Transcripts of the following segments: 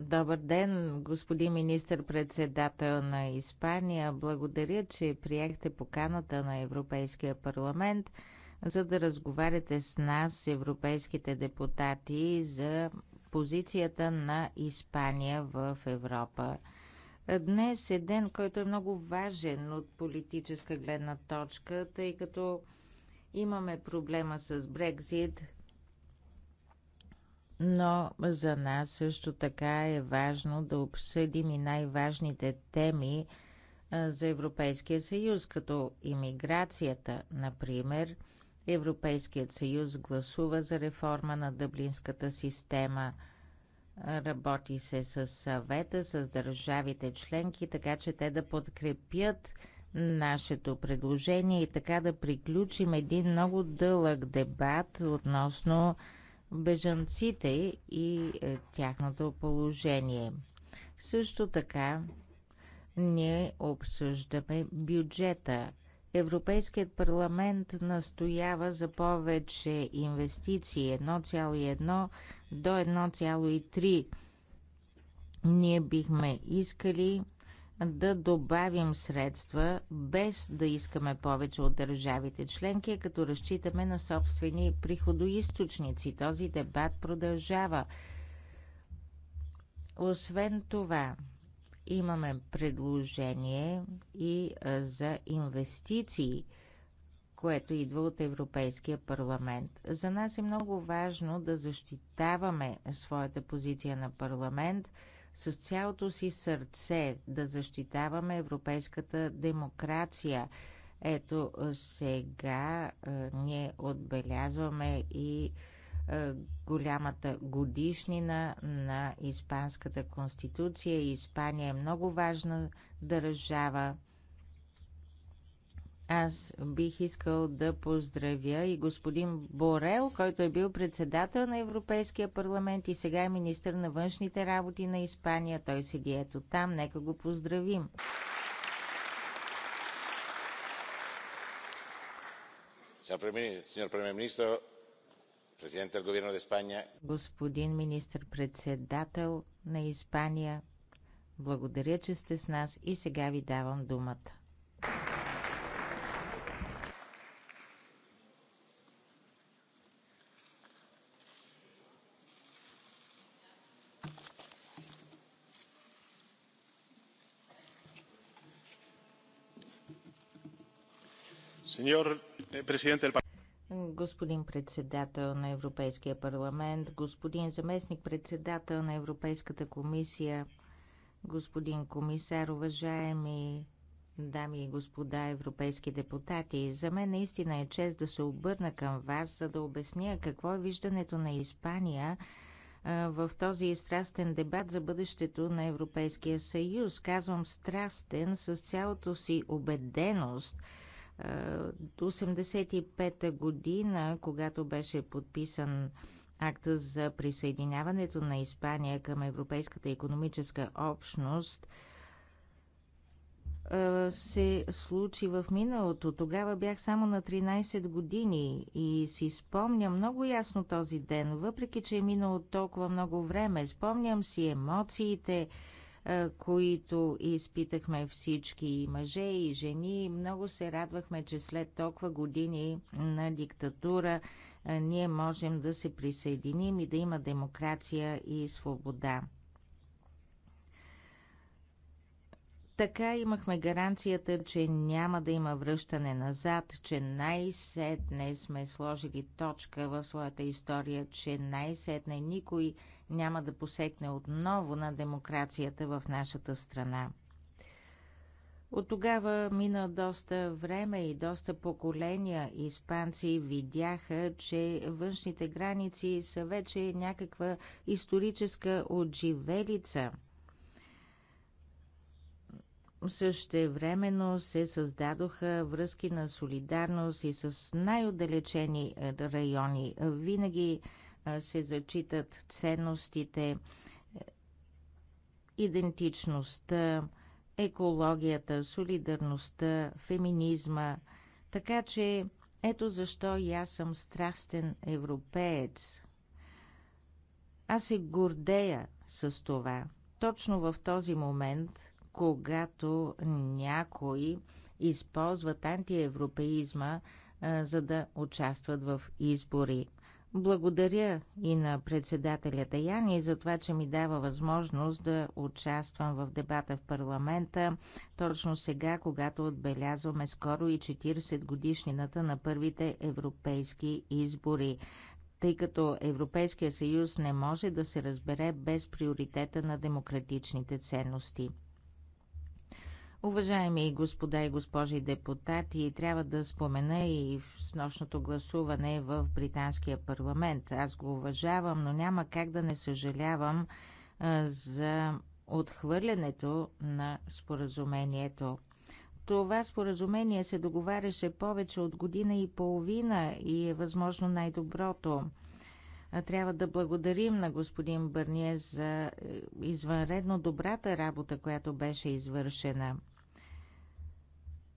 Добър ден, господин министр-председател на Испания. Благодаря, че приехте поканата на Европейския парламент, за да разговаряте с нас, европейските депутати, за позицията на Испания в Европа. Днес е ден, който е много важен от политическа гледна точка, тъй като имаме проблема с Брекзит, но за нас също така е важно да обсъдим и най-важните теми за Европейския съюз, като имиграцията, например. Европейският съюз гласува за реформа на дъблинската система. Работи се с съвета, с държавите членки, така че те да подкрепят нашето предложение и така да приключим един много дълъг дебат относно бежанците и е, тяхното положение. Също така ние обсъждаме бюджета. Европейският парламент настоява за повече инвестиции 1,1 до 1,3. Ние бихме искали да добавим средства, без да искаме повече от държавите членки, като разчитаме на собствени приходоисточници. Този дебат продължава. Освен това, имаме предложение и за инвестиции, което идва от Европейския парламент. За нас е много важно да защитаваме своята позиция на парламент – с цялото си сърце да защитаваме европейската демокрация. Ето сега е, ние отбелязваме и е, голямата годишнина на Испанската конституция. Испания е много важна държава. Аз бих искал да поздравя и господин Борел, който е бил председател на Европейския парламент и сега е министр на външните работи на Испания. Той седи ето там. Нека го поздравим. Господин министр-председател на Испания, благодаря, че сте с нас и сега ви давам думата. Eh, господин председател на Европейския парламент, господин заместник председател на Европейската комисия, господин комисар, уважаеми дами и господа европейски депутати, за мен наистина е чест да се обърна към вас, за да обясня какво е виждането на Испания в този страстен дебат за бъдещето на Европейския съюз. Казвам страстен с цялото си убеденост – 85-та е, година, когато беше подписан акта за присъединяването на Испания към Европейската економическа общност, е, се случи в миналото. Тогава бях само на 13 години и си спомня много ясно този ден, въпреки че е минало толкова много време. Спомням си емоциите, които изпитахме всички и мъже, и жени. Много се радвахме, че след толкова години на диктатура ние можем да се присъединим и да има демокрация и свобода. Така имахме гаранцията, че няма да има връщане назад, че най-сетне сме сложили точка в своята история, че най-сетне никой няма да посекне отново на демокрацията в нашата страна. От тогава мина доста време и доста поколения испанци видяха, че външните граници са вече някаква историческа отживелица. времено се създадоха връзки на солидарност и с най-отдалечени е, райони. Винаги се зачитат ценностите, е, идентичността, екологията, солидарността, феминизма. Така че ето защо и аз съм страстен европеец. Аз се гордея с това. Точно в този момент, когато някои използват антиевропеизма, а, за да участват в избори. Благодаря и на председателя Таяни за това, че ми дава възможност да участвам в дебата в парламента точно сега, когато отбелязваме скоро и 40 годишнината на първите европейски избори тъй като Европейския съюз не може да се разбере без приоритета на демократичните ценности. Уважаеми господа и госпожи депутати, трябва да спомена и с нощното гласуване в Британския парламент. Аз го уважавам, но няма как да не съжалявам а, за отхвърлянето на споразумението. Това споразумение се договаряше повече от година и половина и е възможно най-доброто. Трябва да благодарим на господин Бърние за е, извънредно добрата работа, която беше извършена –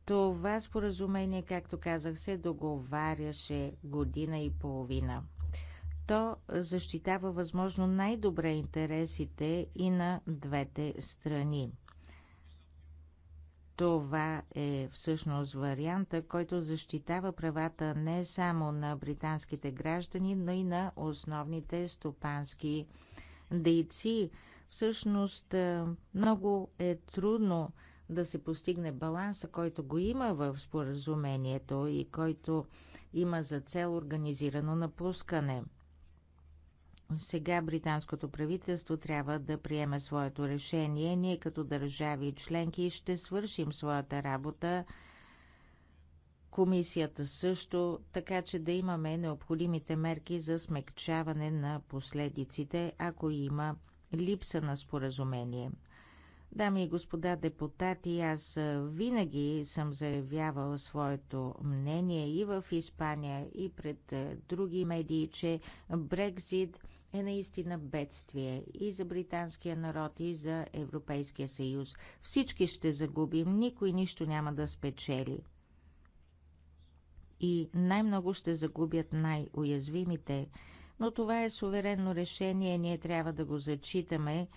това споразумение, както казах, се договаряше година и половина. То защитава възможно най-добре интересите и на двете страни. Това е всъщност варианта, който защитава правата не само на британските граждани, но и на основните стопански дейци. Всъщност много е трудно да се постигне баланса, който го има в споразумението и който има за цел организирано напускане. Сега британското правителство трябва да приеме своето решение. Ние като държави и членки ще свършим своята работа. Комисията също, така че да имаме необходимите мерки за смекчаване на последиците, ако има липса на споразумение. Дами и господа депутати, аз винаги съм заявявал своето мнение и в Испания, и пред други медии, че Брекзит е наистина бедствие и за британския народ, и за Европейския съюз. Всички ще загубим, никой нищо няма да спечели. И най-много ще загубят най-уязвимите. Но това е суверенно решение, ние трябва да го зачитаме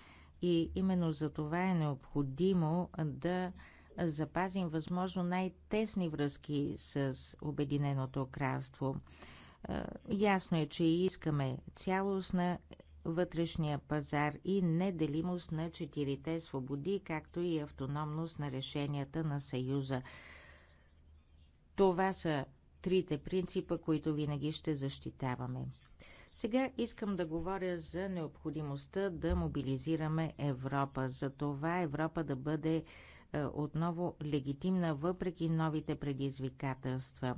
и именно за това е необходимо да запазим възможно най-тесни връзки с Обединеното кралство. Е, ясно е, че искаме цялост на вътрешния пазар и неделимост на четирите свободи, както и автономност на решенията на Съюза. Това са трите принципа, които винаги ще защитаваме. Сега искам да говоря за необходимостта да мобилизираме Европа, за това Европа да бъде е, отново легитимна въпреки новите предизвикателства.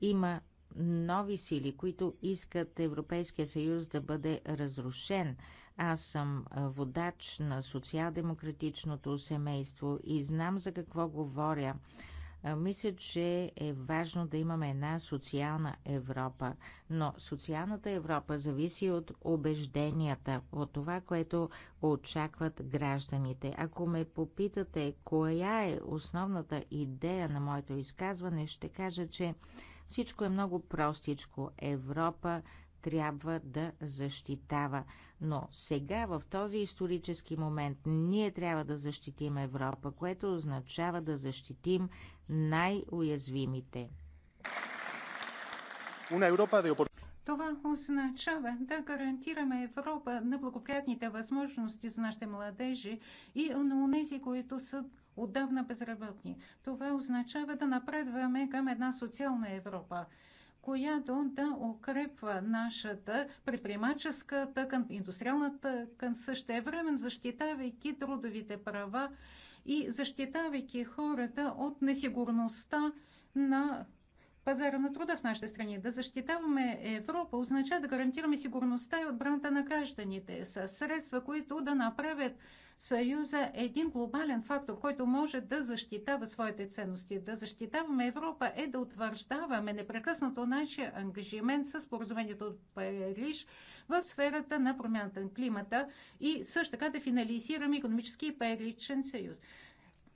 Има нови сили, които искат Европейския съюз да бъде разрушен. Аз съм е, водач на социал-демократичното семейство и знам за какво говоря. Мисля, че е важно да имаме една социална Европа, но социалната Европа зависи от убежденията, от това, което очакват гражданите. Ако ме попитате коя е основната идея на моето изказване, ще кажа, че всичко е много простичко. Европа трябва да защитава. Но сега, в този исторически момент, ние трябва да защитим Европа, което означава да защитим най-уязвимите. Това означава да гарантираме Европа на благоприятните възможности за нашите младежи и на тези, които са отдавна безработни. Това означава да напредваме към една социална Европа – която да укрепва нашата предприемаческа тъкан, индустриалната тъкан, същевременно защитавайки трудовите права и защитавайки хората от несигурността на пазара на труда в нашите страни. Да защитаваме Европа означава да гарантираме сигурността и отбраната на гражданите с средства, които да направят Съюза е един глобален фактор, който може да защитава своите ценности. Да защитаваме Европа е да утвърждаваме непрекъснато нашия ангажимент с поразумението от Париж в сферата на промяната на климата и също така да финализираме економически и паричен съюз.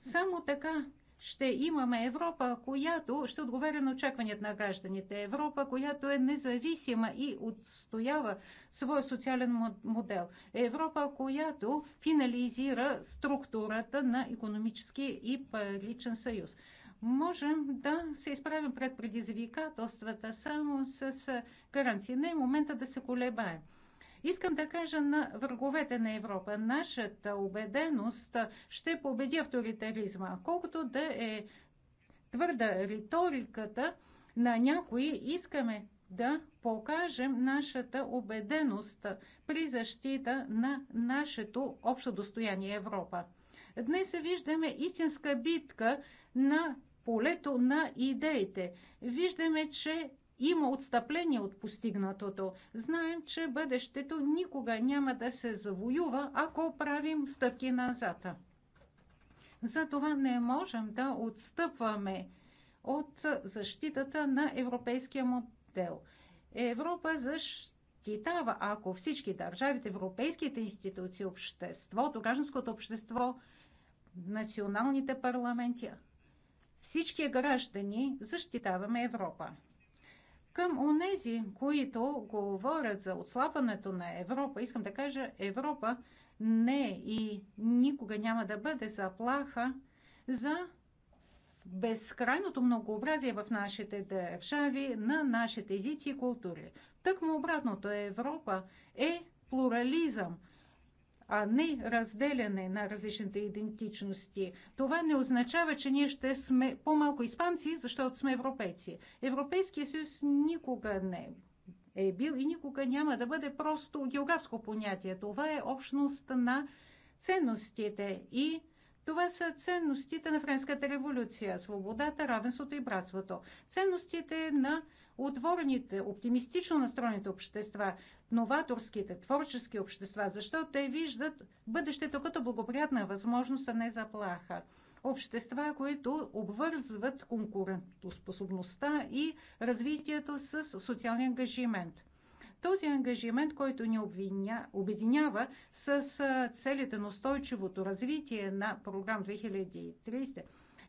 Само така ще имаме Европа, която ще отговаря на очакванията на гражданите. Европа, която е независима и отстоява своя социален модел. Европа, която финализира структурата на економически и паричен съюз. Можем да се изправим пред предизвикателствата само с гаранции. Не е момента да се колебаем. Искам да кажа на враговете на Европа, нашата убеденост ще победи авторитаризма. Колкото да е твърда риториката на някои, искаме да покажем нашата убеденост при защита на нашето общо достояние Европа. Днес виждаме истинска битка на полето на идеите. Виждаме, че има отстъпление от постигнатото. Знаем, че бъдещето никога няма да се завоюва, ако правим стъпки назад. Затова не можем да отстъпваме от защитата на европейския модел. Европа защитава, ако всички държавите, европейските институции, обществото, гражданското общество, националните парламенти, всички граждани защитаваме Европа. Към онези, които говорят за отслабването на Европа, искам да кажа, Европа не и никога няма да бъде заплаха за безкрайното многообразие в нашите държави, на нашите езици и култури. Тъкмо обратното, Европа е плурализъм – а не разделяне на различните идентичности. Това не означава, че ние ще сме по-малко испанци, защото сме европейци. Европейския съюз никога не е бил и никога няма да бъде просто географско понятие. Това е общност на ценностите и това са ценностите на Френската революция – свободата, равенството и братството. Ценностите на отворените, оптимистично настроените общества новаторските, творчески общества, защото те виждат бъдещето като благоприятна възможност, а не заплаха. Общества, които обвързват конкурентоспособността и развитието с социалния ангажимент. Този ангажимент, който ни обвиня, обединява с целите на устойчивото развитие на програм 2030,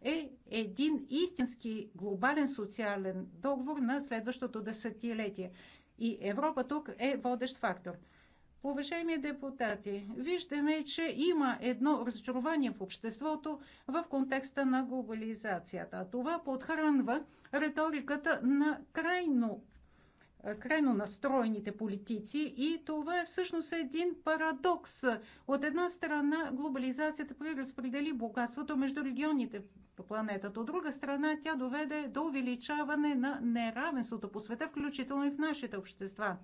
е един истински глобален социален договор на следващото десетилетие. И Европа тук е водещ фактор. Уважаеми депутати, виждаме, че има едно разочарование в обществото в контекста на глобализацията. Това подхранва риториката на крайно, крайно настроените политици и това е всъщност един парадокс. От една страна глобализацията преразпредели богатството между регионите по планетата. От друга страна, тя доведе до увеличаване на неравенството по света, включително и в нашите общества.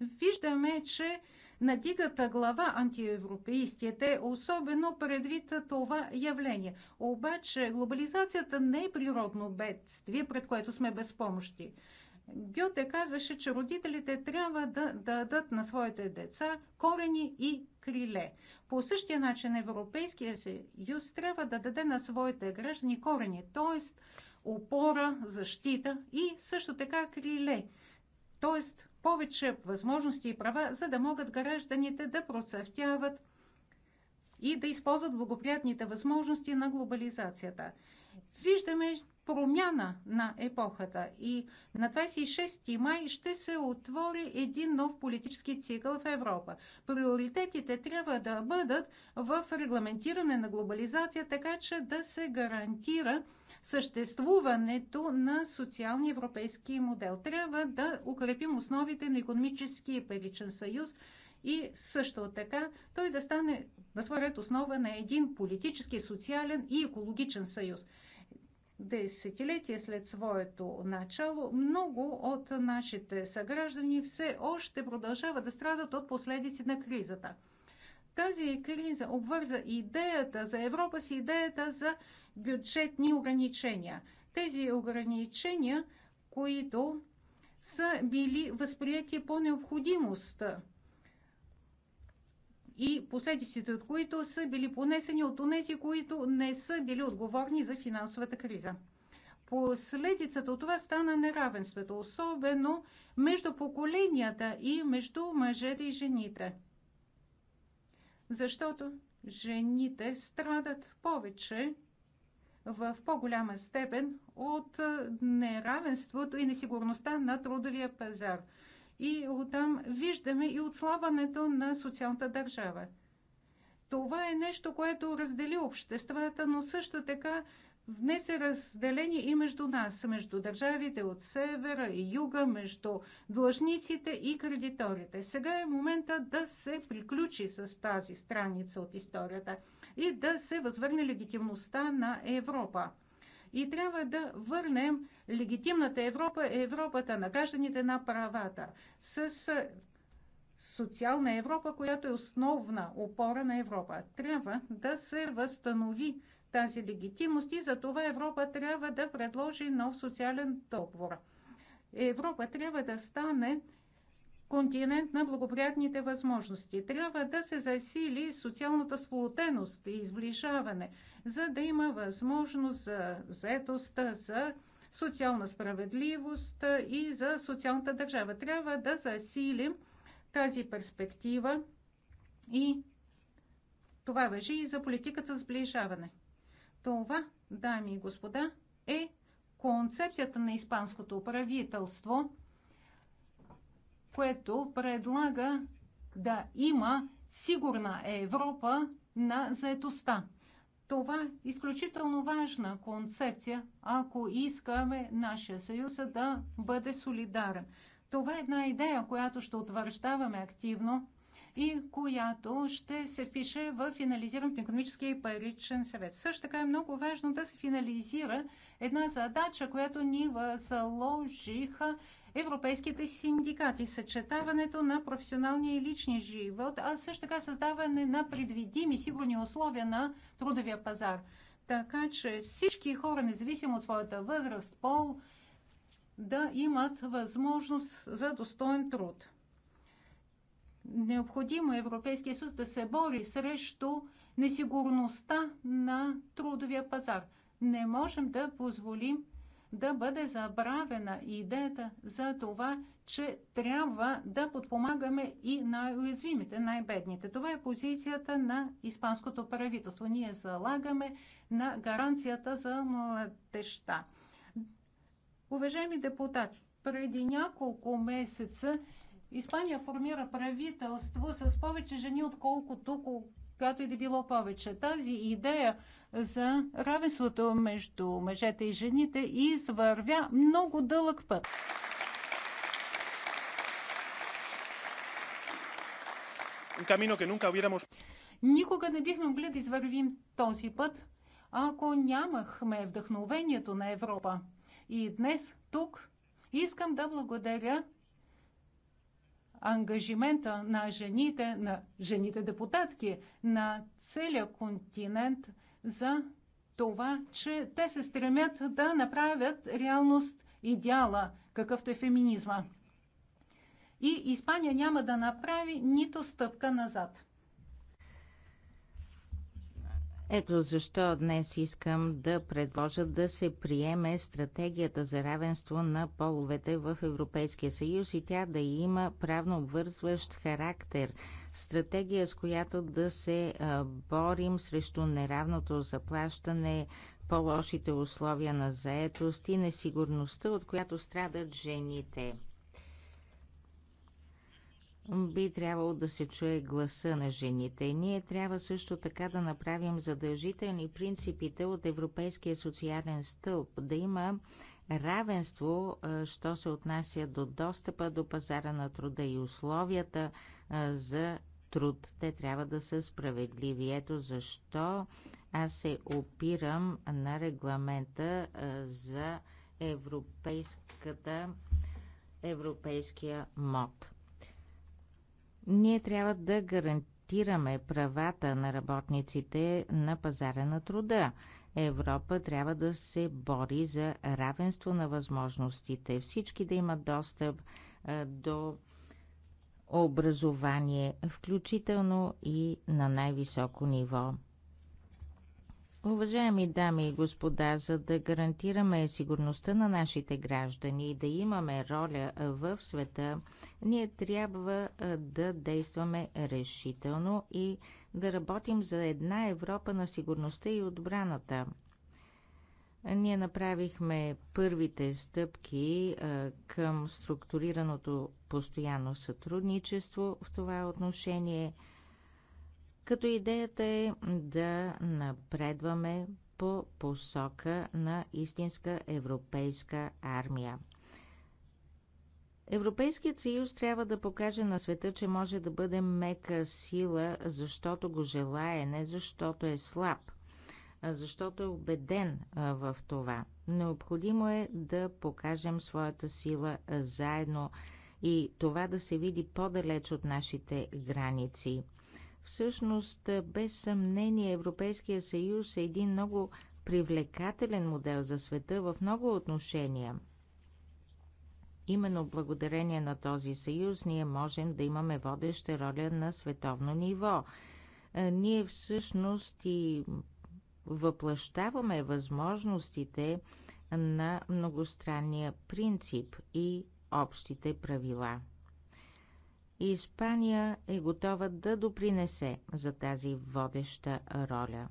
Виждаме, че надигата глава антиевропейстите, особено предвид това явление. Обаче глобализацията не е природно бедствие, пред което сме безпомощи. Гьоте казваше, че родителите трябва да дадат на своите деца корени и криле. По същия начин Европейския съюз трябва да даде на своите граждани корени, т.е. опора, защита и също така криле, т.е. повече възможности и права, за да могат гражданите да процъфтяват и да използват благоприятните възможности на глобализацията. Виждаме, промяна на епохата. И на 26 май ще се отвори един нов политически цикъл в Европа. Приоритетите трябва да бъдат в регламентиране на глобализация, така че да се гарантира съществуването на социалния европейски модел. Трябва да укрепим основите на економически и паричен съюз и също така той да стане на своя ред основа на един политически, социален и екологичен съюз – десетилетия след своето начало, много от нашите съграждани все още продължават да страдат от последици на кризата. Тази криза обвърза идеята за Европа с идеята за бюджетни ограничения. Тези ограничения, които са били възприяти по необходимост и последиците от които са били понесени от тези, които не са били отговорни за финансовата криза. Последицата от това стана неравенството, особено между поколенията и между мъжете и жените. Защото жените страдат повече в по-голяма степен от неравенството и несигурността на трудовия пазар – и оттам виждаме и отслабването на социалната държава. Това е нещо, което раздели обществата, но също така внесе разделение и между нас, между държавите от севера и юга, между длъжниците и кредиторите. Сега е момента да се приключи с тази страница от историята и да се възвърне легитимността на Европа и трябва да върнем легитимната Европа, Европата на гражданите на правата, с социална Европа, която е основна опора на Европа. Трябва да се възстанови тази легитимност и за това Европа трябва да предложи нов социален договор. Европа трябва да стане континент на благоприятните възможности. Трябва да се засили социалната сплотеност и изближаване за да има възможност за заетост, за социална справедливост и за социалната държава. Трябва да засилим тази перспектива и това въжи и за политиката за сближаване. Това, дами и господа, е концепцията на испанското правителство, което предлага да има сигурна Европа на заетостта. Това е изключително важна концепция, ако искаме нашия съюз да бъде солидарен. Това е една идея, която ще утвърждаваме активно и която ще се впише в финализиран економически и паричен съвет. Също така е много важно да се финализира една задача, която ни възложиха европейските синдикати, съчетаването на професионалния и личния живот, а също така създаване на предвидими сигурни условия на трудовия пазар. Така че всички хора, независимо от своята възраст, пол, да имат възможност за достоен труд. Необходимо е Европейския съюз да се бори срещу несигурността на трудовия пазар. Не можем да позволим да бъде забравена идеята за това, че трябва да подпомагаме и най-уязвимите, най-бедните. Това е позицията на испанското правителство. Ние залагаме на гаранцията за младеща. Уважаеми депутати, преди няколко месеца Испания формира правителство с повече жени, отколкото когато и да било повече. Тази идея за равенството между мъжете и жените и извървя много дълъг път. Никога не бихме могли да извървим този път, ако нямахме вдъхновението на Европа. И днес тук искам да благодаря ангажимента на жените, на жените депутатки на целия континент – за това, че те се стремят да направят реалност идеала, какъвто е феминизма. И Испания няма да направи нито стъпка назад. Ето защо днес искам да предложа да се приеме стратегията за равенство на половете в Европейския съюз и тя да има правно обвързващ характер – стратегия, с която да се борим срещу неравното заплащане, по-лошите условия на заетост и несигурността, от която страдат жените. Би трябвало да се чуе гласа на жените. Ние трябва също така да направим задължителни принципите от Европейския социален стълб, да има равенство, що се отнася до достъпа до пазара на труда и условията за труд. Те трябва да са справедливи. Ето защо аз се опирам на регламента за европейската, европейския мод. Ние трябва да гарантираме правата на работниците на пазара на труда. Европа трябва да се бори за равенство на възможностите, всички да имат достъп до образование, включително и на най-високо ниво. Уважаеми дами и господа, за да гарантираме сигурността на нашите граждани и да имаме роля в света, ние трябва да действаме решително и да работим за една Европа на сигурността и отбраната – ние направихме първите стъпки към структурираното постоянно сътрудничество в това отношение, като идеята е да напредваме по посока на истинска европейска армия. Европейският съюз трябва да покаже на света, че може да бъде мека сила, защото го желае, не защото е слаб – защото е убеден в това. Необходимо е да покажем своята сила заедно и това да се види по-далеч от нашите граници. Всъщност, без съмнение, Европейския съюз е един много привлекателен модел за света в много отношения. Именно благодарение на този съюз ние можем да имаме водеща роля на световно ниво. Ние всъщност и въплащаваме възможностите на многостранния принцип и общите правила. Испания е готова да допринесе за тази водеща роля.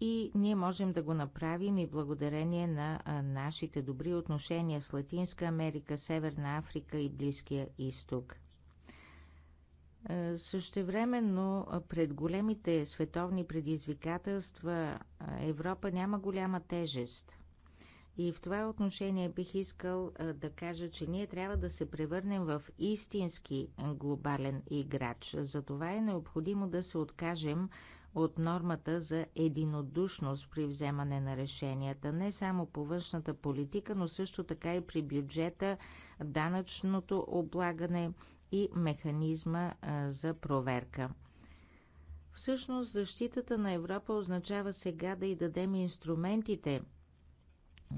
И ние можем да го направим и благодарение на нашите добри отношения с Латинска Америка, Северна Африка и Близкия изток. Е, същевременно пред големите световни предизвикателства Европа няма голяма тежест. И в това отношение бих искал да кажа, че ние трябва да се превърнем в истински глобален играч. Затова е необходимо да се откажем от нормата за единодушност при вземане на решенията, не само по външната политика, но също така и при бюджета, данъчното облагане, и механизма за проверка. Всъщност защитата на Европа означава сега да й дадем инструментите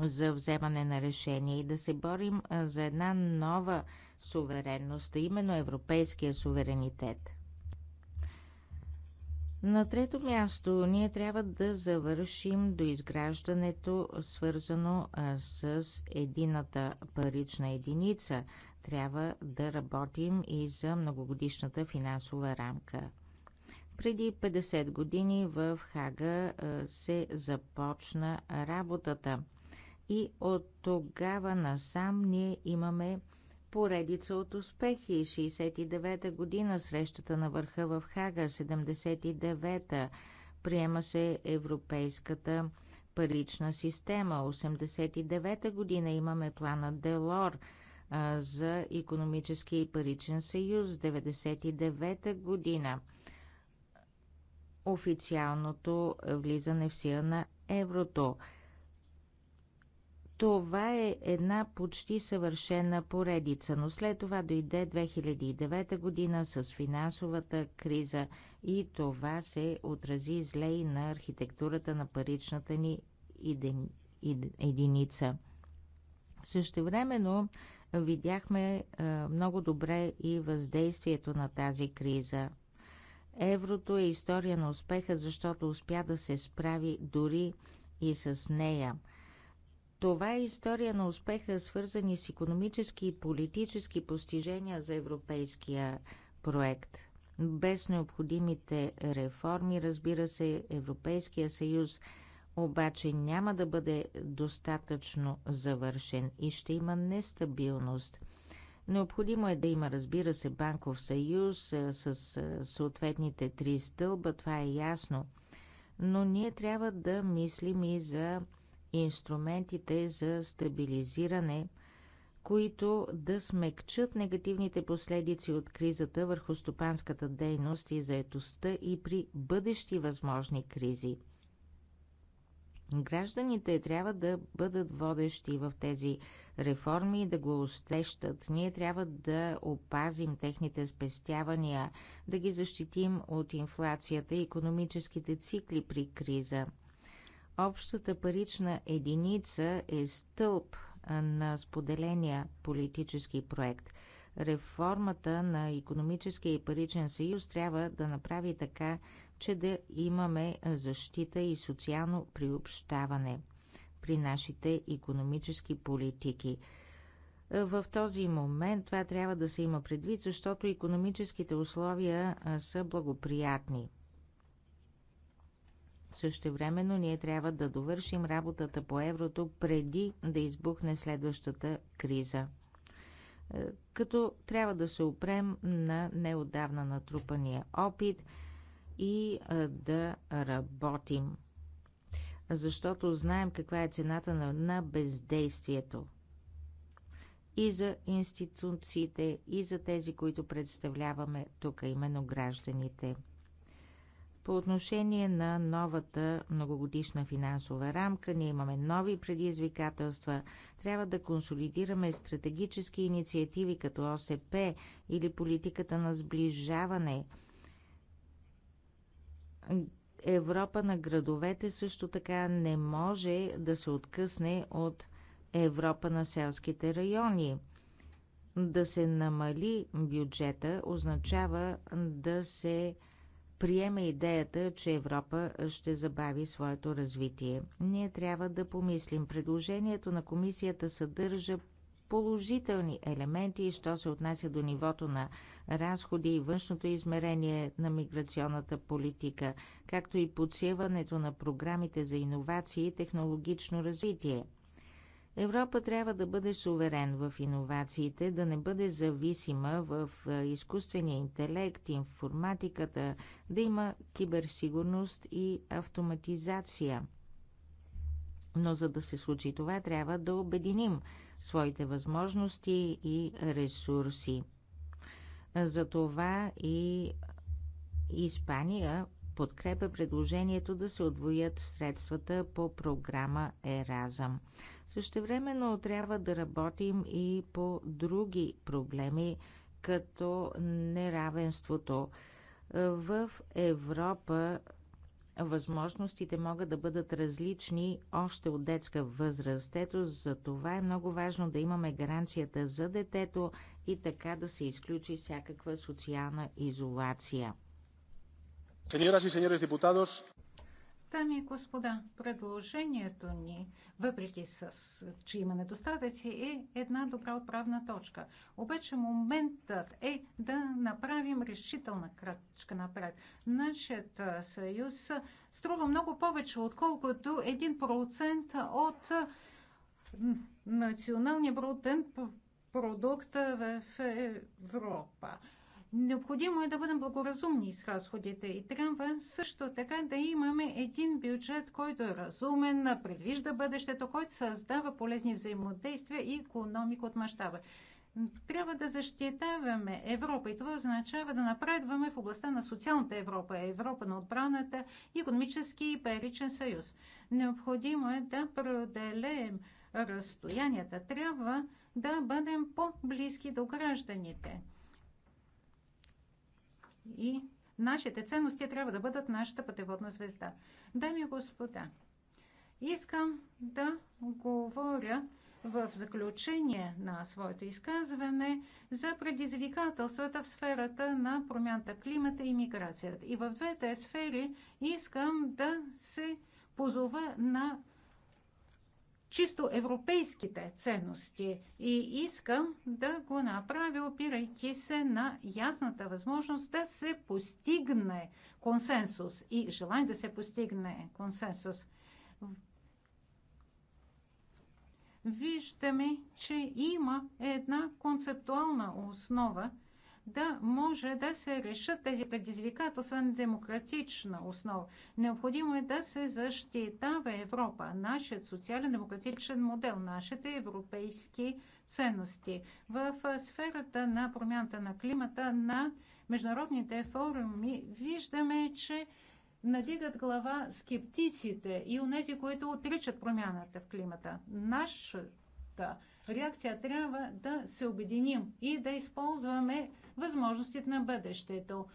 за вземане на решения и да се борим за една нова суверенност, а именно европейския суверенитет. На трето място ние трябва да завършим до изграждането, свързано с едината парична единица, трябва да работим и за многогодишната финансова рамка. Преди 50 години в Хага се започна работата и от тогава насам ние имаме поредица от успехи. 69-та година срещата на върха в Хага, 79-та приема се европейската парична система, 89-та година имаме плана Делор – за економически и паричен съюз 99-та година. Официалното влизане в сила на еврото. Това е една почти съвършена поредица, но след това дойде 2009 година с финансовата криза и това се отрази зле и на архитектурата на паричната ни единица. Също времено, Видяхме е, много добре и въздействието на тази криза. Еврото е история на успеха, защото успя да се справи дори и с нея. Това е история на успеха, свързани с економически и политически постижения за европейския проект. Без необходимите реформи, разбира се, Европейския съюз – обаче няма да бъде достатъчно завършен и ще има нестабилност. Необходимо е да има, разбира се, банков съюз с съответните три стълба, това е ясно. Но ние трябва да мислим и за инструментите за стабилизиране, които да смекчат негативните последици от кризата върху стопанската дейност и заетостта и при бъдещи възможни кризи – Гражданите трябва да бъдат водещи в тези реформи и да го усещат. Ние трябва да опазим техните спестявания, да ги защитим от инфлацията и економическите цикли при криза. Общата парична единица е стълб на споделения политически проект. Реформата на економическия и паричен съюз трябва да направи така, че да имаме защита и социално приобщаване при нашите економически политики. В този момент това трябва да се има предвид, защото економическите условия са благоприятни. Същевременно ние трябва да довършим работата по еврото преди да избухне следващата криза. Като трябва да се опрем на неодавна натрупания опит – и да работим. Защото знаем каква е цената на, на бездействието. И за институциите, и за тези, които представляваме тук, именно гражданите. По отношение на новата многогодишна финансова рамка, ние имаме нови предизвикателства. Трябва да консолидираме стратегически инициативи като ОСП или политиката на сближаване – Европа на градовете също така не може да се откъсне от Европа на селските райони. Да се намали бюджета означава да се приеме идеята, че Европа ще забави своето развитие. Ние трябва да помислим. Предложението на комисията съдържа положителни елементи, що се отнася до нивото на разходи и външното измерение на миграционната политика, както и подсеването на програмите за иновации и технологично развитие. Европа трябва да бъде суверен в иновациите, да не бъде зависима в е, изкуствения интелект, информатиката, да има киберсигурност и автоматизация. Но за да се случи това, трябва да обединим – своите възможности и ресурси. Затова и Испания подкрепя предложението да се отвоят средствата по програма Еразъм. Същевременно трябва да работим и по други проблеми, като неравенството. В Европа Възможностите могат да бъдат различни още от детска възраст. Ето за това е много важно да имаме гаранцията за детето и така да се изключи всякаква социална изолация. Сеньора и señores diputados, Дами и господа, предложението ни, въпреки с, че има недостатъци, е една добра отправна точка. Обаче моментът е да направим решителна крачка напред. Нашият съюз струва много повече, отколкото 1% от националния брутен продукт в Европа. Необходимо е да бъдем благоразумни с разходите и трябва също така да имаме един бюджет, който е разумен, предвижда бъдещето, който създава полезни взаимодействия и економика от мащаба. Трябва да защитаваме Европа и това означава да напредваме в областта на социалната Европа, Европа на отбраната, економически и паричен съюз. Необходимо е да преодолеем разстоянията. Трябва да бъдем по-близки до гражданите и нашите ценности трябва да бъдат нашата пътеводна звезда. Дами и господа, искам да говоря в заключение на своето изказване за предизвикателствата в сферата на промяната климата и миграцията. И в двете сфери искам да се позова на чисто европейските ценности и искам да го направя, опирайки се на ясната възможност да се постигне консенсус и желание да се постигне консенсус. Виждаме, че има една концептуална основа, да може да се решат тези предизвикателства на демократична основа. Необходимо е да се защитава Европа, нашият социален-демократичен модел, нашите европейски ценности. В сферата на промяната на климата, на международните форуми, виждаме, че надигат глава скептиците и у нези, които отричат промяната в климата. Нашата реакция трябва да се обединим и да използваме възможностите на бъдещето.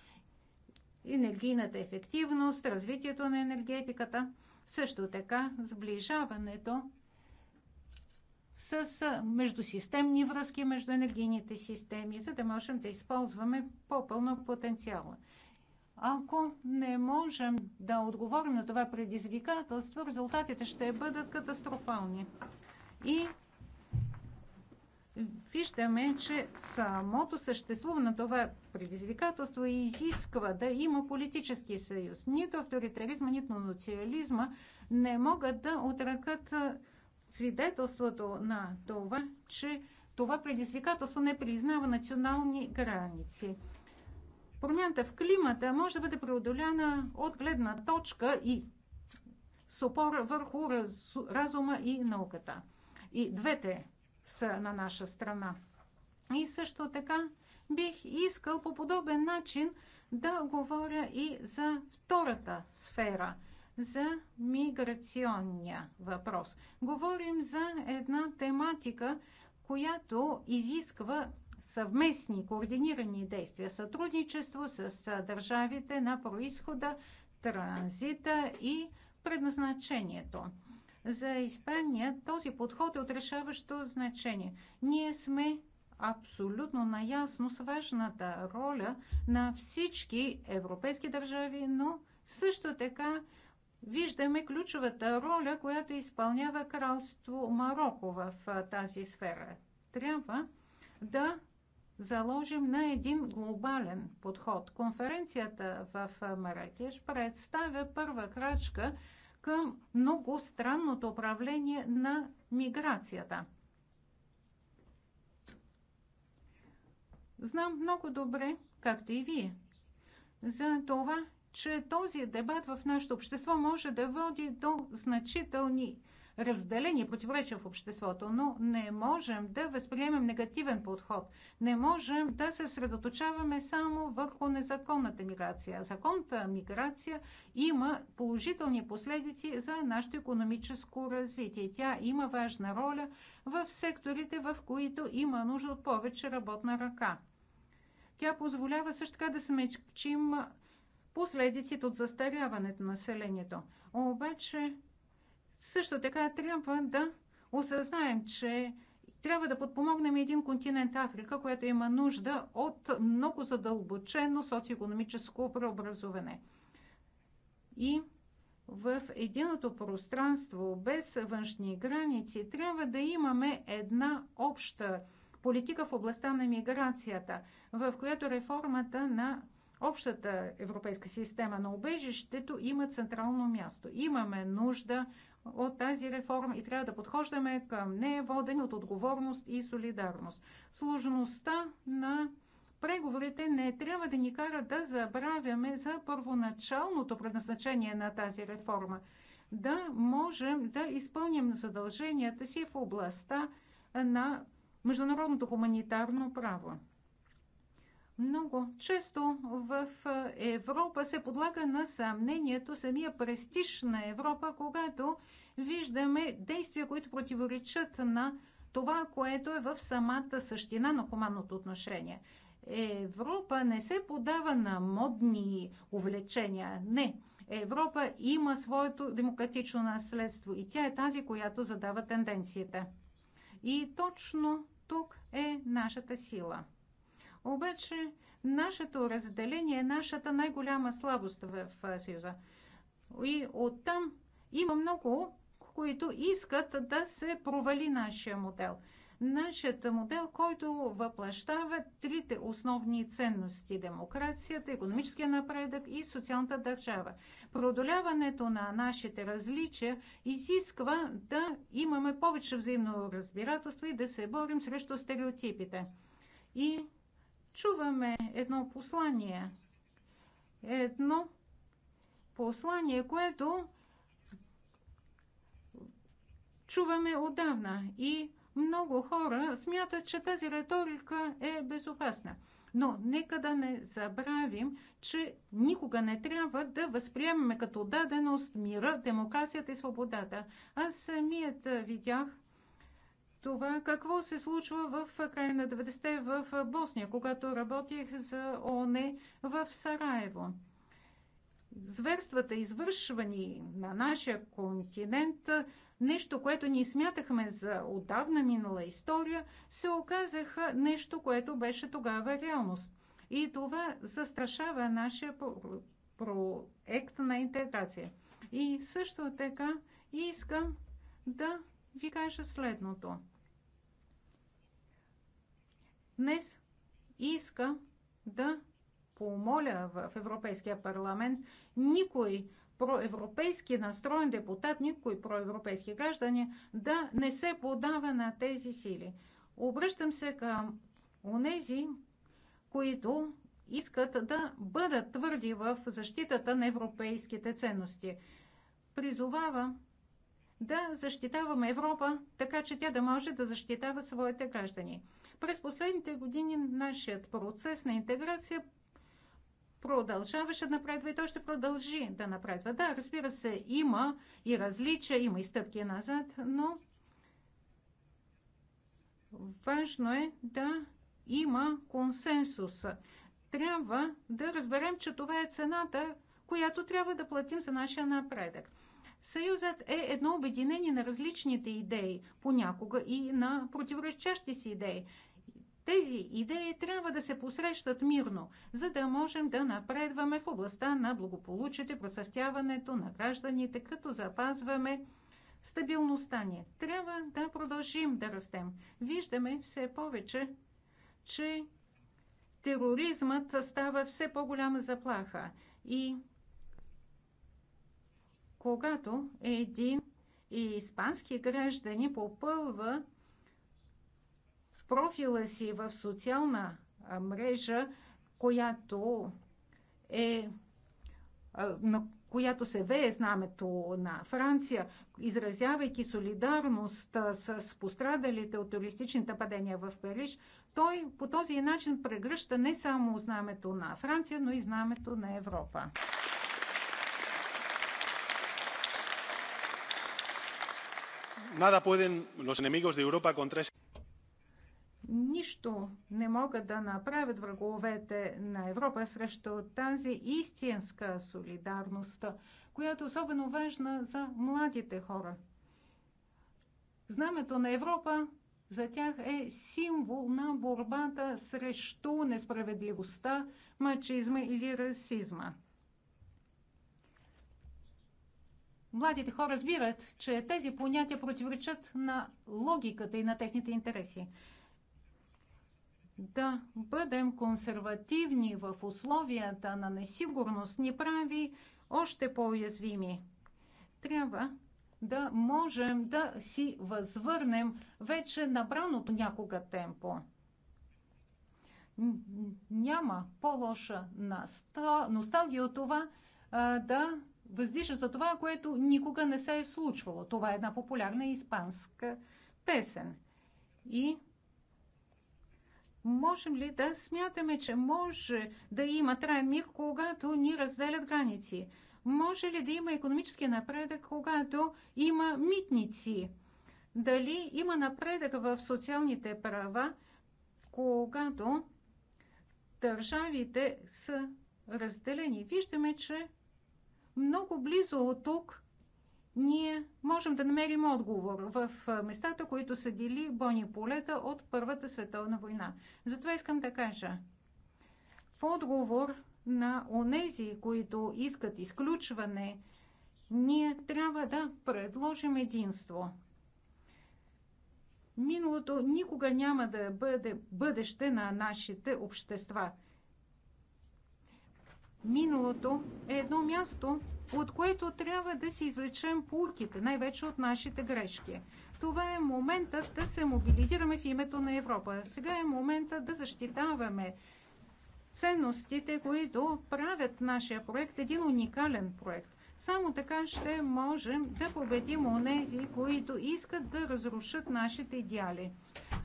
Енергийната ефективност, развитието на енергетиката, също така сближаването с междусистемни връзки между енергийните системи, за да можем да използваме по-пълно потенциала. Ако не можем да отговорим на това предизвикателство, резултатите ще бъдат катастрофални. И виждаме, че самото съществуване на това предизвикателство изисква да има политически съюз. Нито авторитаризма, нито национализма не могат да отръкат свидетелството на това, че това предизвикателство не признава национални граници. Промяната в климата може да бъде преодоляна от гледна точка и с опора върху разума и науката. И двете са на наша страна. И също така бих искал по подобен начин да говоря и за втората сфера, за миграционния въпрос. Говорим за една тематика, която изисква съвместни координирани действия, сътрудничество с държавите на происхода, транзита и предназначението. За Испания този подход е от решаващо значение. Ние сме абсолютно наясно с важната роля на всички европейски държави, но също така виждаме ключовата роля, която изпълнява кралство Марокко в тази сфера. Трябва да заложим на един глобален подход. Конференцията в Маракеш представя първа крачка към много странното управление на миграцията. Знам много добре, както и вие, за това, че този дебат в нашето общество може да води до значителни разделение, противоречия в обществото, но не можем да възприемем негативен подход. Не можем да се средоточаваме само върху незаконната миграция. Законната миграция има положителни последици за нашето економическо развитие. Тя има важна роля в секторите, в които има нужда от повече работна ръка. Тя позволява също така да смечим последиците от застаряването на населението. Обаче също така трябва да осъзнаем, че трябва да подпомогнем един континент Африка, което има нужда от много задълбочено социо-економическо преобразуване. И в единото пространство без външни граници трябва да имаме една обща политика в областта на миграцията, в която реформата на общата европейска система на убежището има централно място. Имаме нужда от тази реформа и трябва да подхождаме към нея водени от отговорност и солидарност. Сложността на преговорите не трябва да ни кара да забравяме за първоначалното предназначение на тази реформа. Да можем да изпълним задълженията си в областта на международното хуманитарно право. Много често в е, Европа се подлага на съмнението самия престиж на Европа, когато виждаме действия, които противоречат на това, което е в самата същина на хуманното отношение. Европа не се подава на модни увлечения. Не. Европа има своето демократично наследство и тя е тази, която задава тенденцията. И точно тук е нашата сила – обаче нашето разделение е нашата най-голяма слабост в Съюза. И оттам има много, които искат да се провали нашия модел. Нашият модел, който въплащава трите основни ценности – демокрацията, економическия напредък и социалната държава. Продоляването на нашите различия изисква да имаме повече взаимно разбирателство и да се борим срещу стереотипите. И чуваме едно послание. Едно послание, което чуваме отдавна и много хора смятат, че тази риторика е безопасна. Но нека да не забравим, че никога не трябва да възприемаме като даденост мира, демокрацията и свободата. Аз самият видях това какво се случва в края на 90-те в Босния, когато работих за ОНЕ в Сараево. Зверствата, извършвани на нашия континент, нещо, което ни смятахме за отдавна минала история, се оказаха нещо, което беше тогава реалност. И това застрашава нашия проект на интеграция. И също така искам да ви кажа следното. Днес иска да помоля в Европейския парламент никой проевропейски настроен депутат, никой проевропейски граждани да не се подава на тези сили. Обръщам се към онези, които искат да бъдат твърди в защитата на европейските ценности. Призовавам да защитаваме Европа, така че тя да може да защитава своите граждани. През последните години нашият процес на интеграция продължаваше да напредва и той ще продължи да напредва. Да, разбира се, има и различия, има и стъпки назад, но важно е да има консенсус. Трябва да разберем, че това е цената, която трябва да платим за нашия напредък. Съюзът е едно обединение на различните идеи, понякога и на противоречащи си идеи. Тези идеи трябва да се посрещат мирно, за да можем да напредваме в областта на благополучието и процъфтяването на гражданите, като запазваме стабилността ни. Трябва да продължим да растем. Виждаме все повече, че тероризмът става все по-голяма заплаха и когато един испански граждани попълва профила си в социална мрежа, която е на която се вее знамето на Франция, изразявайки солидарност с пострадалите от туристичните падения в Париж, той по този начин прегръща не само знамето на Франция, но и знамето на Европа. Nada pueden los enemigos de Europa contra ese... Нищо не могат да направят враговете на Европа срещу тази истинска солидарност, която е особено важна за младите хора. Знамето на Европа за тях е символ на борбата срещу несправедливостта, мачизма или расизма. младите хора разбират, че тези понятия противоречат на логиката и на техните интереси. Да бъдем консервативни в условията на несигурност ни прави още по-уязвими. Трябва да можем да си възвърнем вече набраното някога темпо. Няма по-лоша носталгия от това да въздиша за това, което никога не се е случвало. Това е една популярна испанска песен. И можем ли да смятаме, че може да има траен мир, когато ни разделят граници? Може ли да има економически напредък, когато има митници? Дали има напредък в социалните права, когато държавите са разделени? Виждаме, че много близо от тук ние можем да намерим отговор в местата, които са били бони полета от Първата световна война. Затова искам да кажа. В отговор на онези, които искат изключване, ние трябва да предложим единство. Миналото никога няма да бъде бъдеще на нашите общества – миналото е едно място, от което трябва да си извлечем пулките, най-вече от нашите грешки. Това е моментът да се мобилизираме в името на Европа. Сега е моментът да защитаваме ценностите, които правят нашия проект един уникален проект. Само така ще можем да победим онези, които искат да разрушат нашите идеали.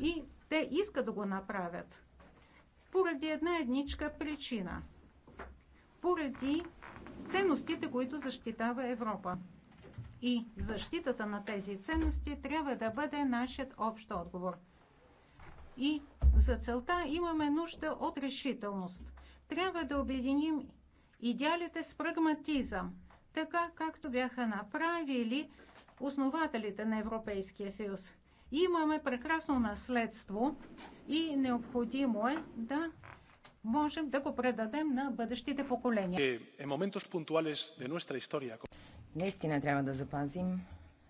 И те искат да го направят. Поради една едничка причина – поради ценностите, които защитава Европа. И защитата на тези ценности трябва да бъде нашият общ отговор. И за целта имаме нужда от решителност. Трябва да обединим идеалите с прагматизъм, така както бяха направили основателите на Европейския съюз. Имаме прекрасно наследство и необходимо е да можем да го предадем на бъдещите поколения. Е, е Наистина трябва да запазим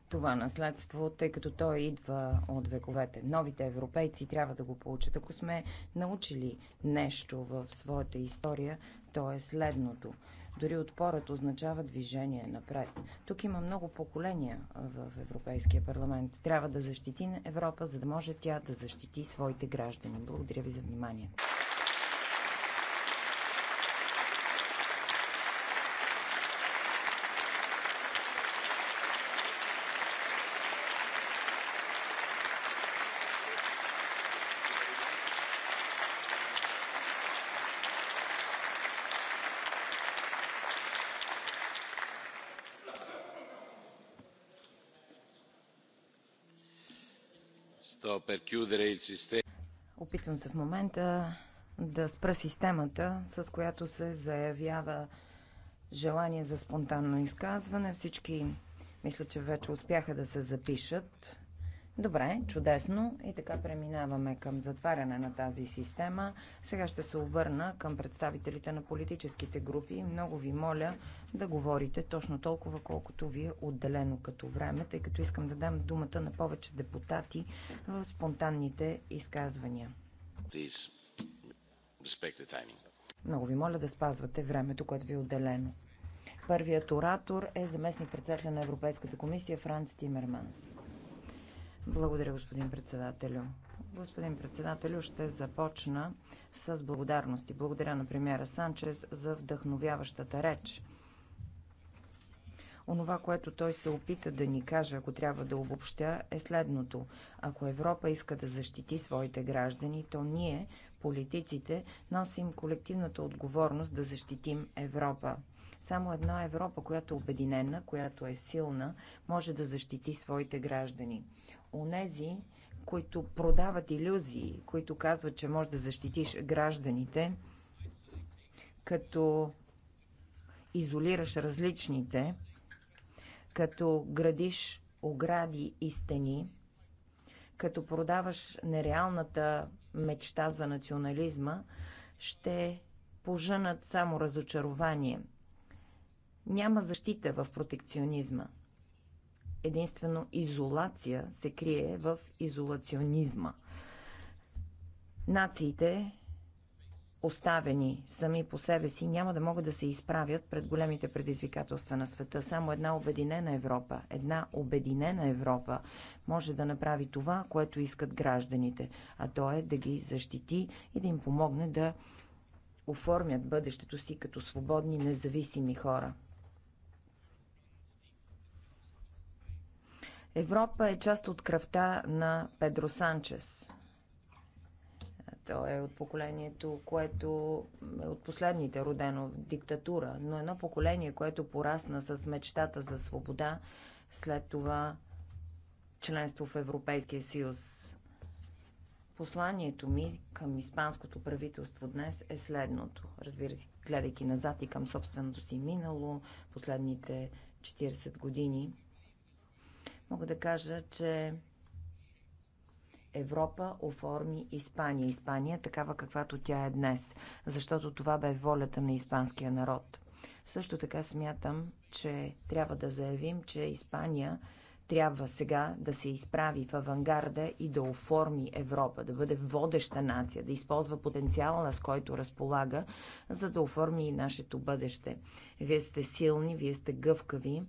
това наследство, тъй като то идва от вековете. Новите европейци трябва да го получат. Ако сме научили нещо в своята история, то е следното. Дори отпорът означава движение напред. Тук има много поколения в Европейския парламент. Трябва да защити Европа, за да може тя да защити своите граждани. Благодаря ви за вниманието. Опитвам се в момента да спра системата, с която се заявява желание за спонтанно изказване. Всички мисля, че вече успяха да се запишат. Добре, чудесно. И така преминаваме към затваряне на тази система. Сега ще се обърна към представителите на политическите групи. Много ви моля да говорите точно толкова, колкото ви е отделено като време, тъй като искам да дам думата на повече депутати в спонтанните изказвания. Много ви моля да спазвате времето, което ви е отделено. Първият оратор е заместник председател на Европейската комисия Франц Тимерманс. Благодаря, господин председателю. Господин председателю, ще започна с благодарности. Благодаря на премиера Санчес за вдъхновяващата реч. Онова, което той се опита да ни каже, ако трябва да обобщя, е следното. Ако Европа иска да защити своите граждани, то ние, политиците, носим колективната отговорност да защитим Европа. Само една Европа, която е обединена, която е силна, може да защити своите граждани онези, които продават иллюзии, които казват, че може да защитиш гражданите, като изолираш различните, като градиш огради и стени, като продаваш нереалната мечта за национализма, ще пожънат само разочарование. Няма защита в протекционизма – единствено изолация се крие в изолационизма. Нациите, оставени сами по себе си, няма да могат да се изправят пред големите предизвикателства на света. Само една обединена Европа, една обединена Европа може да направи това, което искат гражданите, а то е да ги защити и да им помогне да оформят бъдещето си като свободни, независими хора. Европа е част от кръвта на Педро Санчес. Той е от поколението, което е от последните родено в диктатура, но едно поколение, което порасна с мечтата за свобода, след това членство в Европейския съюз. Посланието ми към испанското правителство днес е следното. Разбира се, гледайки назад и към собственото си минало, последните 40 години – Мога да кажа, че Европа оформи Испания. Испания е такава каквато тя е днес, защото това бе волята на испанския народ. Също така смятам, че трябва да заявим, че Испания трябва сега да се изправи в авангарда и да оформи Европа, да бъде водеща нация, да използва потенциала, с който разполага, за да оформи и нашето бъдеще. Вие сте силни, вие сте гъвкави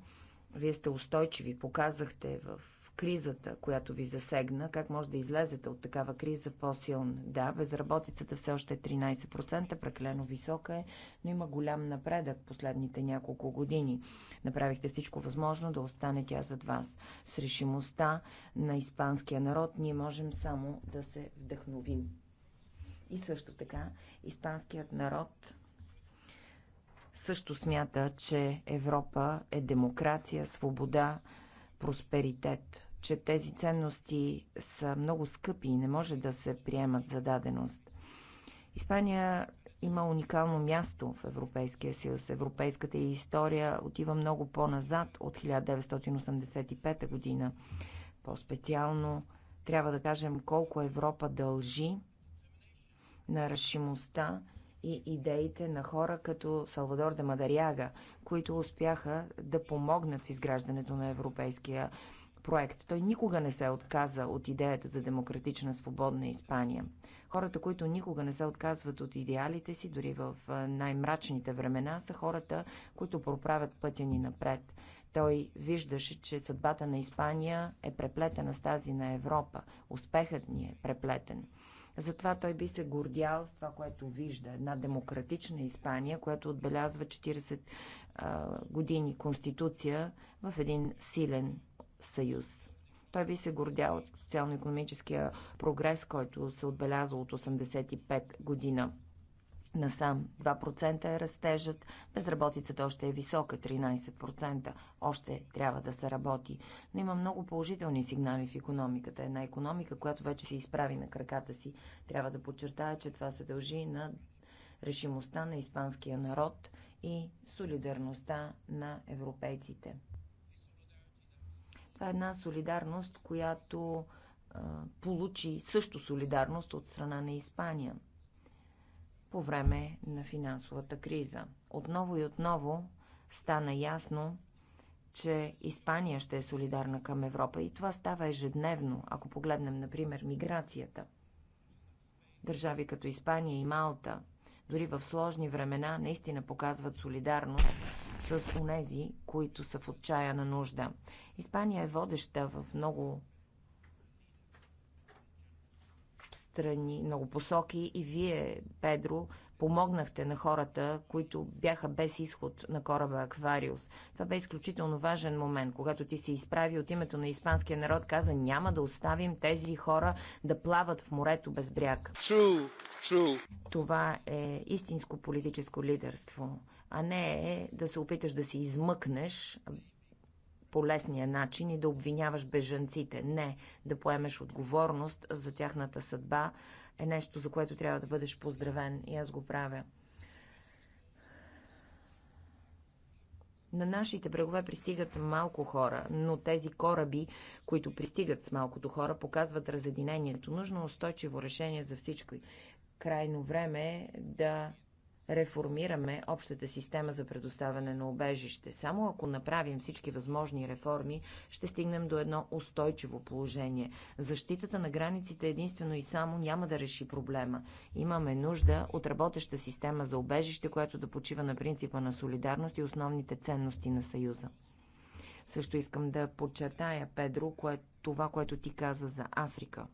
вие сте устойчиви, показахте в кризата, която ви засегна, как може да излезете от такава криза по-силна. Да, безработицата все още е 13%, прекалено висока е, но има голям напредък последните няколко години. Направихте всичко възможно да остане тя зад вас. С решимостта на испанския народ ние можем само да се вдъхновим. И също така, испанският народ също смята, че Европа е демокрация, свобода, просперитет, че тези ценности са много скъпи и не може да се приемат за даденост. Испания има уникално място в Европейския съюз. Европейската история отива много по-назад от 1985 година. По-специално трябва да кажем колко Европа дължи на решимостта и идеите на хора като Салвадор де Мадаряга, които успяха да помогнат в изграждането на европейския проект. Той никога не се е отказа от идеята за демократична, свободна Испания. Хората, които никога не се отказват от идеалите си, дори в най-мрачните времена, са хората, които проправят пътя ни напред. Той виждаше, че съдбата на Испания е преплетена с тази на Европа. Успехът ни е преплетен. Затова той би се гордял с това, което вижда. Една демократична Испания, която отбелязва 40 години конституция в един силен съюз. Той би се гордял от социално-економическия прогрес, който се отбелязва от 85 година насам. 2% е растежът, безработицата още е висока 13%, още трябва да се работи. Но има много положителни сигнали в економиката. Една економика, която вече се изправи на краката си. Трябва да подчертая, че това се дължи на решимостта на испанския народ и солидарността на европейците. Това е една солидарност, която получи също солидарност от страна на Испания – по време на финансовата криза. Отново и отново стана ясно, че Испания ще е солидарна към Европа и това става ежедневно, ако погледнем, например, миграцията. Държави като Испания и Малта, дори в сложни времена, наистина показват солидарност с унези, които са в отчаяна нужда. Испания е водеща в много страни, много посоки и вие, Педро, помогнахте на хората, които бяха без изход на кораба Аквариус. Това бе изключително важен момент, когато ти се изправи от името на испанския народ, каза няма да оставим тези хора да плават в морето без бряг. True, true. Това е истинско политическо лидерство, а не е да се опиташ да си измъкнеш по лесния начин и да обвиняваш бежанците. Не, да поемеш отговорност за тяхната съдба е нещо, за което трябва да бъдеш поздравен и аз го правя. На нашите брегове пристигат малко хора, но тези кораби, които пристигат с малкото хора, показват разединението. Нужно е устойчиво решение за всичко. Крайно време е да реформираме общата система за предоставяне на обежище. Само ако направим всички възможни реформи, ще стигнем до едно устойчиво положение. Защитата на границите единствено и само няма да реши проблема. Имаме нужда от работеща система за обежище, която да почива на принципа на солидарност и основните ценности на Съюза. Също искам да подчертая, Педро, кое, това, което ти каза за Африка –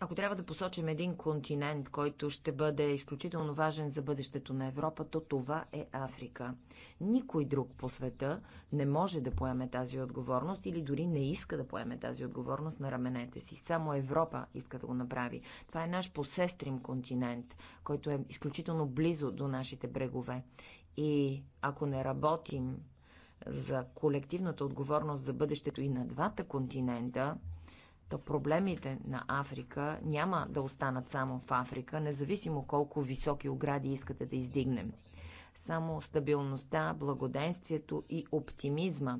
ако трябва да посочим един континент, който ще бъде изключително важен за бъдещето на Европа, то това е Африка. Никой друг по света не може да поеме тази отговорност или дори не иска да поеме тази отговорност на раменете си. Само Европа иска да го направи. Това е наш посестрим континент, който е изключително близо до нашите брегове. И ако не работим за колективната отговорност за бъдещето и на двата континента, то проблемите на Африка няма да останат само в Африка, независимо колко високи огради искате да издигнем. Само стабилността, благоденствието и оптимизма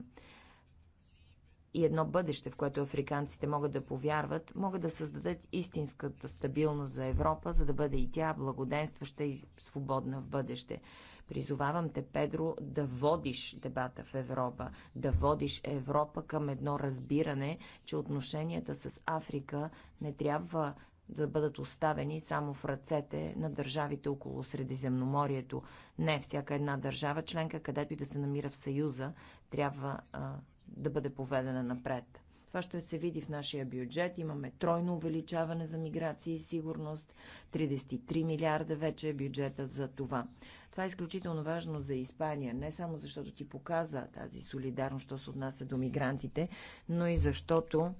и едно бъдеще, в което африканците могат да повярват, могат да създадат истинската стабилност за Европа, за да бъде и тя благоденстваща и свободна в бъдеще. Призовавам те, Педро, да водиш дебата в Европа, да водиш Европа към едно разбиране, че отношенията с Африка не трябва да бъдат оставени само в ръцете на държавите около Средиземноморието. Не, всяка една държава членка, където и да се намира в Съюза, трябва а, да бъде поведена напред. Това ще се види в нашия бюджет. Имаме тройно увеличаване за миграция и сигурност. 33 милиарда вече е бюджета за това. Това е изключително важно за Испания, не само защото ти показа тази солидарност, що се отнася до мигрантите, но и защото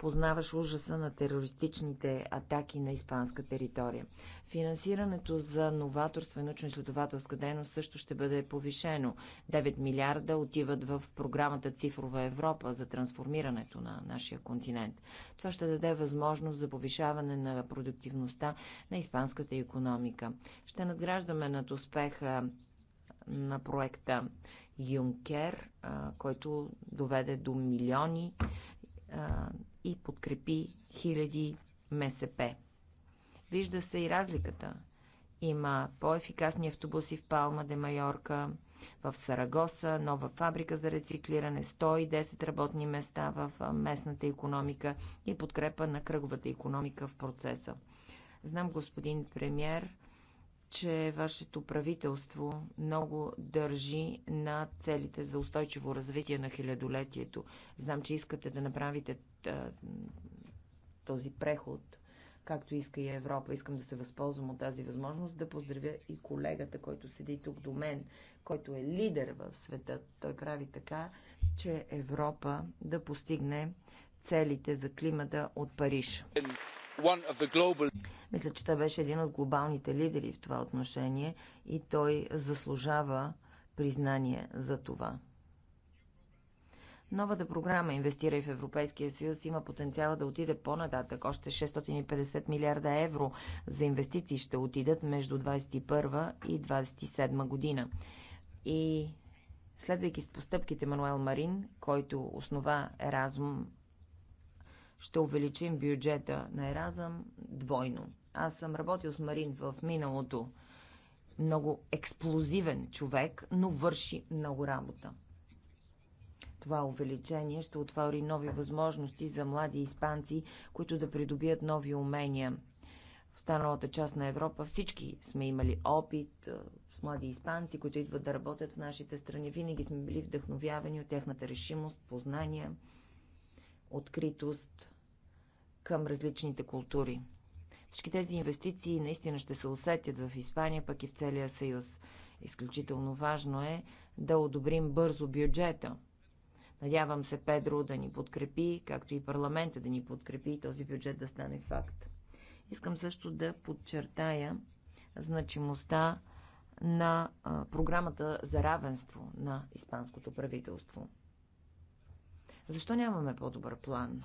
познаваш ужаса на терористичните атаки на испанска територия. Финансирането за новаторство и научно-изследователска дейност също ще бъде повишено. 9 милиарда отиват в програмата Цифрова Европа за трансформирането на нашия континент. Това ще даде възможност за повишаване на продуктивността на испанската економика. Ще надграждаме над успеха на проекта Юнкер, който доведе до милиони и подкрепи хиляди МСП. Вижда се и разликата. Има по-ефикасни автобуси в Палма де Майорка, в Сарагоса, нова фабрика за рециклиране, 110 работни места в местната економика и подкрепа на кръговата економика в процеса. Знам, господин премьер, че вашето правителство много държи на целите за устойчиво развитие на хилядолетието. Знам, че искате да направите този преход, както иска и Европа. Искам да се възползвам от тази възможност да поздравя и колегата, който седи тук до мен, който е лидер в света. Той прави така, че Европа да постигне целите за климата от Париж. Мисля, че той беше един от глобалните лидери в това отношение и той заслужава признание за това. Новата програма Инвестирай в Европейския съюз има потенциала да отиде по-нататък. Още 650 милиарда евро за инвестиции ще отидат между 21 и 27 година. И следвайки с постъпките Мануел Марин, който основа Еразм ще увеличим бюджета на Еразъм двойно. Аз съм работил с Марин в миналото. Много експлозивен човек, но върши много работа. Това увеличение ще отвори нови възможности за млади испанци, които да придобият нови умения. В останалата част на Европа всички сме имали опит с млади испанци, които идват да работят в нашите страни. Винаги сме били вдъхновявани от тяхната решимост, познания, откритост към различните култури. Всички тези инвестиции наистина ще се усетят в Испания, пък и в целия съюз. Изключително важно е да одобрим бързо бюджета. Надявам се Педро да ни подкрепи, както и парламента да ни подкрепи и този бюджет да стане факт. Искам също да подчертая значимостта на програмата за равенство на испанското правителство. Защо нямаме по-добър план?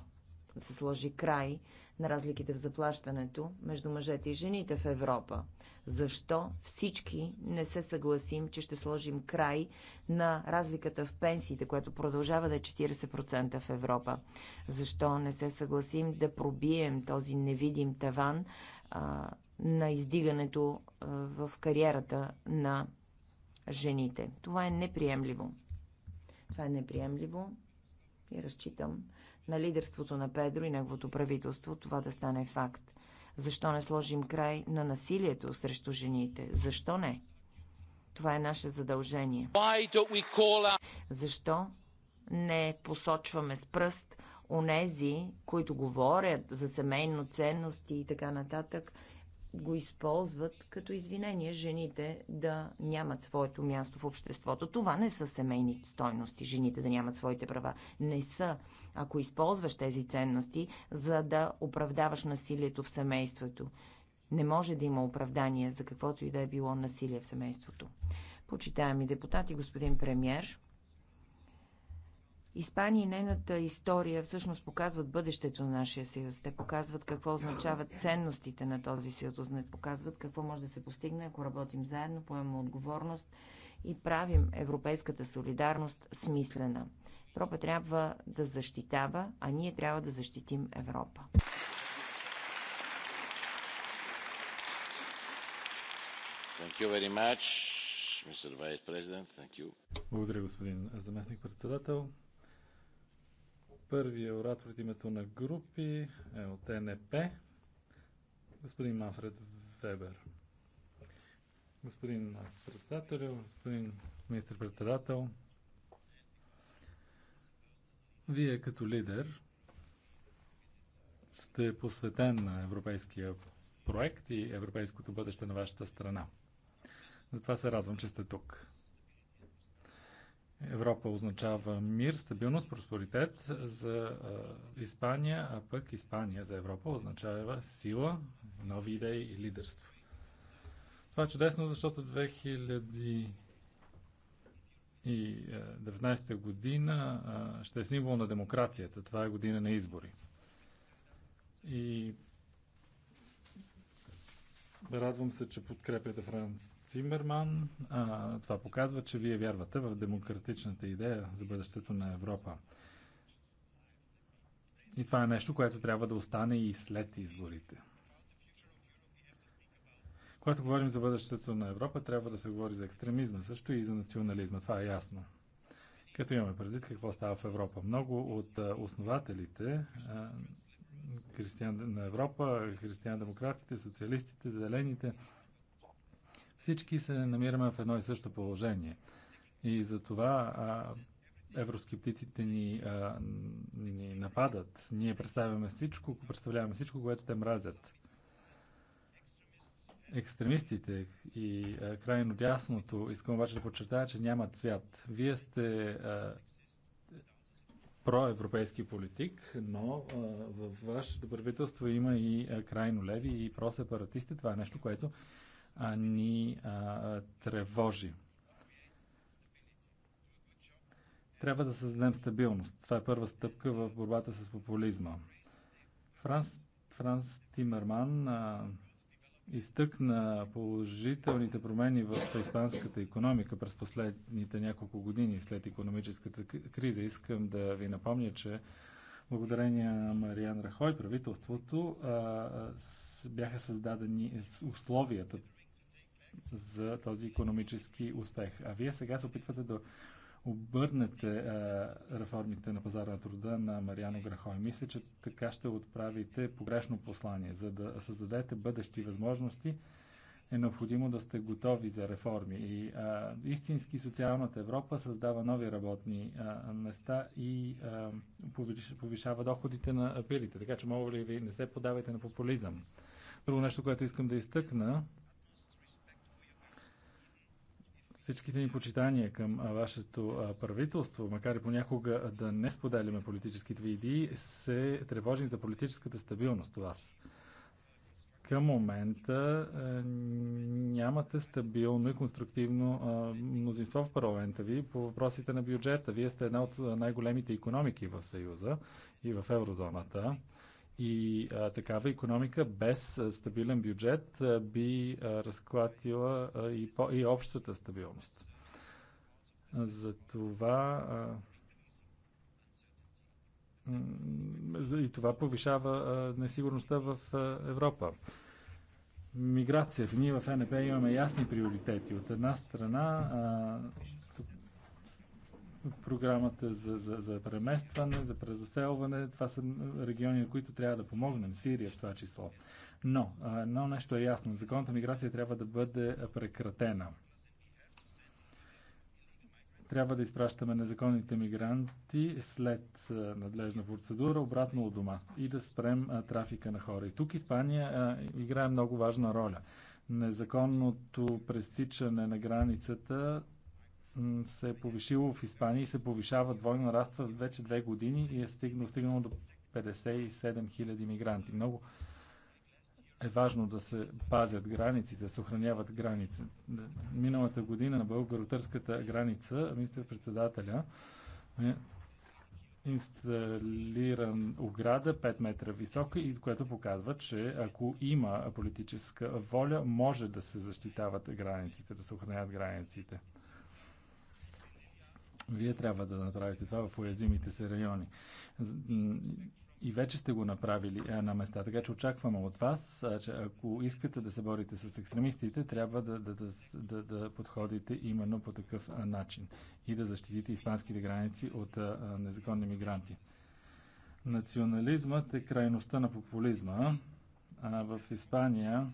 да се сложи край на разликите в заплащането между мъжете и жените в Европа. Защо всички не се съгласим, че ще сложим край на разликата в пенсиите, което продължава да е 40% в Европа? Защо не се съгласим да пробием този невидим таван а, на издигането а, в кариерата на жените? Това е неприемливо. Това е неприемливо и разчитам на лидерството на Педро и неговото правителство това да стане факт. Защо не сложим край на насилието срещу жените? Защо не? Това е наше задължение. Защо не посочваме с пръст онези, които говорят за семейно ценности и така нататък го използват като извинение жените да нямат своето място в обществото. Това не са семейни стойности, жените да нямат своите права. Не са, ако използваш тези ценности, за да оправдаваш насилието в семейството. Не може да има оправдание за каквото и да е било насилие в семейството. Почитаеми депутати, господин премьер, Испания и нейната история всъщност показват бъдещето на нашия съюз. Те показват какво означават ценностите на този съюз. Не показват какво може да се постигне, ако работим заедно, поемаме отговорност и правим европейската солидарност смислена. Европа трябва да защитава, а ние трябва да защитим Европа. Thank you very much, Mr. Vice President. Thank you. Благодаря, господин заместник председател. Първият оратор от името на групи е от НП. Господин Манфред Вебер. Господин председател, господин министр-председател, вие като лидер сте посветен на европейския проект и европейското бъдеще на вашата страна. Затова се радвам, че сте тук. Европа означава мир, стабилност, проспоритет за Испания, а пък Испания за Европа означава сила, нови идеи и лидерство. Това е чудесно, защото 2019 година ще е символ на демокрацията. Това е година на избори. И Радвам се, че подкрепяте Франц Цимерман. А, това показва, че вие вярвате в демократичната идея за бъдещето на Европа. И това е нещо, което трябва да остане и след изборите. Когато говорим за бъдещето на Европа, трябва да се говори за екстремизма също и за национализма. Това е ясно. Като имаме предвид какво става в Европа. Много от основателите християн, на Европа, християн-демократите, социалистите, зелените. Всички се намираме в едно и също положение. И за това а, евроскептиците ни, а, ни нападат. Ние представяме всичко, представляваме всичко, което те мразят. Екстремистите и а, крайно дясното, искам обаче да подчертая, че нямат свят. Вие сте а, проевропейски политик, но а, във вашето правителство има и а, крайно леви и просепаратисти. Това е нещо, което а, ни а, тревожи. Трябва да създадем стабилност. Това е първа стъпка в борбата с популизма. Франс, Франс Тимерман а, изтъкна положителните промени в испанската економика през последните няколко години след економическата криза. Искам да ви напомня, че благодарение на Мариан Рахой, правителството, бяха създадени условията за този економически успех. А вие сега се опитвате да обърнете реформите на пазара на труда на Мариано Грахой. Мисля, че така ще отправите погрешно послание. За да създадете бъдещи възможности, е необходимо да сте готови за реформи. И а, истински социалната Европа създава нови работни а, места и а, повишава доходите на апелите. Така че, мога ли ви, не се подавайте на популизъм. Друго нещо, което искам да изтъкна, Всичките ни почитания към вашето правителство, макар и понякога да не споделяме политическите ви идеи, се тревожим за политическата стабилност у вас. Към момента нямате стабилно и конструктивно мнозинство в парламента ви по въпросите на бюджета. Вие сте една от най-големите економики в Съюза и в еврозоната. И а, такава економика без а, стабилен бюджет а, би а, разклатила а, и, по, и общата стабилност. Затова. А, и това повишава а, несигурността в а, Европа. Миграцията. Ние в НП имаме ясни приоритети. От една страна а, програмата за, за, за преместване, за презаселване. Това са региони, на които трябва да помогнем. Сирия в това число. Но едно нещо е ясно. Законната миграция трябва да бъде прекратена. Трябва да изпращаме незаконните мигранти след надлежна процедура обратно от дома и да спрем трафика на хора. И тук Испания играе много важна роля незаконното пресичане на границата се е повишило в Испания и се повишава двойно, нараства вече две години и е стигнал, стигнал до 57 000 мигранти. Много е важно да се пазят границите, да се охраняват граници. Миналата година на българо-търската граница министър-председателя е инсталиран ограда 5 метра висока и което показва, че ако има политическа воля, може да се защитават границите, да се охраняват границите. Вие трябва да направите това в уязвимите се райони. И вече сте го направили на места, така че очакваме от вас, че ако искате да се борите с екстремистите, трябва да, да, да, да подходите именно по такъв начин и да защитите испанските граници от незаконни мигранти. Национализмът е крайността на популизма. а В Испания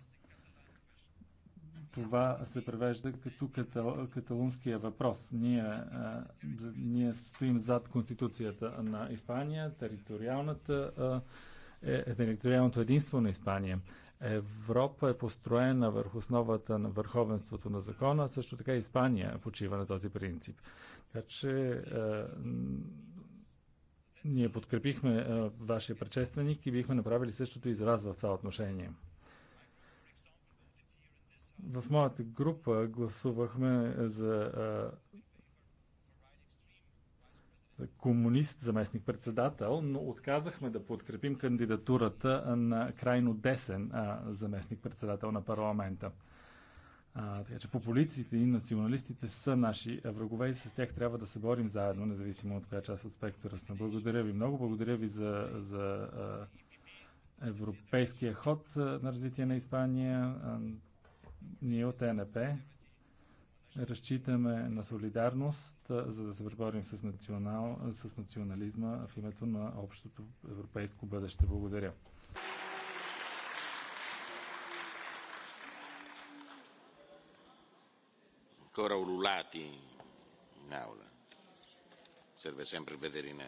това се превежда като катал, каталунския въпрос. Ние, а, ние стоим зад Конституцията на Испания, териториалната, а, е, е, териториалното единство на Испания. Европа е построена върху основата на върховенството на закона, също така и Испания почива на този принцип. Така че а, ние подкрепихме а, вашия предшественик и бихме направили същото и за вас в това отношение. В моята група гласувахме за, а, за комунист, заместник председател, но отказахме да подкрепим кандидатурата на крайно десен а, заместник председател на парламента. А, така че популиците и националистите са наши врагове и с тях трябва да се борим заедно, независимо от коя част от спектъра сме. Благодаря ви много, благодаря ви за, за а, европейския ход на развитие на Испания. Ние от ЕНП разчитаме на солидарност, за да се преборим с, национал, с национализма в името на общото европейско бъдеще. Благодаря. ancora ululati in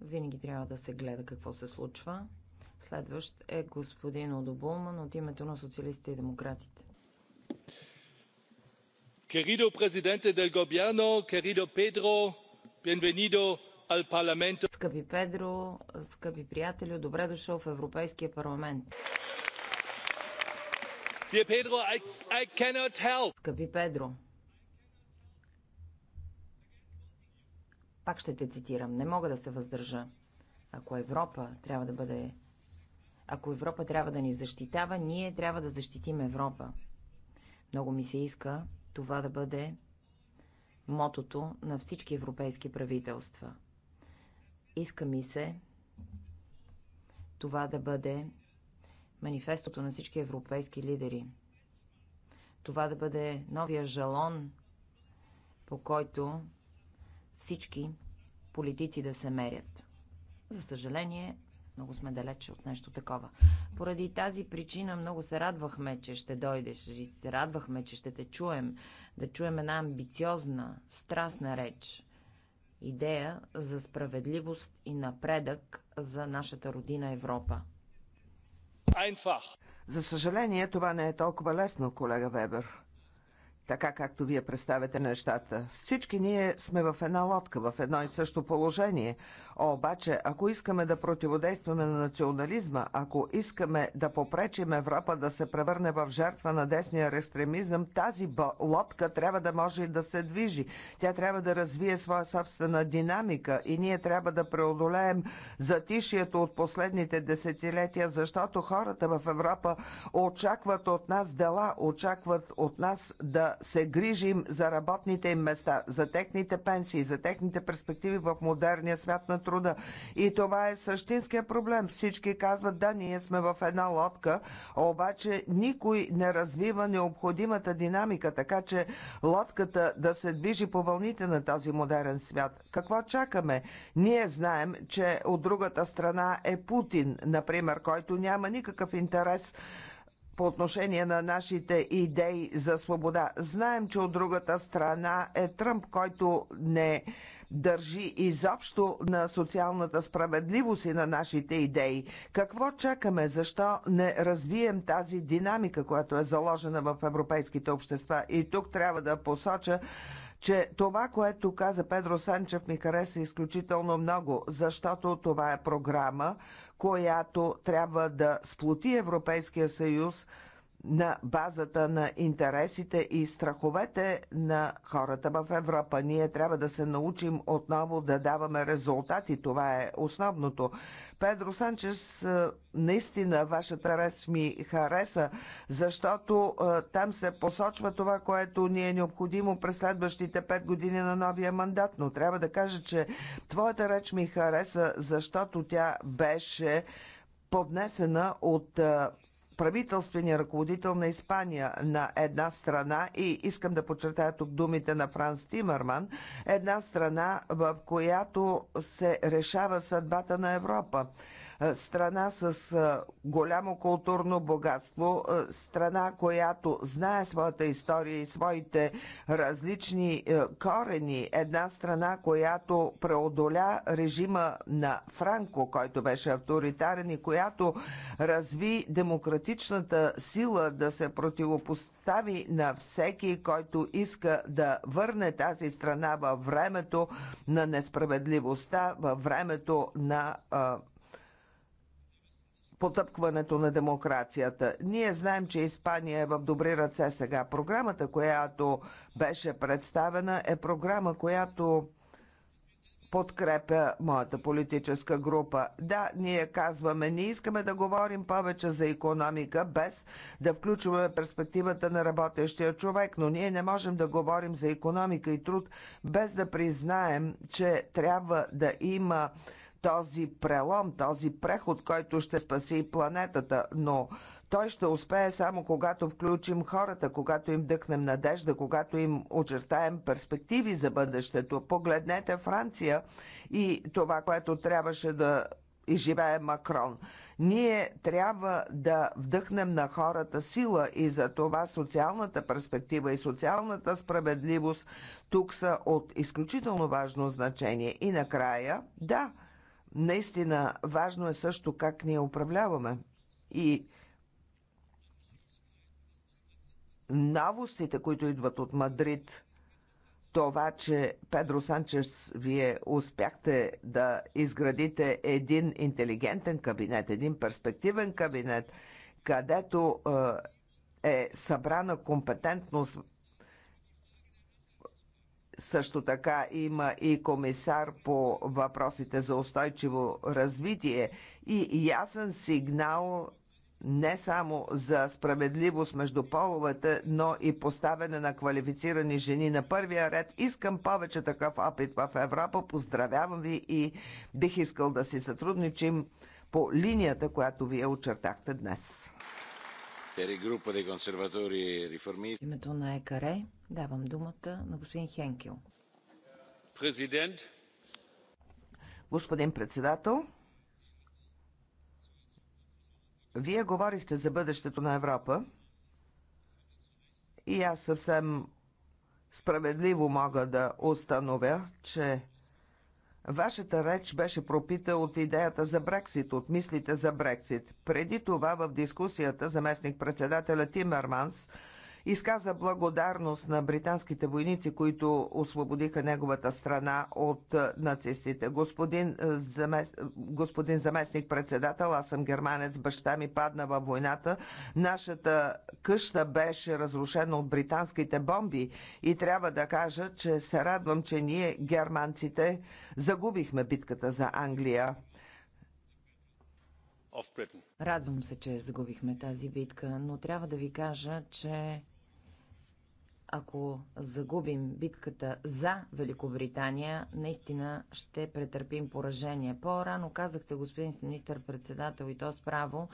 Винаги трябва да се гледа какво се случва. Следващ е господин Одобулман от името на социалистите и демократите querido presidente del gobierno, querido Pedro, bienvenido al parlamento. Скъпи Педро, скъпи приятелю, добре дошъл в Европейския парламент. Dear Pedro, I, I cannot help. Скъпи Педро, пак ще те цитирам, не мога да се въздържа. Ако Европа трябва да бъде... Ако Европа трябва да ни защитава, ние трябва да защитим Европа. Много ми се иска това да бъде мотото на всички европейски правителства. Иска ми се това да бъде манифестото на всички европейски лидери. Това да бъде новия жалон, по който всички политици да се мерят. За съжаление, много сме далече от нещо такова. Поради тази причина много се радвахме, че ще дойдеш. Се радвахме, че ще те чуем. Да чуем една амбициозна, страстна реч. Идея за справедливост и напредък за нашата родина Европа. Einfach. За съжаление, това не е толкова лесно, колега Вебер. Така както вие представяте нещата. Всички ние сме в една лодка, в едно и също положение – обаче, ако искаме да противодействаме на национализма, ако искаме да попречим Европа да се превърне в жертва на десния екстремизъм, тази лодка трябва да може и да се движи. Тя трябва да развие своя собствена динамика и ние трябва да преодолеем затишието от последните десетилетия, защото хората в Европа очакват от нас дела, очакват от нас да се грижим за работните им места, за техните пенсии, за техните перспективи в модерния свят на труда. И това е същинския проблем. Всички казват, да, ние сме в една лодка, обаче никой не развива необходимата динамика, така че лодката да се движи по вълните на този модерен свят. Какво чакаме? Ние знаем, че от другата страна е Путин, например, който няма никакъв интерес по отношение на нашите идеи за свобода. Знаем, че от другата страна е Тръмп, който не държи изобщо на социалната справедливост и на нашите идеи. Какво чакаме? Защо не развием тази динамика, която е заложена в европейските общества? И тук трябва да посоча, че това, което каза Педро Санчев, ми хареса изключително много, защото това е програма, която трябва да сплоти Европейския съюз на базата на интересите и страховете на хората в Европа. Ние трябва да се научим отново да даваме резултати. Това е основното. Педро Санчес, е, наистина вашата рез ми хареса, защото е, там се посочва това, което ни е необходимо през следващите пет години на новия мандат. Но трябва да кажа, че твоята реч ми хареса, защото тя беше поднесена от е, правителствения ръководител на Испания на една страна и искам да подчертая тук думите на Франс Тимърман, една страна, в която се решава съдбата на Европа. Е, страна с е, голямо културно богатство, е, страна, която знае своята история и своите различни корени, една страна, която преодоля режима на Франко, който беше авторитарен и която разви демократичната сила да се противопостави на всеки, който иска да върне тази страна във времето на несправедливостта, във времето на а, потъпкването на демокрацията. Ние знаем, че Испания е в добри ръце сега. Програмата, която беше представена, е програма, която подкрепя моята политическа група. Да, ние казваме, не искаме да говорим повече за економика, без да включваме перспективата на работещия човек, но ние не можем да говорим за економика и труд, без да признаем, че трябва да има този прелом, този преход, който ще спаси планетата, но той ще успее само когато включим хората, когато им дъхнем надежда, когато им очертаем перспективи за бъдещето. Погледнете Франция и това, което трябваше да изживее Макрон. Ние трябва да вдъхнем на хората сила и за това социалната перспектива и социалната справедливост тук са от изключително важно значение. И накрая, да, Наистина важно е също как ние управляваме. И новостите, които идват от Мадрид, това, че Педро Санчес, вие успяхте да изградите един интелигентен кабинет, един перспективен кабинет, където е, е събрана компетентност също така има и комисар по въпросите за устойчиво развитие и ясен сигнал не само за справедливост между половете, но и поставяне на квалифицирани жени на първия ред. Искам повече такъв опит в Европа. Поздравявам ви и бих искал да си сътрудничим по линията, която вие очертахте днес. Името на ЕКАРЕ давам думата на господин Хенкел. Президент. Господин председател, вие говорихте за бъдещето на Европа и аз съвсем справедливо мога да установя, че Вашата реч беше пропита от идеята за Брексит, от мислите за Брексит. Преди това в дискусията заместник-председателя Тимерманс изказа благодарност на британските войници, които освободиха неговата страна от е, нацистите. Господин, е, замес... Е, господин заместник председател, аз съм германец, баща ми падна във войната. Нашата къща беше разрушена от британските бомби и трябва да кажа, че се радвам, че ние, германците, загубихме битката за Англия. Радвам се, че загубихме тази битка, но трябва да ви кажа, че ако загубим битката за Великобритания, наистина ще претърпим поражение. По-рано казахте, господин министър-председател, и то справо,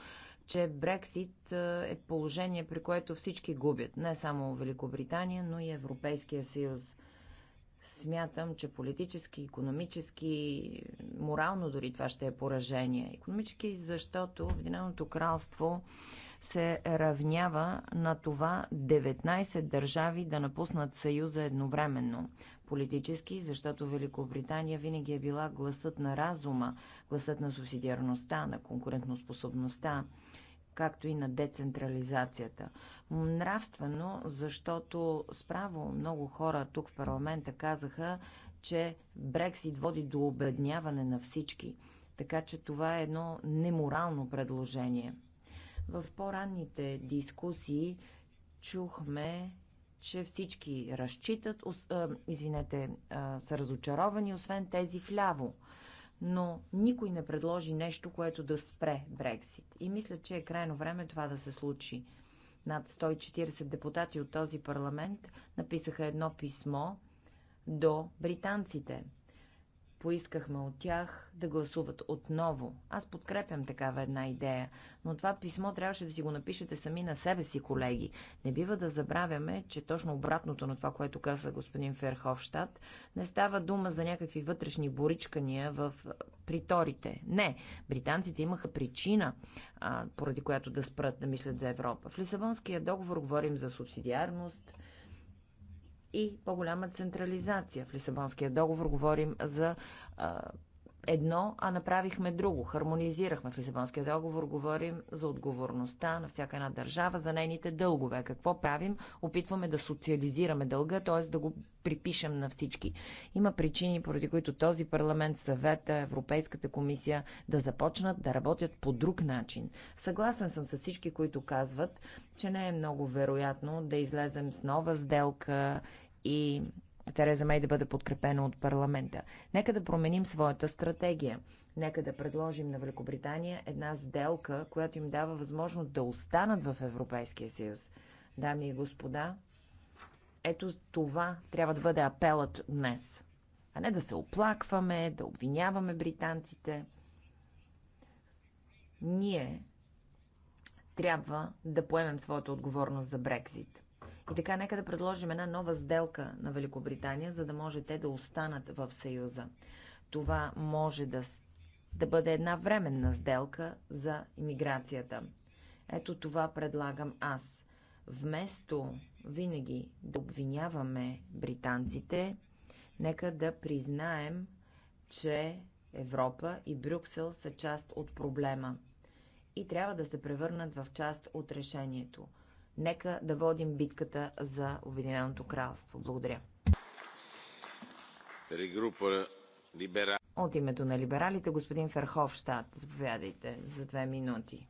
че Брексит е, е положение, при което всички губят. Не само Великобритания, но и Европейския съюз. Смятам, че политически, економически, морално дори това ще е поражение. Економически, защото Обединеното кралство се равнява на това 19 държави да напуснат Съюза едновременно. Политически, защото Великобритания винаги е била гласът на разума, гласът на субсидиарността, на конкурентноспособността както и на децентрализацията. Нравствено, защото справо много хора тук в парламента казаха, че Брексит води до обедняване на всички. Така че това е едно неморално предложение. В по-ранните дискусии чухме, че всички разчитат, извинете, са разочаровани, освен тези вляво. Но никой не предложи нещо, което да спре Брексит. И мисля, че е крайно време това да се случи. Над 140 депутати от този парламент написаха едно писмо до британците – поискахме от тях да гласуват отново. Аз подкрепям такава една идея, но това писмо трябваше да си го напишете сами на себе си, колеги. Не бива да забравяме, че точно обратното на това, което каза господин Ферховщад, не става дума за някакви вътрешни боричкания в приторите. Не, британците имаха причина, а, поради която да спрат да мислят за Европа. В Лисабонския договор говорим за субсидиарност, и по-голяма централизация. В Лисабонския договор говорим за а, едно, а направихме друго. Хармонизирахме в Лисабонския договор, говорим за отговорността на всяка една държава, за нейните дългове. Какво правим? Опитваме да социализираме дълга, т.е. да го припишем на всички. Има причини, поради които този парламент, съвета, Европейската комисия да започнат да работят по друг начин. Съгласен съм с всички, които казват, че не е много вероятно да излезем с нова сделка и Тереза Мей да бъде подкрепена от парламента. Нека да променим своята стратегия. Нека да предложим на Великобритания една сделка, която им дава възможност да останат в Европейския съюз. Дами и господа, ето това трябва да бъде апелът днес. А не да се оплакваме, да обвиняваме британците. Ние трябва да поемем своята отговорност за Брекзит. И така, нека да предложим една нова сделка на Великобритания, за да може те да останат в Съюза. Това може да, да бъде една временна сделка за иммиграцията. Ето това предлагам аз. Вместо винаги да обвиняваме британците, нека да признаем, че Европа и Брюксел са част от проблема и трябва да се превърнат в част от решението – Нека да водим битката за Обединеното кралство. Благодаря. От името на либералите, господин Ферховщад, заповядайте за две минути.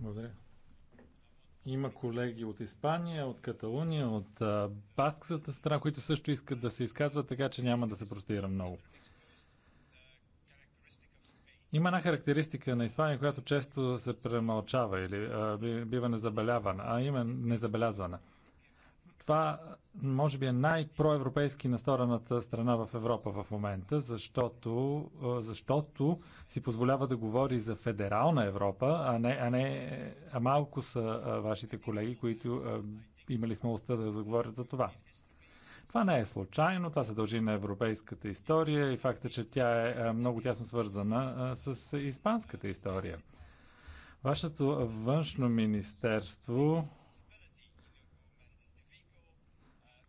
Благодаря. Има колеги от Испания, от Каталуния, от баскската страна, които също искат да се изказват, така че няма да се простира много. Има една характеристика на Испания, която често се премълчава или а, бива незабелявана, а има незабелязвана. Това може би е най-проевропейски настроената страна в Европа в момента, защото, защото си позволява да говори за федерална Европа, а не, а не а малко са вашите колеги, които имали смелостта да заговорят за това. Това не е случайно, това се дължи на европейската история и факта, че тя е, е много тясно свързана е, с испанската история. Вашето външно министерство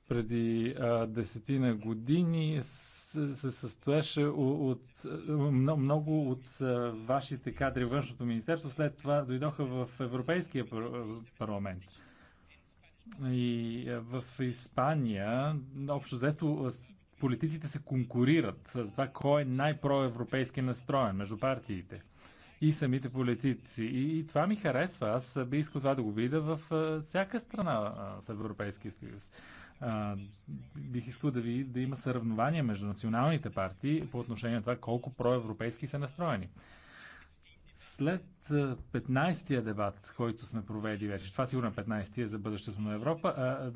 преди а, е, десетина години се, състоеше от, от много от а, вашите кадри в външното министерство, след това дойдоха в Европейския парламент. И е, в Испания, общо взето, политиците се конкурират с това кой е най-проевропейски настроен между партиите и самите политици. И, и това ми харесва. Аз би искал това да го видя в е, всяка страна е, в Европейския съюз. А, бих искал да, ви, да има съревнование между националните партии по отношение на това колко проевропейски са настроени. След 15-тия дебат, който сме провели вече, това сигурно 15-тия е за бъдещето на Европа, а,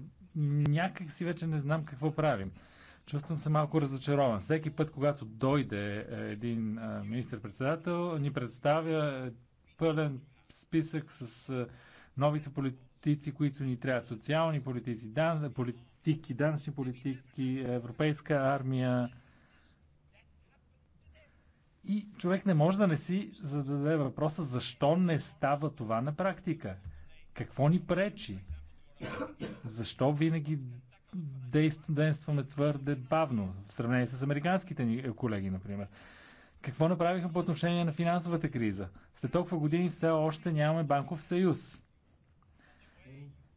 някак си вече не знам какво правим. Чувствам се малко разочарован. Всеки път, когато дойде е, един министр-председател, ни представя е, пълен списък с новите политици, които ни трябват. Социални политици, дан, политики, данъчни политики, европейска армия, и човек не може да не си зададе въпроса защо не става това на практика. Какво ни пречи? Защо винаги действаме твърде бавно в сравнение с американските ни колеги, например? Какво направиха по отношение на финансовата криза? След толкова години все още нямаме банков съюз.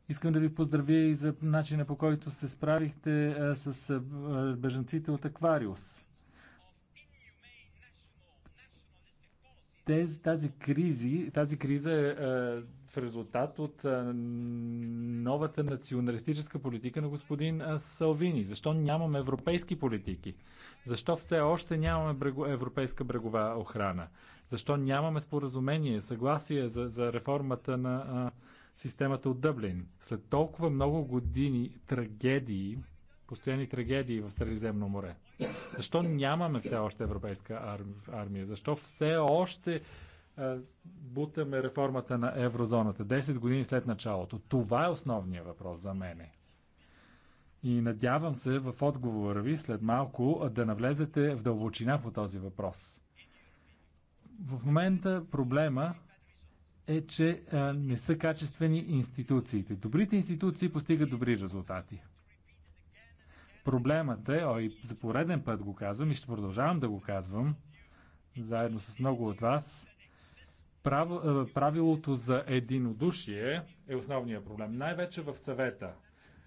Искам да ви поздравя и за начина по който се справихте с бежанците от Аквариус. тези, тази, кризи, тази криза е, е в резултат от е, новата националистическа политика на господин е, Салвини. Защо нямаме европейски политики? Защо все още нямаме брего, европейска брегова охрана? Защо нямаме споразумение, съгласие за, за реформата на е, системата от Дъблин? След толкова много години трагедии, постоянни трагедии в Средиземно море. Защо нямаме все още европейска армия? Защо все още е, бутаме реформата на еврозоната 10 години след началото? Това е основният въпрос за мене. И надявам се в отговора ви след малко да навлезете в дълбочина по този въпрос. В момента проблема е, че не са качествени институциите. Добрите институции постигат добри резултати. Проблемът е, ой, за пореден път го казвам и ще продължавам да го казвам, заедно с много от вас, прав, е, правилото за единодушие е основният проблем. Най-вече в съвета.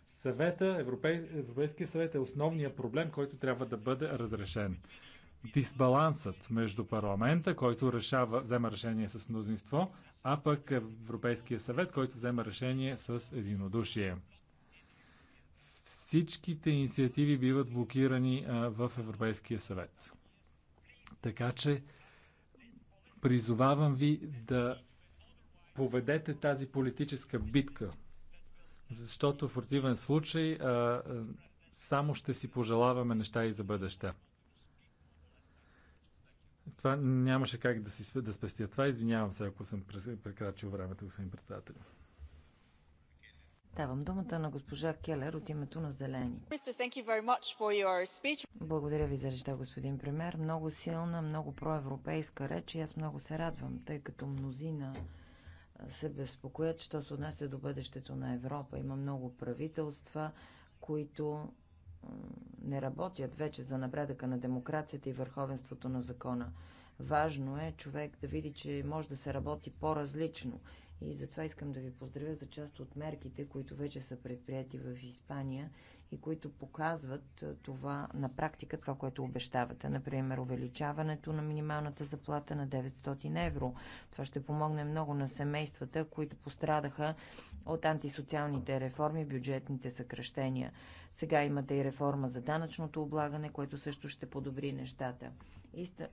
Съвета, Европей, Европейския съвет е основният проблем, който трябва да бъде разрешен. Дисбалансът между парламента, който решава, взема решение с мнозинство, а пък Европейския съвет, който взема решение с единодушие всичките инициативи биват блокирани в Европейския съвет. Така че призовавам ви да поведете тази политическа битка, защото в противен случай а, само ще си пожелаваме неща и за бъдеща. Това нямаше как да, си, да спестя това. Извинявам се, ако съм прекрачил времето, господин председател. Давам думата на госпожа Келер от името на Зелени. Благодаря ви за речта, господин премьер. Много силна, много проевропейска реч и аз много се радвам, тъй като мнозина се безпокоят, що се отнася до бъдещето на Европа. Има много правителства, които не работят вече за напредъка на демокрацията и върховенството на закона. Важно е човек да види, че може да се работи по-различно и затова искам да ви поздравя за част от мерките, които вече са предприяти в Испания и които показват това на практика, това, което обещавате. Например, увеличаването на минималната заплата на 900 евро. Това ще помогне много на семействата, които пострадаха от антисоциалните реформи, бюджетните съкръщения. Сега имате и реформа за данъчното облагане, което също ще подобри нещата.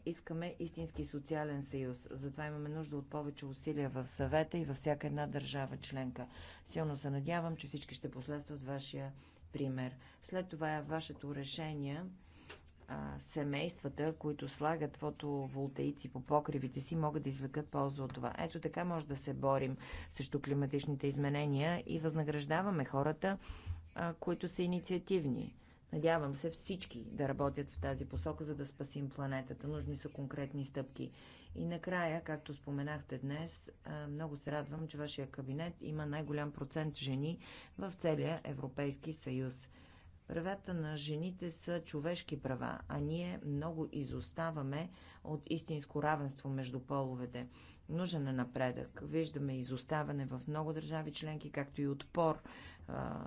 Искаме истински социален съюз. Затова имаме нужда от повече усилия в съвета и във всяка една държава членка. Силно се надявам, че всички ще последстват вашия пример. След това е вашето решение а, семействата, които слагат фотоволтаици по покривите си, могат да извлекат полза от това. Ето така може да се борим срещу климатичните изменения и възнаграждаваме хората, а, които са инициативни. Надявам се всички да работят в тази посока, за да спасим планетата. Нужни са конкретни стъпки. И накрая, както споменахте днес, много се радвам, че вашия кабинет има най-голям процент жени в целия Европейски съюз. Правата на жените са човешки права, а ние много изоставаме от истинско равенство между половете. Нужен е напредък. Виждаме изоставане в много държави членки, както и отпор а,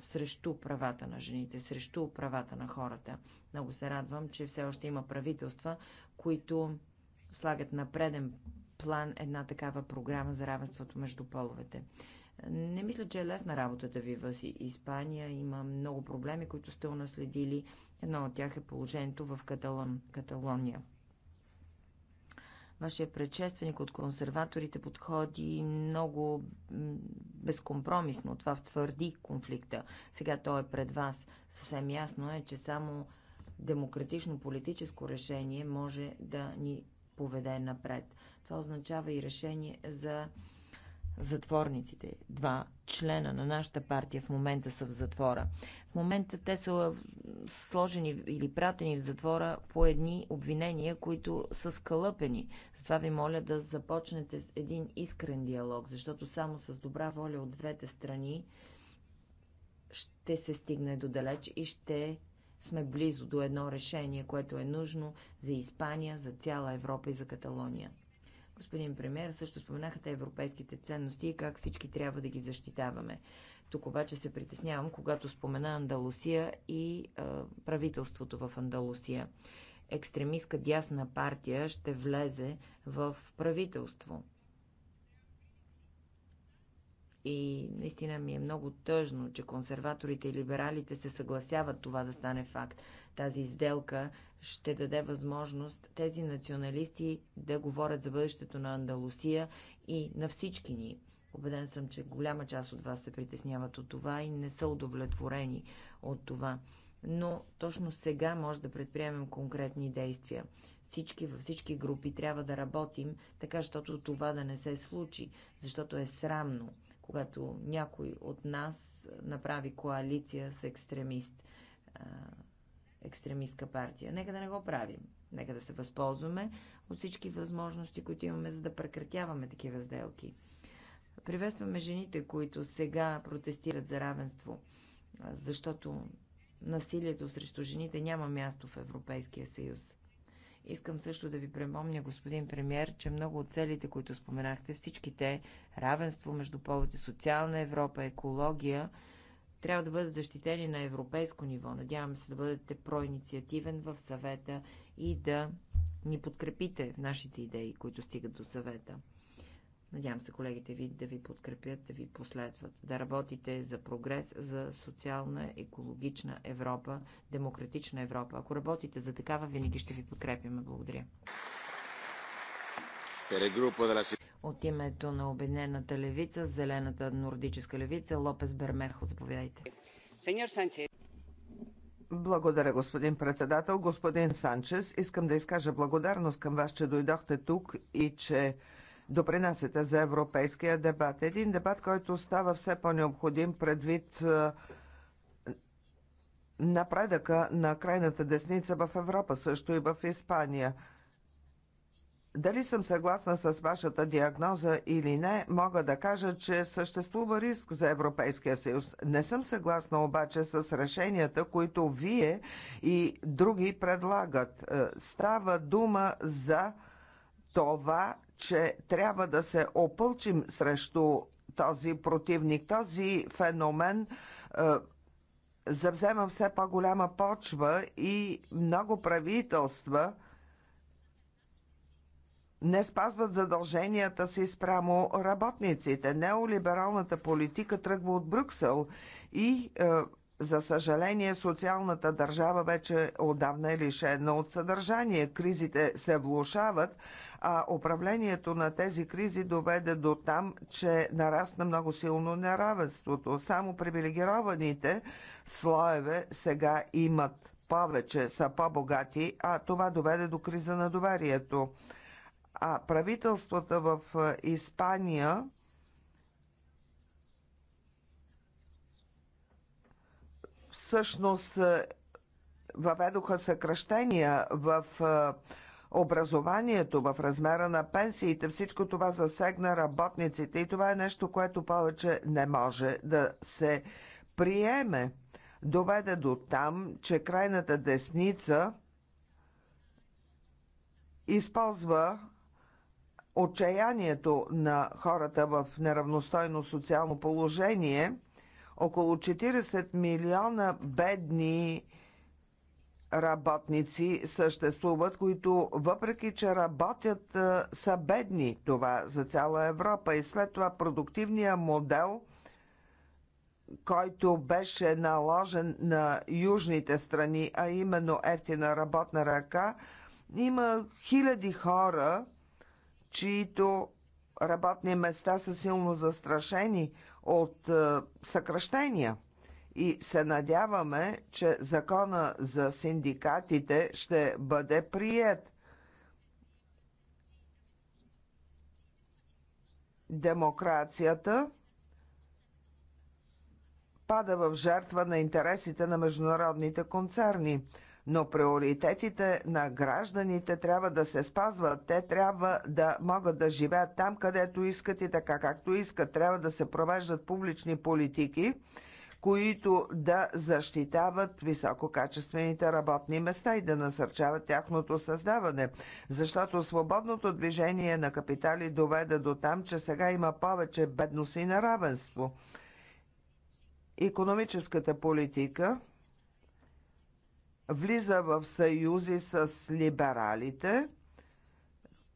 срещу правата на жените, срещу правата на хората. Много се радвам, че все още има правителства, които слагат на преден план една такава програма за равенството между половете. Не мисля, че е лесна работата ви в Испания. Има много проблеми, които сте унаследили. Едно от тях е положението в Каталон, Каталония. Вашия предшественик от консерваторите подходи много безкомпромисно. Това втвърди конфликта. Сега той е пред вас. Съвсем ясно е, че само демократично политическо решение може да ни поведе напред. Това означава и решение за затворниците. Два члена на нашата партия в момента са в затвора. В момента те са сложени или пратени в затвора по едни обвинения, които са скалъпени. Затова ви моля да започнете с един искрен диалог, защото само с добра воля от двете страни ще се стигне до далеч и ще сме близо до едно решение, което е нужно за Испания, за цяла Европа и за Каталония. Господин премьер, също споменахте европейските ценности и как всички трябва да ги защитаваме. Тук обаче се притеснявам, когато спомена Андалусия и е, правителството в Андалусия. Екстремистка дясна партия ще влезе в правителство – и наистина ми е много тъжно, че консерваторите и либералите се съгласяват това да стане факт. Тази изделка ще даде възможност тези националисти да говорят за бъдещето на Андалусия и на всички ни. Обеден съм, че голяма част от вас се притесняват от това и не са удовлетворени от това. Но точно сега може да предприемем конкретни действия. Всички във всички групи трябва да работим, така, защото това да не се случи, защото е срамно когато някой от нас направи коалиция с екстремист, екстремистка партия. Нека да не го правим. Нека да се възползваме от всички възможности, които имаме, за да прекратяваме такива сделки. Приветстваме жените, които сега протестират за равенство, защото насилието срещу жените няма място в Европейския съюз. Искам също да ви премомня, господин премьер, че много от целите, които споменахте, всичките равенство между полите, социална Европа, екология, трябва да бъдат защитени на европейско ниво. Надявам се да бъдете проинициативен в съвета и да ни подкрепите в нашите идеи, които стигат до съвета. Надявам се колегите ви да ви подкрепят, да ви последват, да работите за прогрес, за социална, екологична Европа, демократична Европа. Ако работите за такава, винаги ще ви подкрепяме. Благодаря. От името на Обединената левица, Зелената нордическа левица, Лопес Бермехо, заповядайте. Сеньор Санчес. Благодаря, господин председател. Господин Санчес, искам да изкажа благодарност към вас, че дойдохте тук и че допринасяте за европейския дебат. Един дебат, който става все по-необходим предвид е, напредъка на крайната десница в Европа, също и в Испания. Дали съм съгласна с вашата диагноза или не, мога да кажа, че съществува риск за Европейския съюз. Не съм съгласна обаче с решенията, които вие и други предлагат. Е, става дума за това, че трябва да се опълчим срещу този противник. Този феномен е, завзема все по-голяма почва и много правителства не спазват задълженията си спрямо работниците. Неолибералната политика тръгва от Брюксел и, е, за съжаление, социалната държава вече отдавна е лишена от съдържание. Кризите се влушават, а управлението на тези кризи доведе до там, че нарасна много силно неравенството. Само привилегированите слоеве сега имат повече, са по-богати, а това доведе до криза на доверието. А правителствата в Испания всъщност въведоха съкръщения в образованието, в размера на пенсиите, всичко това засегна работниците и това е нещо, което повече не може да се приеме. Доведе до там, че крайната десница използва отчаянието на хората в неравностойно социално положение. Около 40 милиона бедни работници съществуват, които въпреки, че работят, са бедни. Това за цяла Европа. И след това продуктивният модел, който беше наложен на южните страни, а именно ефтина работна ръка, има хиляди хора, чието работни места са силно застрашени от съкръщения и се надяваме, че закона за синдикатите ще бъде прият. Демокрацията пада в жертва на интересите на международните концерни но приоритетите на гражданите трябва да се спазват. Те трябва да могат да живеят там, където искат и така както искат. Трябва да се провеждат публични политики, които да защитават висококачествените работни места и да насърчават тяхното създаване. Защото свободното движение на капитали доведе до там, че сега има повече бедност и неравенство. Економическата политика влиза в съюзи с либералите,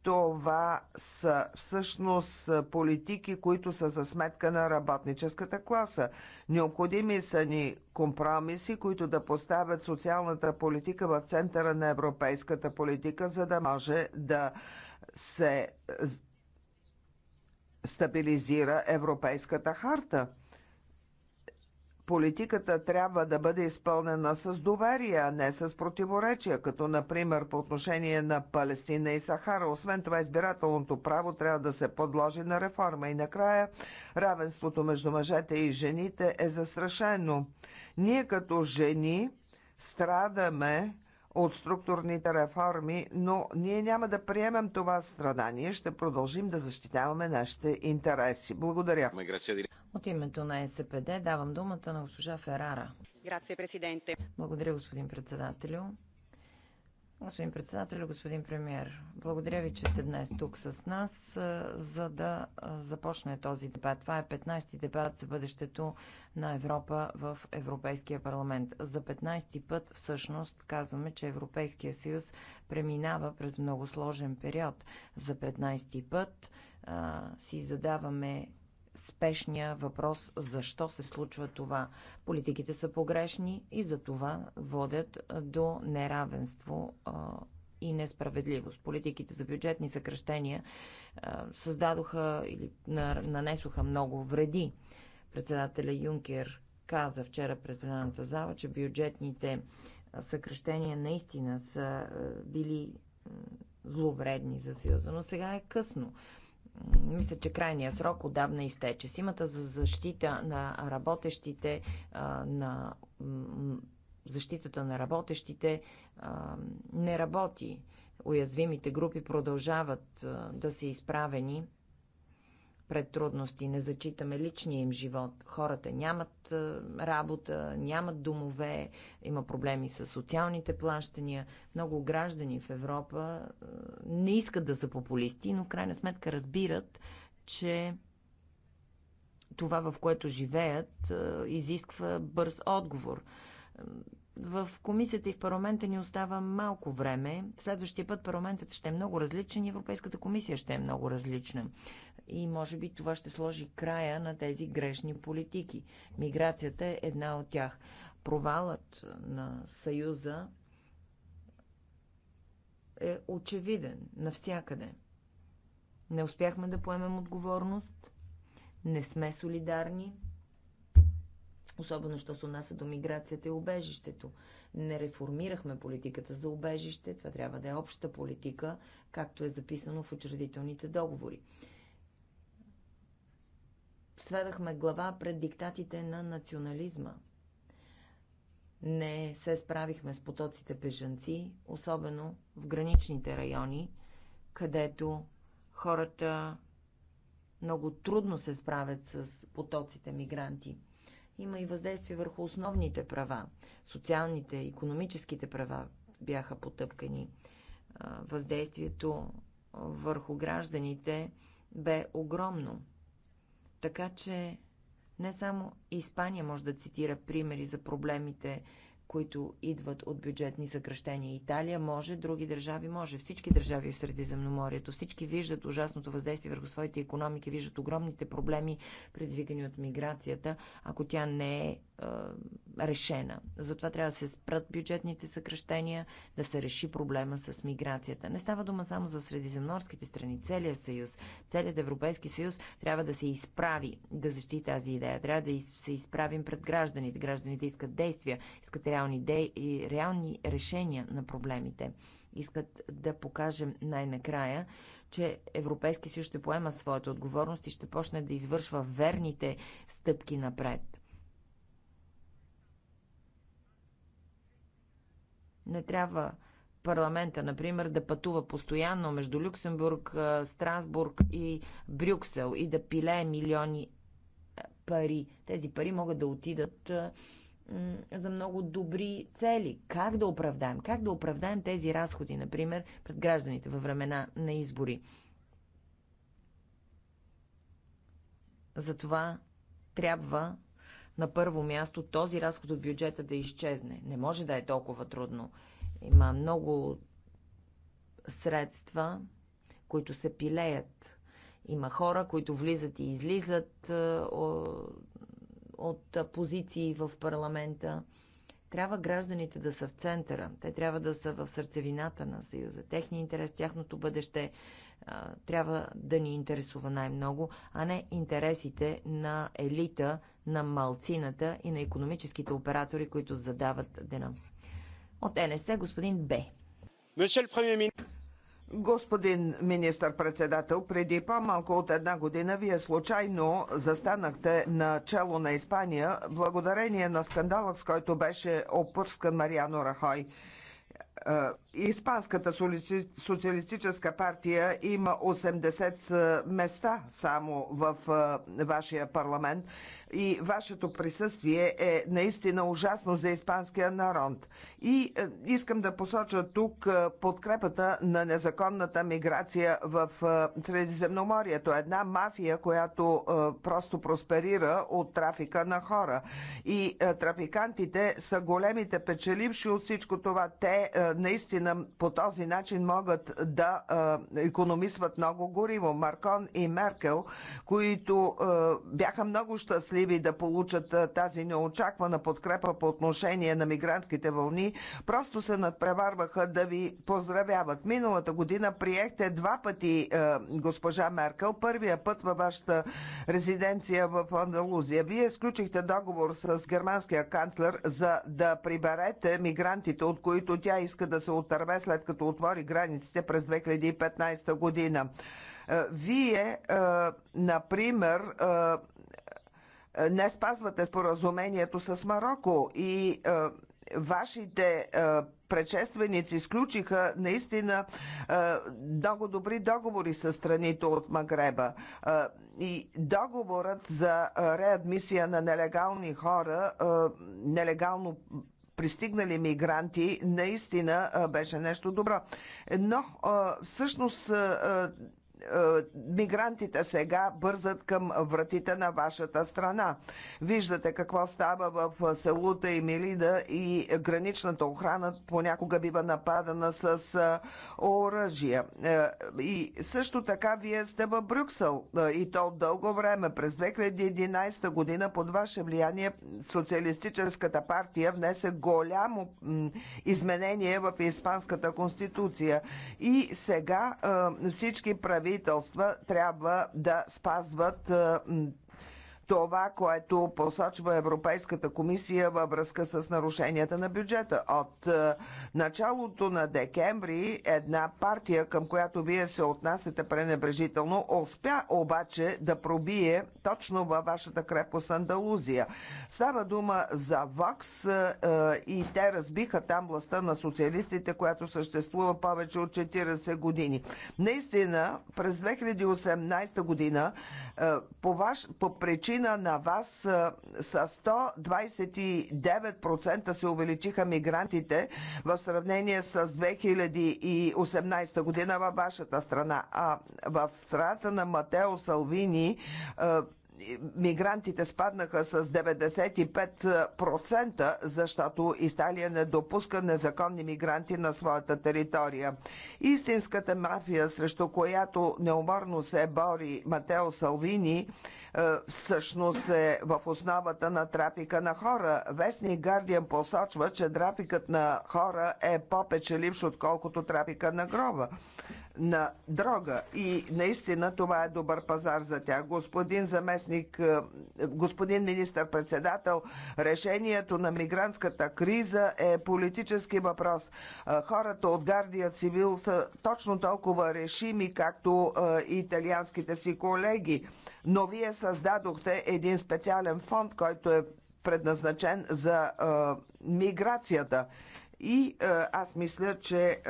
това са всъщност политики, които са за сметка на работническата класа. Необходими са ни компромиси, които да поставят социалната политика в центъра на европейската политика, за да може да се стабилизира Европейската харта политиката трябва да бъде изпълнена с доверие, а не с противоречия, като например по отношение на Палестина и Сахара. Освен това, избирателното право трябва да се подложи на реформа. И накрая, равенството между мъжете и жените е застрашено. Ние като жени страдаме от структурните реформи, но ние няма да приемем това страдание. Ще продължим да защитаваме нашите интереси. Благодаря. От името на СПД давам думата на госпожа Ферара. Благодаря, господин председателю. Господин председател, господин премьер, благодаря ви, че сте днес тук с нас, за да започне този дебат. Това е 15-ти дебат за бъдещето на Европа в Европейския парламент. За 15-ти път всъщност казваме, че Европейския съюз преминава през много сложен период. За 15-ти път а, си задаваме спешния въпрос защо се случва това. Политиките са погрешни и за това водят до неравенство и несправедливост. Политиките за бюджетни съкръщения създадоха или нанесоха много вреди. Председателя Юнкер каза вчера пред пленарната зала, че бюджетните съкръщения наистина са били зловредни за Съюза, но сега е късно мисля, че крайния срок отдавна изтече. Симата за защита на работещите, на защитата на работещите не работи. Уязвимите групи продължават да са изправени пред трудности. Не зачитаме личния им живот. Хората нямат работа, нямат домове, има проблеми с социалните плащания. Много граждани в Европа не искат да са популисти, но в крайна сметка разбират, че това, в което живеят, изисква бърз отговор. В комисията и в парламента ни остава малко време. Следващия път парламентът ще е много различен и Европейската комисия ще е много различна и може би това ще сложи края на тези грешни политики. Миграцията е една от тях. Провалът на Съюза е очевиден навсякъде. Не успяхме да поемем отговорност, не сме солидарни, особено що се отнася до миграцията и убежището. Не реформирахме политиката за убежище, това трябва да е обща политика, както е записано в учредителните договори сведахме глава пред диктатите на национализма. Не се справихме с потоците бежанци, особено в граничните райони, където хората много трудно се справят с потоците мигранти. Има и въздействие върху основните права. Социалните, економическите права бяха потъпкани. Въздействието върху гражданите бе огромно. Така че не само Испания може да цитира примери за проблемите, които идват от бюджетни съкръщения. Италия може, други държави може. Всички държави в Средиземноморието, всички виждат ужасното въздействие върху своите економики, виждат огромните проблеми, предизвикани от миграцията, ако тя не е решена. Затова трябва да се спрат бюджетните съкръщения, да се реши проблема с миграцията. Не става дума само за средиземнорските страни. Целият съюз, целият Европейски съюз трябва да се изправи, да защити тази идея. Трябва да се изправим пред гражданите. Гражданите искат действия, искат реални, де... и реални решения на проблемите. Искат да покажем най-накрая, че Европейски съюз ще поема своята отговорност и ще почне да извършва верните стъпки напред Не трябва парламента, например, да пътува постоянно между Люксембург, Страсбург и Брюксел и да пилее милиони пари. Тези пари могат да отидат за много добри цели. Как да оправдаем? Как да оправдаем тези разходи, например, пред гражданите във времена на избори? Затова трябва на първо място този разход от бюджета да изчезне. Не може да е толкова трудно. Има много средства, които се пилеят. Има хора, които влизат и излизат е, от е, позиции в парламента. Трябва гражданите да са в центъра. Те трябва да са в сърцевината на Съюза. Техния интерес, тяхното бъдеще трябва да ни интересува най-много, а не интересите на елита, на малцината и на економическите оператори, които задават дена. От НС господин Б. Господин министър-председател, преди по-малко от една година вие случайно застанахте на чело на Испания, благодарение на скандалът, с който беше опърскан Мариано Рахой. Е, Испанската социалистическа партия има 80 е, места само в е, вашия парламент и вашето присъствие е наистина ужасно за испанския народ. И е, искам да посоча тук е, подкрепата на незаконната миграция в е, Средиземноморието. Една мафия, която просто просперира от трафика на хора. И трафикантите са големите печеливши от всичко това. Те наистина по този начин могат да економисват много гориво. Маркон и Меркел, които бяха много щастливи, щастливи да получат тази неочаквана подкрепа по отношение на мигрантските вълни, просто се надпреварваха да ви поздравяват. Миналата година приехте два пъти е, госпожа Меркел. Първия път във вашата резиденция в Андалузия. Вие сключихте договор с германския канцлер за да приберете мигрантите, от които тя иска да се отърве след като отвори границите през 2015 година. Вие, например, е, не спазвате споразумението с Марокко и е, вашите е, предшественици сключиха наистина много добри договори с страните от Магреба. И договорът за реадмисия на нелегални хора, нелегално пристигнали мигранти, наистина беше нещо добро. Но всъщност е, мигрантите сега бързат към вратите на вашата страна. Виждате какво става в селута и Милида и граничната охрана понякога бива нападана с е, оръжия. Е, и също така вие сте в Брюксел и то дълго време. През 2011 година под ваше влияние Социалистическата партия внесе голямо изменение в Испанската конституция. И сега всички прави правителства трябва да спазват това, което посочва Европейската комисия във връзка с нарушенията на бюджета. От е, началото на декември една партия, към която вие се отнасяте пренебрежително, успя обаче да пробие точно във вашата крепост Андалузия. Става дума за ВАКС е, и те разбиха там властта на социалистите, която съществува повече от 40 години. Наистина, през 2018 година е, по, ваш, по причина година на вас с 129% се увеличиха мигрантите в сравнение с 2018 година във вашата страна. А в страната на Матео Салвини мигрантите спаднаха с 95%, защото Италия не допуска незаконни мигранти на своята територия. Истинската мафия, срещу която неуморно се бори Матео Салвини, е, всъщност е в основата на трафика на хора. Вестник Гардиан посочва, че трафикът на хора е по-печеливш, отколкото трафика на гроба на дрога и наистина това е добър пазар за тях. Господин заместник, е, господин министър-председател, решението на мигрантската криза е политически въпрос. Е, хората от Гардия Цивил са точно толкова решими, както е, и италианските си колеги. Но вие създадохте един специален фонд, който е предназначен за миграцията. И аз мисля, че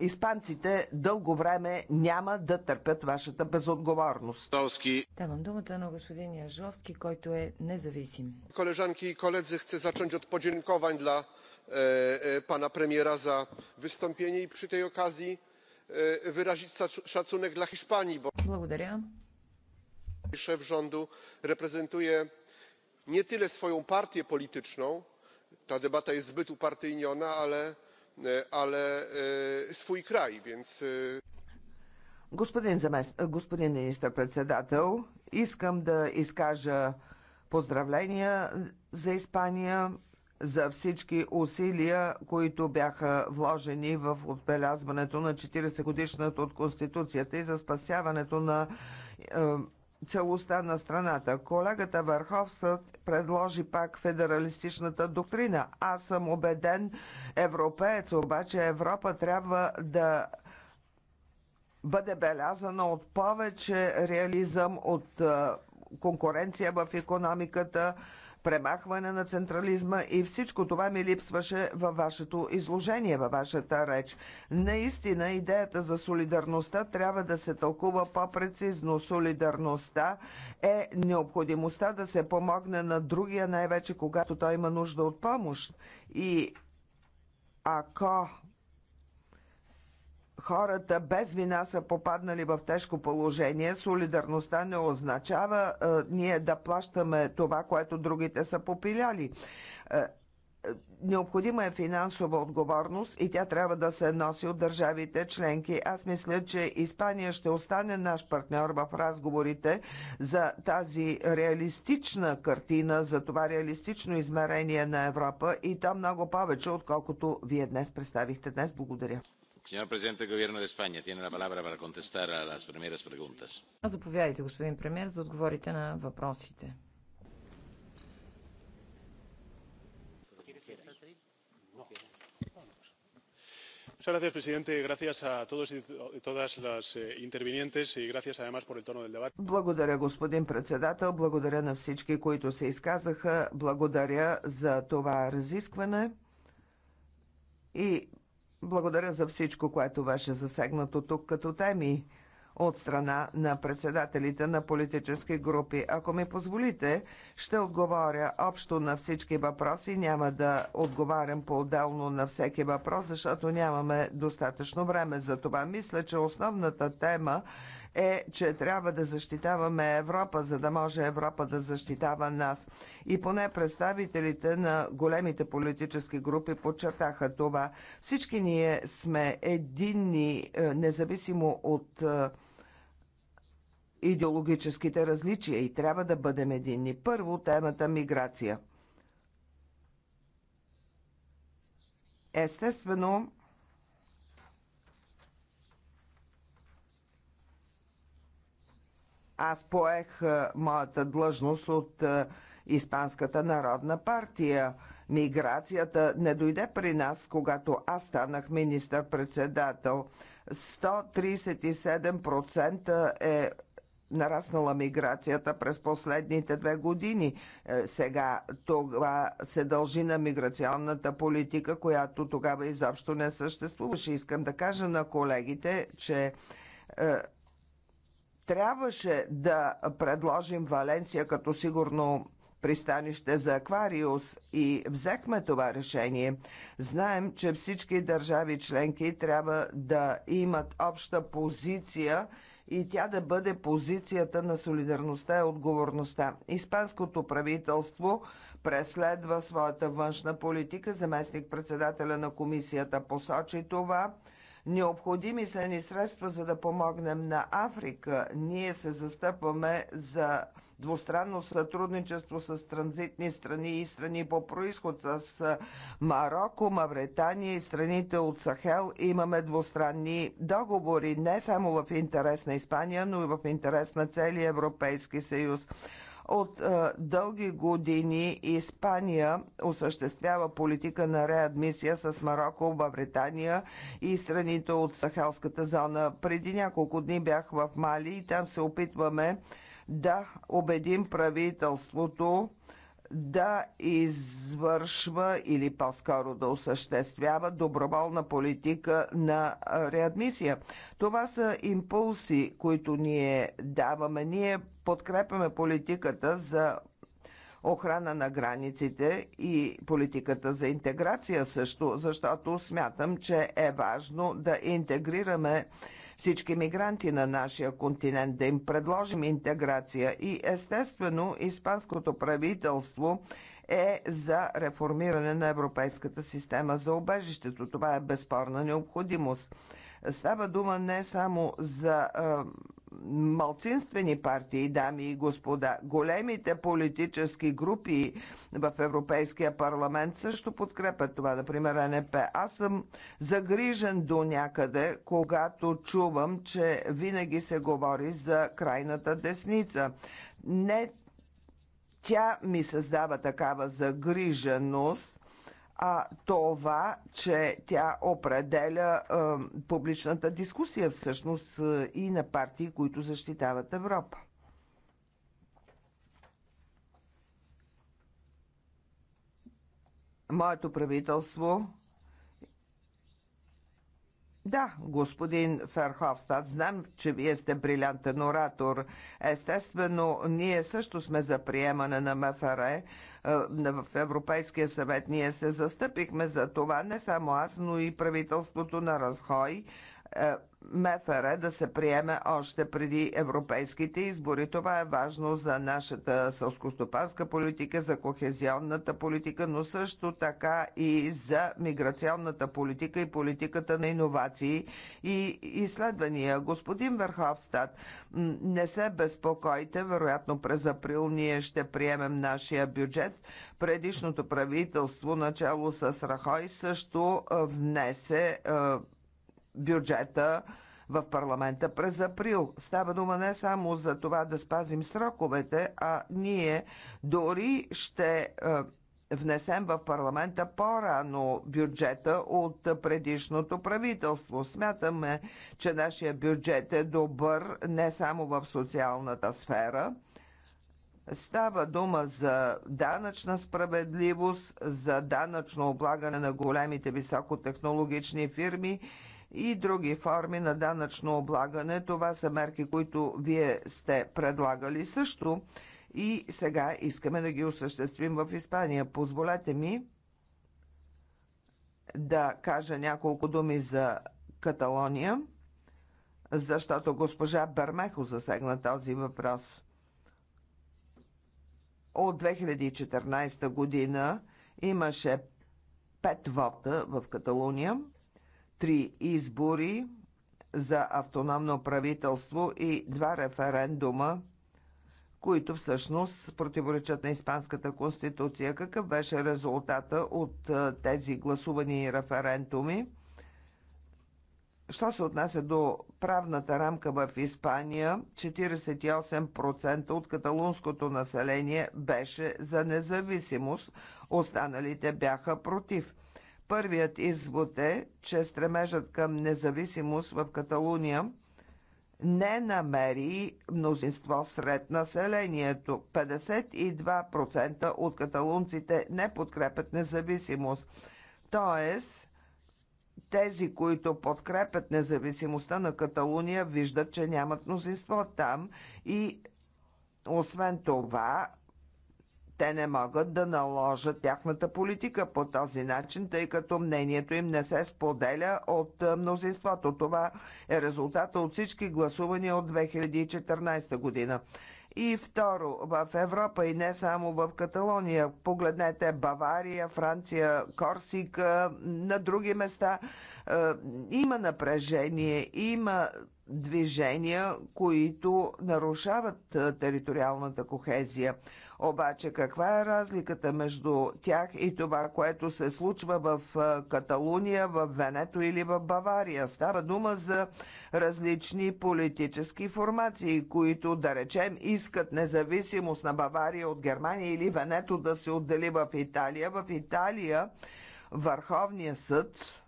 Испанците дълго време няма да търпят вашата безотговорност. Давам думата на господин Яжовски, който е независим. Колежанки и колеги, chcę zacząć od podziękowań dla pana premiera za wystąpienie i przy tej okazji wyrazić szacunek dla Hiszpanii, bo Благодаря. szef rządu reprezentuje nie tyle swoją partię polityczną, ta debata jest zbyt upartyjniona, ale E, ale e, swój kraj, więc. E, господин, замест... Е, господин министър-председател, искам да изкажа поздравления за Испания, за всички усилия, които бяха вложени в отбелязването на 40 годишната от Конституцията и за спасяването на е, целостта на страната. Колегата Върховсът предложи пак федералистичната доктрина. Аз съм убеден европеец, обаче Европа трябва да бъде белязана от повече реализъм, от конкуренция в економиката, премахване на централизма и всичко това ми липсваше във вашето изложение, във вашата реч. Наистина идеята за солидарността трябва да се тълкува по-прецизно. Солидарността е необходимостта да се помогне на другия, най-вече когато той има нужда от помощ. И ако хората без вина са попаднали в тежко положение. Солидарността не означава е, ние да плащаме това, което другите са попиляли. Е, е, необходима е финансова отговорност и тя трябва да се носи от държавите членки. Аз мисля, че Испания ще остане наш партньор в разговорите за тази реалистична картина, за това реалистично измерение на Европа и то много повече, отколкото вие днес представихте. Днес благодаря. Señor presidente del gobierno de España, tiene la palabra para contestar a las primeras preguntas. Заповядайте, господин премьер, за да отговорите на въпросите. señor presidente gracias a todos y todas las intervinientes y gracias además por el tono del debate. Благодаря, господин председател. Благодаря на всички, които се изказаха. Благодаря за това разискване и благодаря за всичко, което беше засегнато тук като теми от страна на председателите на политически групи. Ако ми позволите, ще отговоря общо на всички въпроси. Няма да отговарям по-отделно на всеки въпрос, защото нямаме достатъчно време за това. Мисля, че основната тема е, че трябва да защитаваме Европа, за да може Европа да защитава нас. И поне представителите на големите политически групи подчертаха това. Всички ние сме единни, е, независимо от е, идеологическите различия и трябва да бъдем единни. Първо темата миграция. Естествено, Аз поех моята длъжност от Испанската народна партия. Миграцията не дойде при нас, когато аз станах министър-председател. 137% е нараснала миграцията през последните две години. Е, сега това се дължи на миграционната политика, която тогава изобщо не съществуваше. Искам да кажа на колегите, че е, трябваше да предложим Валенсия като сигурно пристанище за Аквариус и взехме това решение. Знаем, че всички държави членки трябва да имат обща позиция и тя да бъде позицията на солидарността и отговорността. Испанското правителство преследва своята външна политика. Заместник председателя на комисията посочи това – Необходими са ни средства, за да помогнем на Африка. Ние се застъпваме за двустранно сътрудничество с транзитни страни и страни по происход с Марокко, Мавритания и страните от Сахел. Имаме двустранни договори не само в интерес на Испания, но и в интерес на целия Европейски съюз. От е, дълги години Испания осъществява политика на реадмисия с Марокко, Бавритания и страните от Сахелската зона. Преди няколко дни бях в Мали и там се опитваме да убедим правителството да извършва или по-скоро да осъществява доброволна политика на реадмисия. Това са импулси, които ние даваме. Ние подкрепяме политиката за охрана на границите и политиката за интеграция също, защото смятам, че е важно да интегрираме всички мигранти на нашия континент, да им предложим интеграция и естествено испанското правителство е за реформиране на европейската система за обежището. Това е безспорна необходимост. Става дума не само за малцинствени партии, дами и господа, големите политически групи в Европейския парламент също подкрепят това, например НП. Аз съм загрижен до някъде, когато чувам, че винаги се говори за крайната десница. Не тя ми създава такава загриженост, а това, че тя определя а, е, публичната дискусия всъщност е, и на партии, които защитават Европа. Моето правителство да, господин Ферховстад, знам, че вие сте брилянтен оратор. Естествено, ние също сме за приемане на МФР, е, в Европейския съвет. Ние се застъпихме за това, не само аз, но и правителството на Разхой е, МФР да се приеме още преди европейските избори. Това е важно за нашата сълскостопанска политика, за кохезионната политика, но също така и за миграционната политика и политиката на иновации и изследвания. Господин Верховстат, не се безпокойте, вероятно през април ние ще приемем нашия бюджет. Предишното правителство, начало с Рахой, също внесе бюджета в парламента през април. Става дума не само за това да спазим сроковете, а ние дори ще е, внесем в парламента по-рано бюджета от предишното правителство. Смятаме, че нашия бюджет е добър не само в социалната сфера. Става дума за данъчна справедливост, за данъчно облагане на големите високотехнологични фирми – и други форми на данъчно облагане. Това са мерки, които вие сте предлагали също и сега искаме да ги осъществим в Испания. Позволете ми да кажа няколко думи за Каталония, защото госпожа Бермехо засегна този въпрос. От 2014 година имаше пет вота в Каталуния – три избори за автономно правителство и два референдума, които всъщност противоречат на Испанската конституция. Какъв беше резултата от тези гласувани референдуми? Що се отнася до правната рамка в Испания, 48% от каталунското население беше за независимост, останалите бяха против. Първият извод е, че стремежът към независимост в Каталуния не намери мнозинство сред населението. 52% от каталунците не подкрепят независимост. Тоест, тези, които подкрепят независимостта на Каталуния, виждат, че нямат мнозинство там и освен това, те не могат да наложат тяхната политика по този начин, тъй като мнението им не се споделя от мнозинството. Това е резултата от всички гласувания от 2014 година. И второ, в Европа и не само в Каталония. Погледнете Бавария, Франция, Корсика, на други места. Има напрежение, има движения, които нарушават териториалната кохезия. Обаче каква е разликата между тях и това, което се случва в Каталуния, в Венето или в Бавария? Става дума за различни политически формации, които, да речем, искат независимост на Бавария от Германия или Венето да се отдели в Италия. В Италия Върховния съд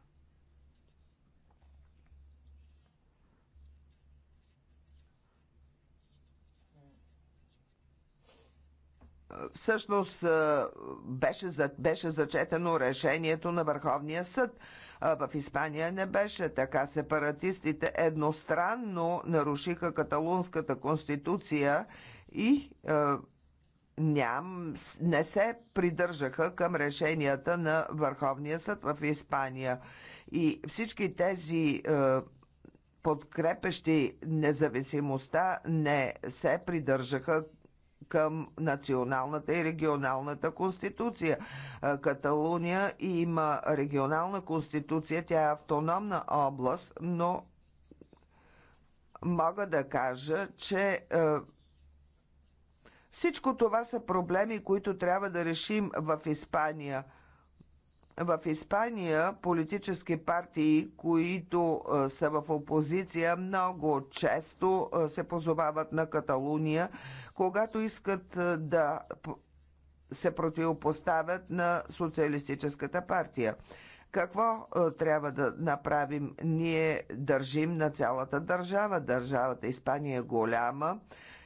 всъщност беше, беше зачетено решението на Върховния съд. В Испания не беше така. Сепаратистите едностранно нарушиха каталунската конституция и ням, не се придържаха към решенията на Върховния съд в Испания. И всички тези е, подкрепещи независимостта не се придържаха към националната и регионалната конституция. Каталуния има регионална конституция, тя е автономна област, но мога да кажа, че всичко това са проблеми, които трябва да решим в Испания. В Испания политически партии, които са в опозиция, много често се позовават на Каталуния когато искат да се противопоставят на Социалистическата партия. Какво трябва да направим? Ние държим на цялата държава. Държавата Испания е голяма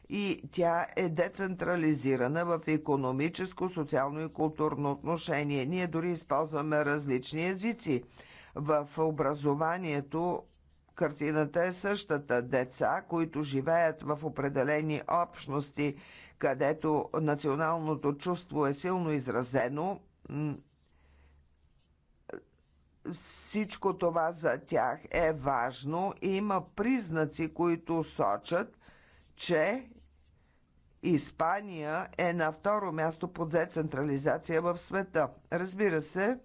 и тя е децентрализирана в економическо, социално и културно отношение. Ние дори използваме различни езици. В образованието Картината е същата. Деца, които живеят в определени общности, където националното чувство е силно изразено, всичко това за тях е важно и има признаци, които сочат, че Испания е на второ място по децентрализация в света. Разбира се,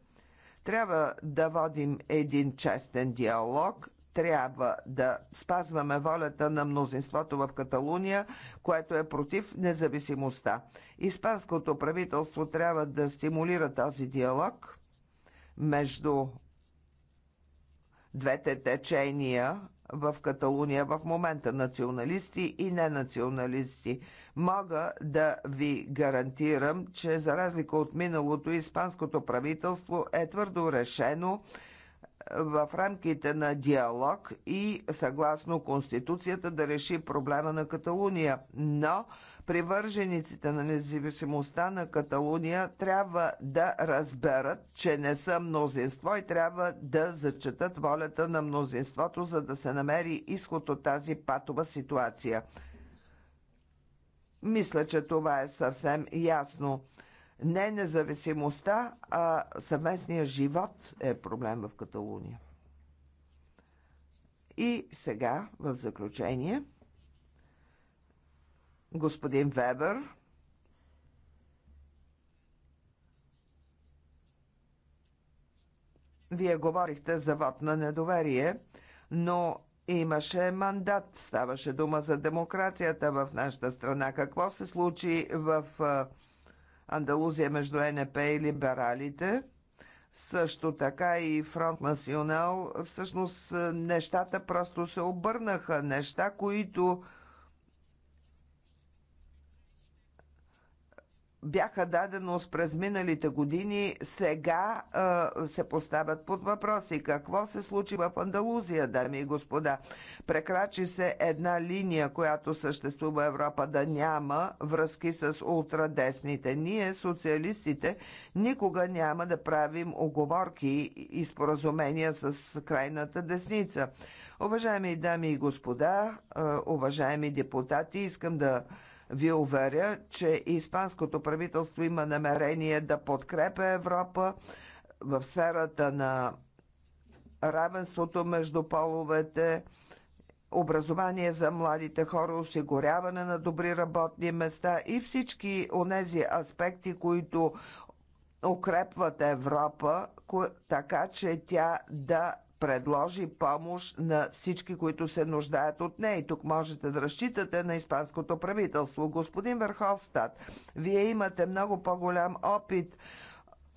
трябва да водим един честен диалог трябва да спазваме волята на мнозинството в Каталуния, което е против независимостта. Испанското правителство трябва да стимулира този диалог между двете течения в Каталуния в момента националисти и ненационалисти. Мога да ви гарантирам, че за разлика от миналото, испанското правителство е твърдо решено в рамките на диалог и съгласно Конституцията да реши проблема на Каталуния. Но привържениците на независимостта на Каталуния трябва да разберат, че не са мнозинство и трябва да зачетат волята на мнозинството, за да се намери изход от тази патова ситуация. Мисля, че това е съвсем ясно не независимостта, а съвместния живот е проблем в Каталуния. И сега, в заключение, господин Вебер Вие говорихте за вод на недоверие, но Имаше мандат, ставаше дума за демокрацията в нашата страна. Какво се случи в Андалузия между НП и либералите. Също така и Фронт Национал, всъщност е, нещата просто се обърнаха. Неща, които бяха дадено с през миналите години, сега а, се поставят под въпроси. Какво се случи в Андалузия, дами и господа? Прекрачи се една линия, която съществува Европа да няма връзки с ултрадесните. Ние, социалистите, никога няма да правим оговорки и споразумения с крайната десница. Уважаеми дами и господа, уважаеми депутати, искам да ви уверя, че испанското правителство има намерение да подкрепя Европа в сферата на равенството между половете, образование за младите хора, осигуряване на добри работни места и всички онези аспекти, които укрепват Европа, така че тя да предложи помощ на всички, които се нуждаят от нея. И тук можете да разчитате на испанското правителство. Господин Верховстат, вие имате много по-голям опит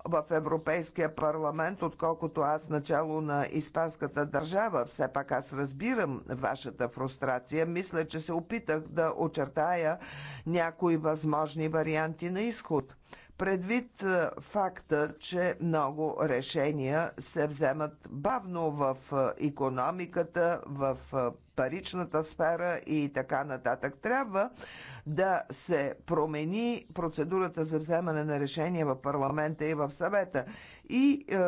в Европейския парламент, отколкото аз начало на испанската държава. Все пак аз разбирам вашата фрустрация. Мисля, че се опитах да очертая някои възможни варианти на изход. Предвид факта, че много решения се вземат бавно в економиката, в паричната сфера и така нататък, трябва да се промени процедурата за вземане на решения в парламента и в съвета. И е,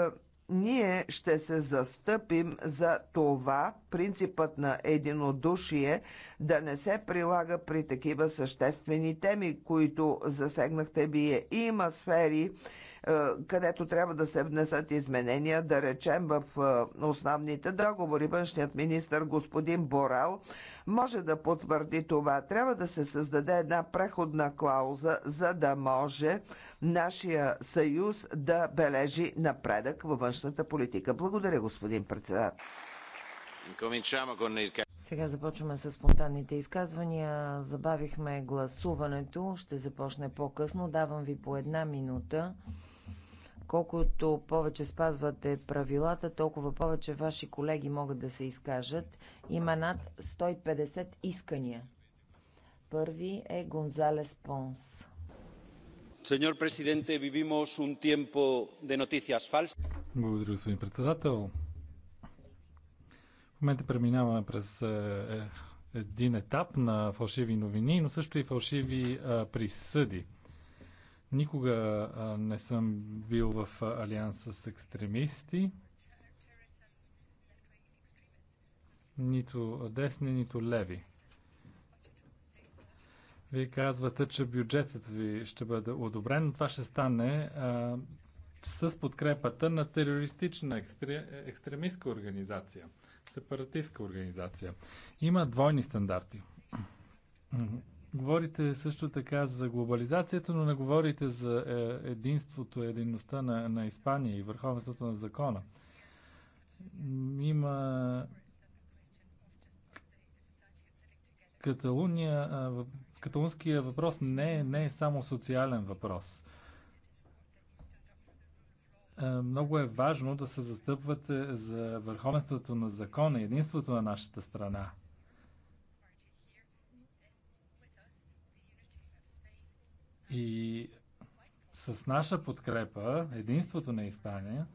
ние ще се застъпим за това принципът на единодушие да не се прилага при такива съществени теми, които засегнахте вие. Има сфери, е, където трябва да се внесат изменения, да речем в е, основните договори. Външният министр господин Борал може да потвърди това. Трябва да се създаде една преходна клауза, за да може нашия съюз да бележи напредък във външната политика. Благодаря, господин председател. Сега започваме с спонтанните изказвания. Забавихме гласуването. Ще започне по-късно. Давам ви по една минута. Колкото повече спазвате правилата, толкова повече ваши колеги могат да се изкажат. Има над 150 искания. Първи е Гонзалес Понс. Señor presidente, vivimos un tiempo de noticias falsas. Благодаря, господин председател. В момента преминаваме през е, е един етап на фалшиви новини, но също и фалшиви е, присъди. Никога не съм бил в алианс с екстремисти. Нито десни, нито леви. Вие казвате, че бюджетът ви ще бъде одобрен. Това ще стане а, с подкрепата на терористична екстре, екстремистка организация, сепаратистка организация. Има двойни стандарти. Говорите също така за глобализацията, но не говорите за е, единството, единността на, на Испания и върховенството на закона. Има Каталуния, каталунския въпрос не, не е само социален въпрос. Много е важно да се застъпвате за върховенството на закона и единството на нашата страна – И с наша подкрепа единството на Испания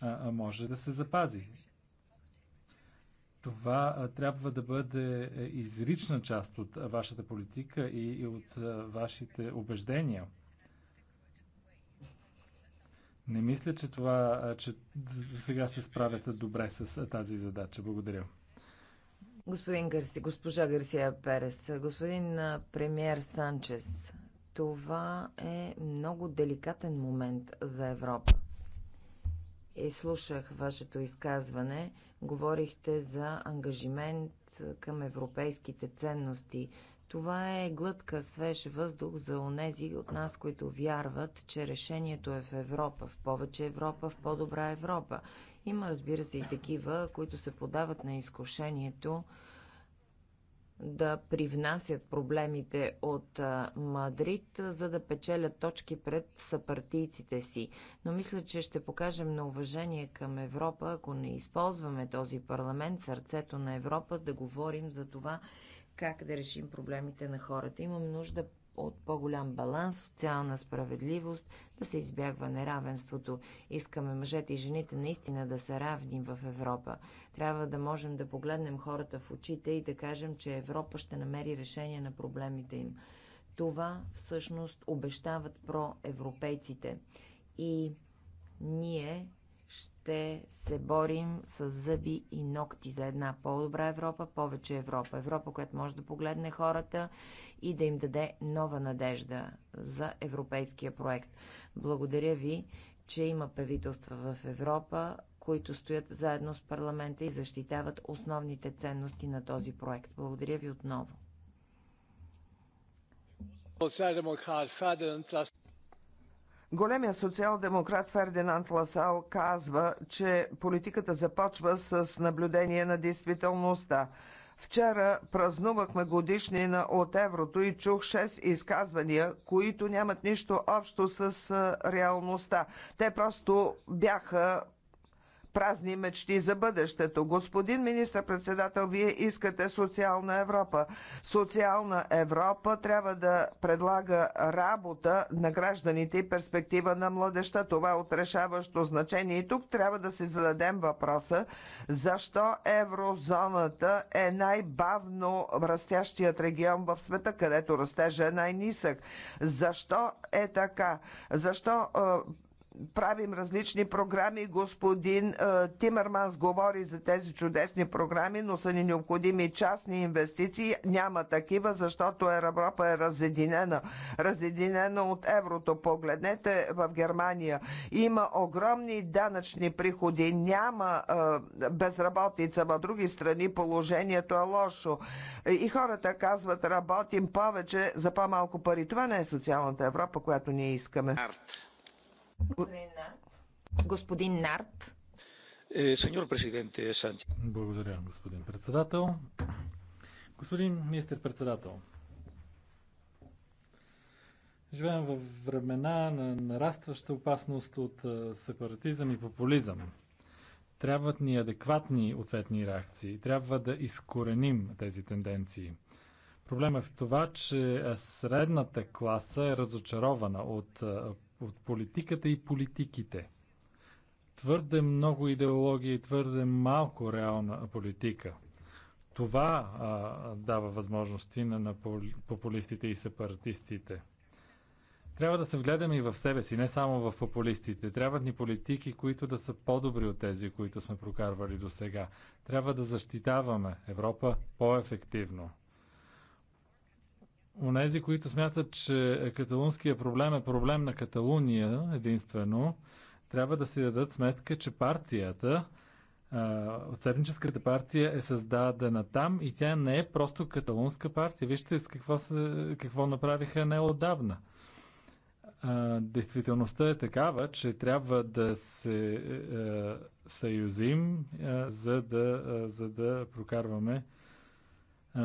а, може да се запази. Това а, трябва да бъде е, изрична част от вашата политика и, и от а, вашите убеждения. Не мисля, че това, а, че сега се справяте добре с тази задача. Благодаря. Господин Гарси, госпожа Гарсия Перес, господин премьер Санчес, това е много деликатен момент за Европа. И слушах вашето изказване. Говорихте за ангажимент към европейските ценности. Това е глътка свеж въздух за онези от нас, които вярват, че решението е в Европа, в повече Европа, в по-добра Европа. Има, разбира се, и такива, които се подават на изкушението да привнасят проблемите от Мадрид, за да печелят точки пред съпартийците си. Но мисля, че ще покажем на уважение към Европа, ако не използваме този парламент, сърцето на Европа, да говорим за това как да решим проблемите на хората. Имам нужда от по-голям баланс, социална справедливост, да се избягва неравенството. Искаме мъжете и жените наистина да са равни в Европа. Трябва да можем да погледнем хората в очите и да кажем, че Европа ще намери решение на проблемите им. Това всъщност обещават проевропейците. И ние ще се борим с зъби и ногти за една по-добра Европа, повече Европа. Европа, която може да погледне хората и да им даде нова надежда за европейския проект. Благодаря ви, че има правителства в Европа, които стоят заедно с парламента и защитават основните ценности на този проект. Благодаря ви отново. Големия социал-демократ Фердинанд Ласал казва, че политиката започва с наблюдение на действителността. Вчера празнувахме годишнина от еврото и чух 6 изказвания, които нямат нищо общо с реалността. Те просто бяха празни мечти за бъдещето. Господин министр-председател, вие искате социална Европа. Социална Европа трябва да предлага работа на гражданите и перспектива на младеща. Това е отрешаващо значение. И тук трябва да си зададем въпроса, защо еврозоната е най-бавно растящият регион в света, където растежа е най-нисък. Защо е така? Защо е, правим различни програми. Господин е, Тимерманс говори за тези чудесни програми, но са ни необходими частни инвестиции. Няма такива, защото Европа е разединена. Разединена от еврото. Погледнете в Германия. Има огромни данъчни приходи. Няма е, безработица. В други страни положението е лошо. И хората казват, работим повече за по-малко пари. Това не е социалната Европа, която ние искаме. Арт. Господин Нарт. Е, сеньор президенте Санчес. Благодаря, господин председател. Господин министр-председател, живеем в времена на нарастваща опасност от сепаратизъм и популизъм. Трябват ни адекватни ответни реакции. Трябва да изкореним тези тенденции. Проблемът е в това, че средната класа е разочарована от от политиката и политиките. Твърде много идеология и твърде малко реална политика. Това а, дава възможности на, на популистите и сепаратистите. Трябва да се вгледаме и в себе си, не само в популистите. Трябват ни политики, които да са по-добри от тези, които сме прокарвали до сега. Трябва да защитаваме Европа по-ефективно. Онези, които смятат, че каталунския проблем е проблем на Каталуния единствено, трябва да си дадат сметка, че партията, отцепническата партия е създадена там и тя не е просто каталунска партия. Вижте с какво, се, какво направиха не отдавна. действителността е такава, че трябва да се съюзим, за, да, за да прокарваме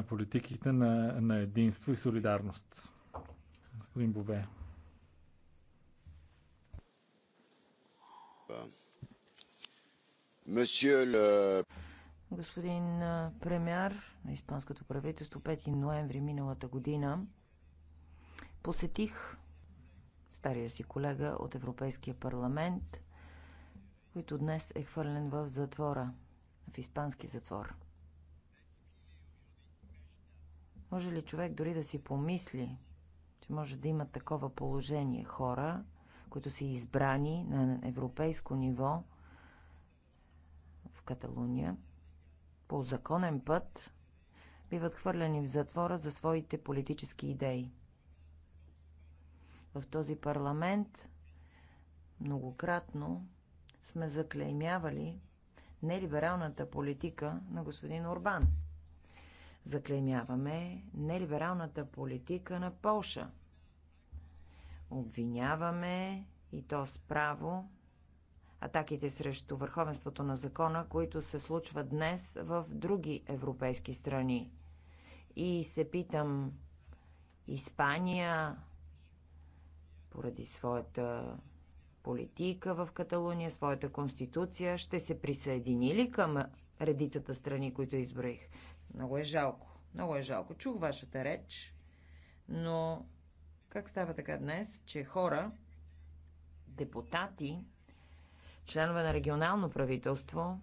политиките на, на единство и солидарност. Господин Бове. Господин премьер на Испанското правителство 5 ноември миналата година посетих стария си колега от Европейския парламент, който днес е хвърлен в затвора, в испански затвор. Може ли човек дори да си помисли, че може да има такова положение хора, които са избрани на европейско ниво в Каталуния, по законен път, биват хвърляни в затвора за своите политически идеи. В този парламент многократно сме заклеймявали нелибералната политика на господин Орбан – Заклеймяваме нелибералната политика на Полша. Обвиняваме и то справо атаките срещу върховенството на закона, които се случват днес в други европейски страни. И се питам, Испания, поради своята политика в Каталуния, своята конституция, ще се присъедини ли към редицата страни, които изброих? Много е жалко. Много е жалко. Чух вашата реч, но как става така днес, че хора, депутати, членове на регионално правителство,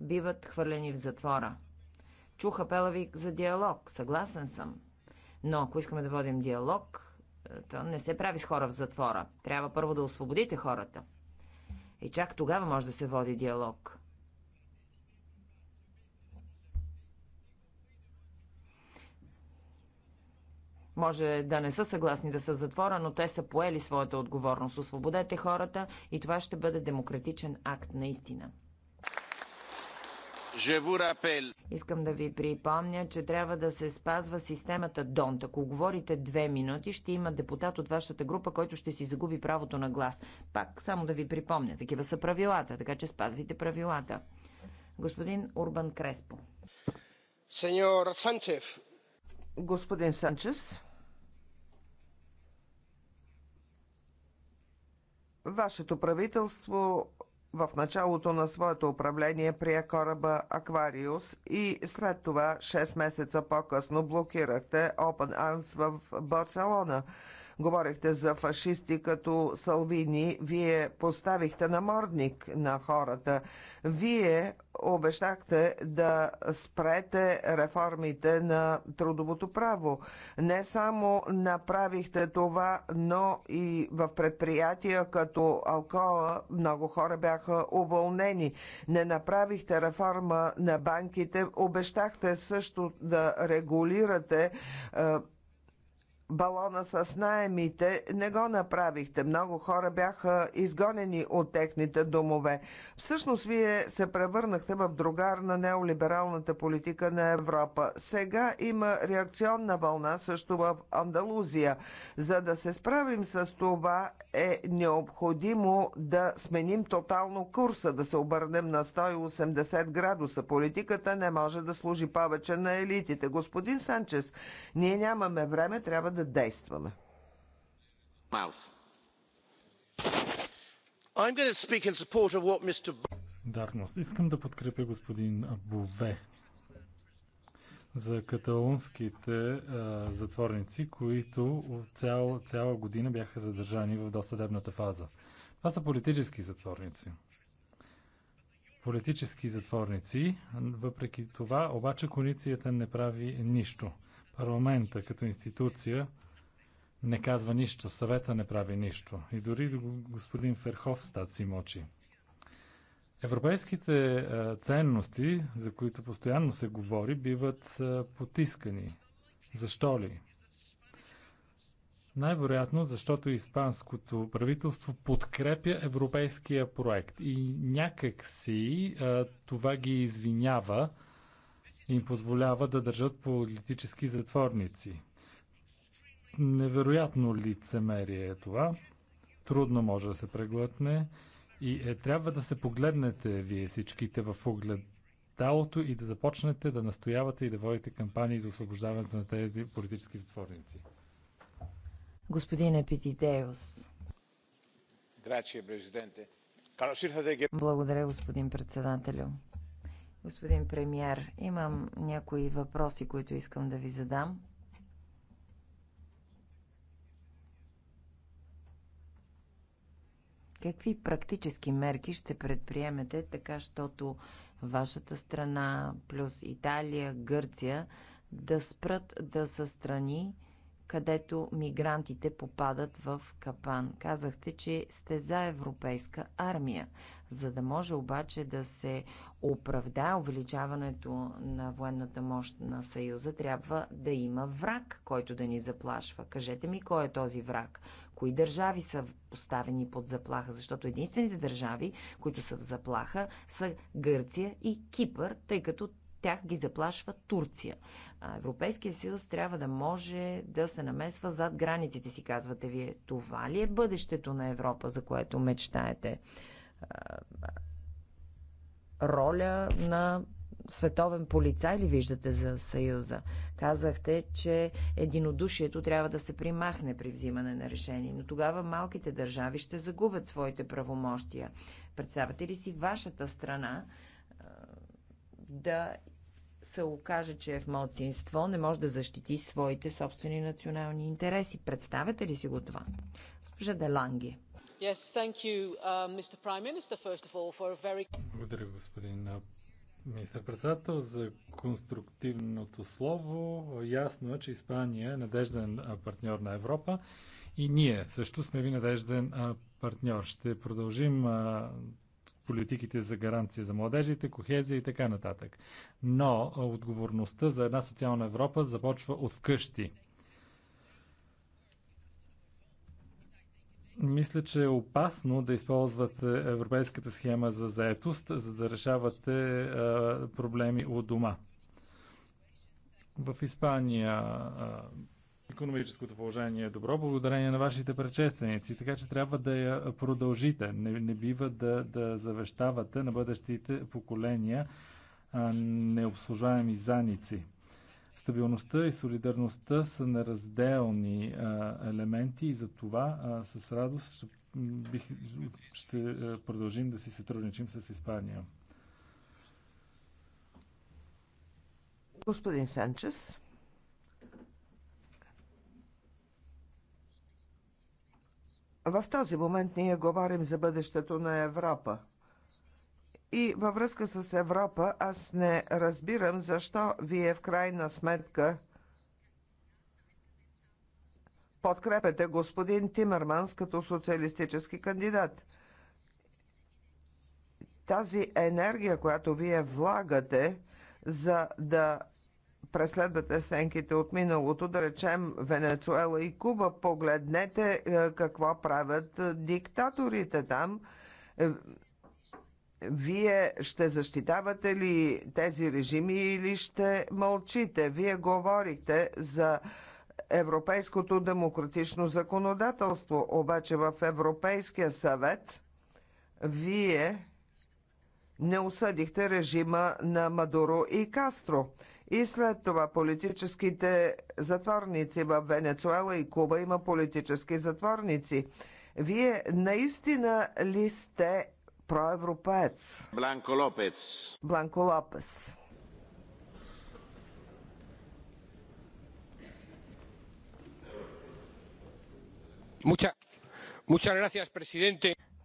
биват хвърлени в затвора? Чух апела ви за диалог. Съгласен съм. Но ако искаме да водим диалог, е, то не се прави с хора в затвора. Трябва първо да освободите хората. И чак тогава може да се води диалог. Може да не са съгласни да са затвора, но те са поели своята отговорност. Освободете хората и това ще бъде демократичен акт наистина. Искам да ви припомня, че трябва да се спазва системата Донт. Ако говорите две минути, ще има депутат от вашата група, който ще си загуби правото на глас. Пак само да ви припомня, такива са правилата, така че спазвайте правилата. Господин Урбан Креспо. Сеньор Санчев. Господин Санчес. Вашето правителство в началото на своето управление прие кораба Аквариус и след това 6 месеца по-късно блокирахте Open Arms в Барселона. Говорихте за фашисти като Салвини. Вие поставихте намордник на хората. Вие обещахте да спрете реформите на трудовото право. Не само направихте това, но и в предприятия като Алкоа много хора бяха уволнени. Не направихте реформа на банките. Обещахте също да регулирате е, балона с найемите не го направихте. Много хора бяха изгонени от техните домове. Всъщност вие се превърнахте в другар на неолибералната политика на Европа. Сега има реакционна вълна също в Андалузия. За да се справим с това е необходимо да сменим тотално курса, да се обърнем на 180 градуса. Политиката не може да служи повече на елитите. Господин Санчес, ние нямаме време, трябва да да действаме. Дарност, искам да подкрепя господин Бове за каталунските а, затворници, които цял, цяла година бяха задържани в досъдебната фаза. Това са политически затворници политически затворници. Въпреки това, обаче, коалицията не прави нищо. Парламента като институция не казва нищо, съвета не прави нищо. И дори господин стат си мочи. Европейските ценности, за които постоянно се говори, биват потискани. Защо ли? Най-вероятно, защото испанското правителство подкрепя европейския проект и някакси това ги извинява им позволява да държат политически затворници. Невероятно лицемерие е това. Трудно може да се преглътне и е, трябва да се погледнете вие всичките в огледалото и да започнете да настоявате и да водите кампании за освобождаването на тези политически затворници. Господин Епитидеус. Благодаря, господин председателю. Господин премьер, имам някои въпроси, които искам да ви задам. Какви практически мерки ще предприемете, така щото вашата страна, плюс Италия, Гърция, да спрат да са страни, където мигрантите попадат в капан. Казахте, че сте за европейска армия. За да може обаче да се оправда увеличаването на военната мощ на Съюза, трябва да има враг, който да ни заплашва. Кажете ми, кой е този враг? Кои държави са поставени под заплаха? Защото единствените държави, които са в заплаха, са Гърция и Кипър, тъй като тях ги заплашва Турция. А Европейския съюз трябва да може да се намесва зад границите си, казвате вие. Това ли е бъдещето на Европа, за което мечтаете? Роля на световен полицай ли виждате за Съюза? Казахте, че единодушието трябва да се примахне при взимане на решение, но тогава малките държави ще загубят своите правомощия. Представете ли си вашата страна да се окаже, че е в младсинство, не може да защити своите собствени национални интереси. Представете ли си го това? Госпожа Деланги. Yes, you, uh, Minister, all, very... Благодаря, господин министър-председател, за конструктивното слово. Ясно е, че Испания е надежден партньор на Европа и ние също сме ви надежден партньор. Ще продължим политиките за гаранция за младежите, кохезия и така нататък. Но отговорността за една социална Европа започва от вкъщи. мисля, че е опасно да използвате европейската схема за заетост, за да решавате проблеми от дома. В Испания Економическото положение е добро благодарение на вашите предшественици, така че трябва да я продължите. Не, не бива да, да завещавате на бъдещите поколения а, необслужаеми заници. Стабилността и солидарността са неразделни а, елементи и за това а, с радост ще, бих, ще продължим да си сътрудничим с Испания. Господин Санчес. В този момент ние говорим за бъдещето на Европа. И във връзка с Европа аз не разбирам защо вие в крайна сметка подкрепяте господин Тимерманс като социалистически кандидат. Тази енергия, която вие влагате, за да преследвате сенките от миналото, да речем Венецуела и Куба, погледнете е, какво правят е, диктаторите там. Е, вие ще защитавате ли тези режими или ще мълчите? Вие говорихте за европейското демократично законодателство, обаче в Европейския съвет вие не осъдихте режима на Мадуро и Кастро. И след това политическите затворници в Венецуела и Куба има политически затворници. Вие наистина ли сте проевропеец? Бланко Лопес. Бланко Лопес.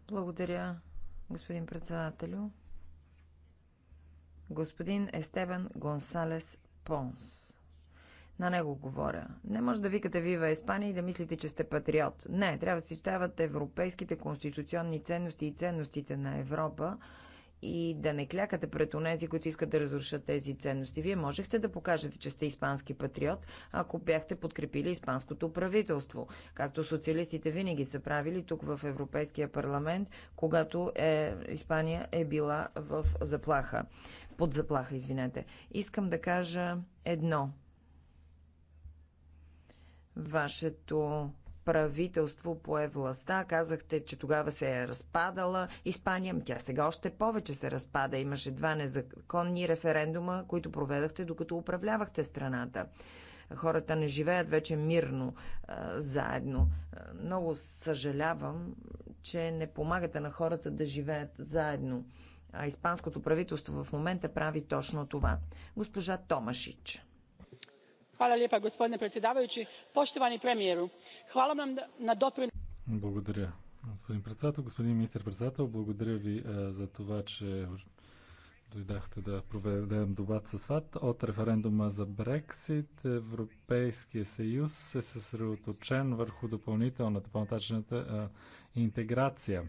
Благодаря, господин председателю господин Естебен Гонсалес Понс. На него говоря. Не може да викате Вива Испания и да мислите, че сте патриот. Не, трябва да си ставате европейските конституционни ценности и ценностите на Европа и да не клякате пред онези, които искат да разрушат тези ценности. Вие можехте да покажете, че сте испански патриот, ако бяхте подкрепили испанското правителство, както социалистите винаги са правили тук в Европейския парламент, когато е, Испания е била в заплаха под заплаха, извинете. Искам да кажа едно. Вашето правителство пое властта. Казахте, че тогава се е разпадала Испания, ами тя сега още повече се разпада. Имаше два незаконни референдума, които проведахте докато управлявахте страната. Хората не живеят вече мирно а, заедно. Много съжалявам, че не помагате на хората да живеят заедно. А испанското правителство в момента прави точно това. Госпожа Томашич gospodine predsjedavajući премиеру, хвала hvala на допри... Благодаря, господин председател. Господин министр-председател, благодаря ви е, за това, че дойдахте да проведем дебат с вас. От референдума за Брексит Европейския съюз се съсредоточен върху допълнителната, по-нататъчната е, интеграция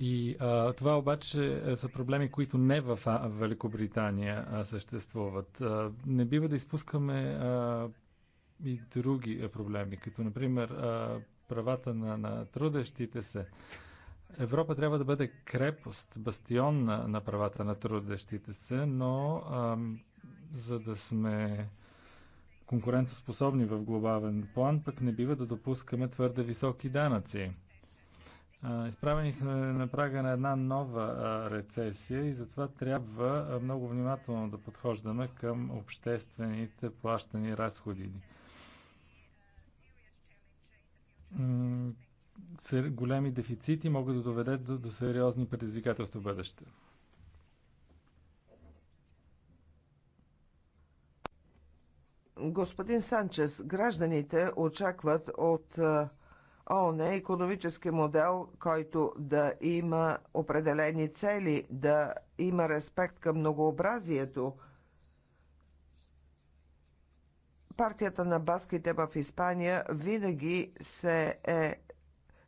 И а, това обаче е, са проблеми, които не в Великобритания а, съществуват. А, не бива да изпускаме а, и други проблеми, като например а, правата на, на трудещите се. Европа трябва да бъде крепост, бастион на, на правата на трудещите се, но а, за да сме конкурентоспособни в глобален план, пък не бива да допускаме твърде високи данъци. Изправени сме на прага на една нова рецесия и затова трябва много внимателно да подхождаме към обществените плащани разходи. Големи дефицити могат да доведат до, до сериозни предизвикателства в бъдеще. Господин Санчес, гражданите очакват от ООН е економически модел, който да има определени цели, да има респект към многообразието. Партията на баските в Испания винаги се е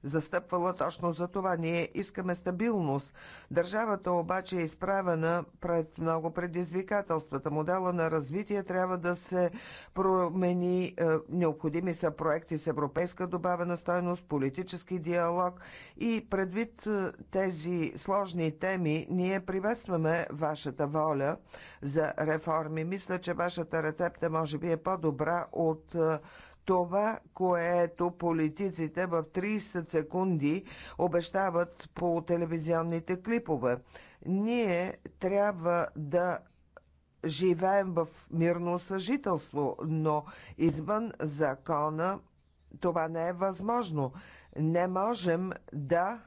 застъпвала точно за това. Ние искаме стабилност. Държавата обаче е изправена пред много предизвикателствата. Модела на развитие трябва да се промени. Е, необходими са проекти с европейска добавена стойност, политически диалог и предвид е, тези сложни теми, ние приветстваме вашата воля за реформи. Мисля, че вашата рецепта може би е по-добра от е, това, което политиците в 30 секунди обещават по телевизионните клипове. Ние трябва да живеем в мирно съжителство, но извън закона това не е възможно. Не можем да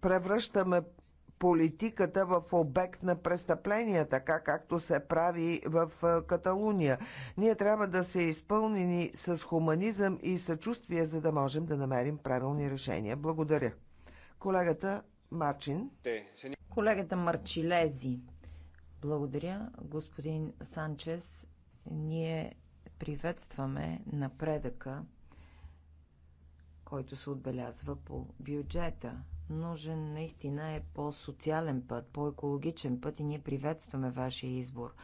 превръщаме политиката в обект на престъпления, така както се прави в Каталуния. Ние трябва да се изпълнени с хуманизъм и съчувствие, за да можем да намерим правилни решения. Благодаря. Колегата Марчин. Колегата Марчилези. Благодаря, господин Санчес. Ние приветстваме напредъка, който се отбелязва по бюджета нужен наистина е по-социален път, по-екологичен път и ние приветстваме вашия избор.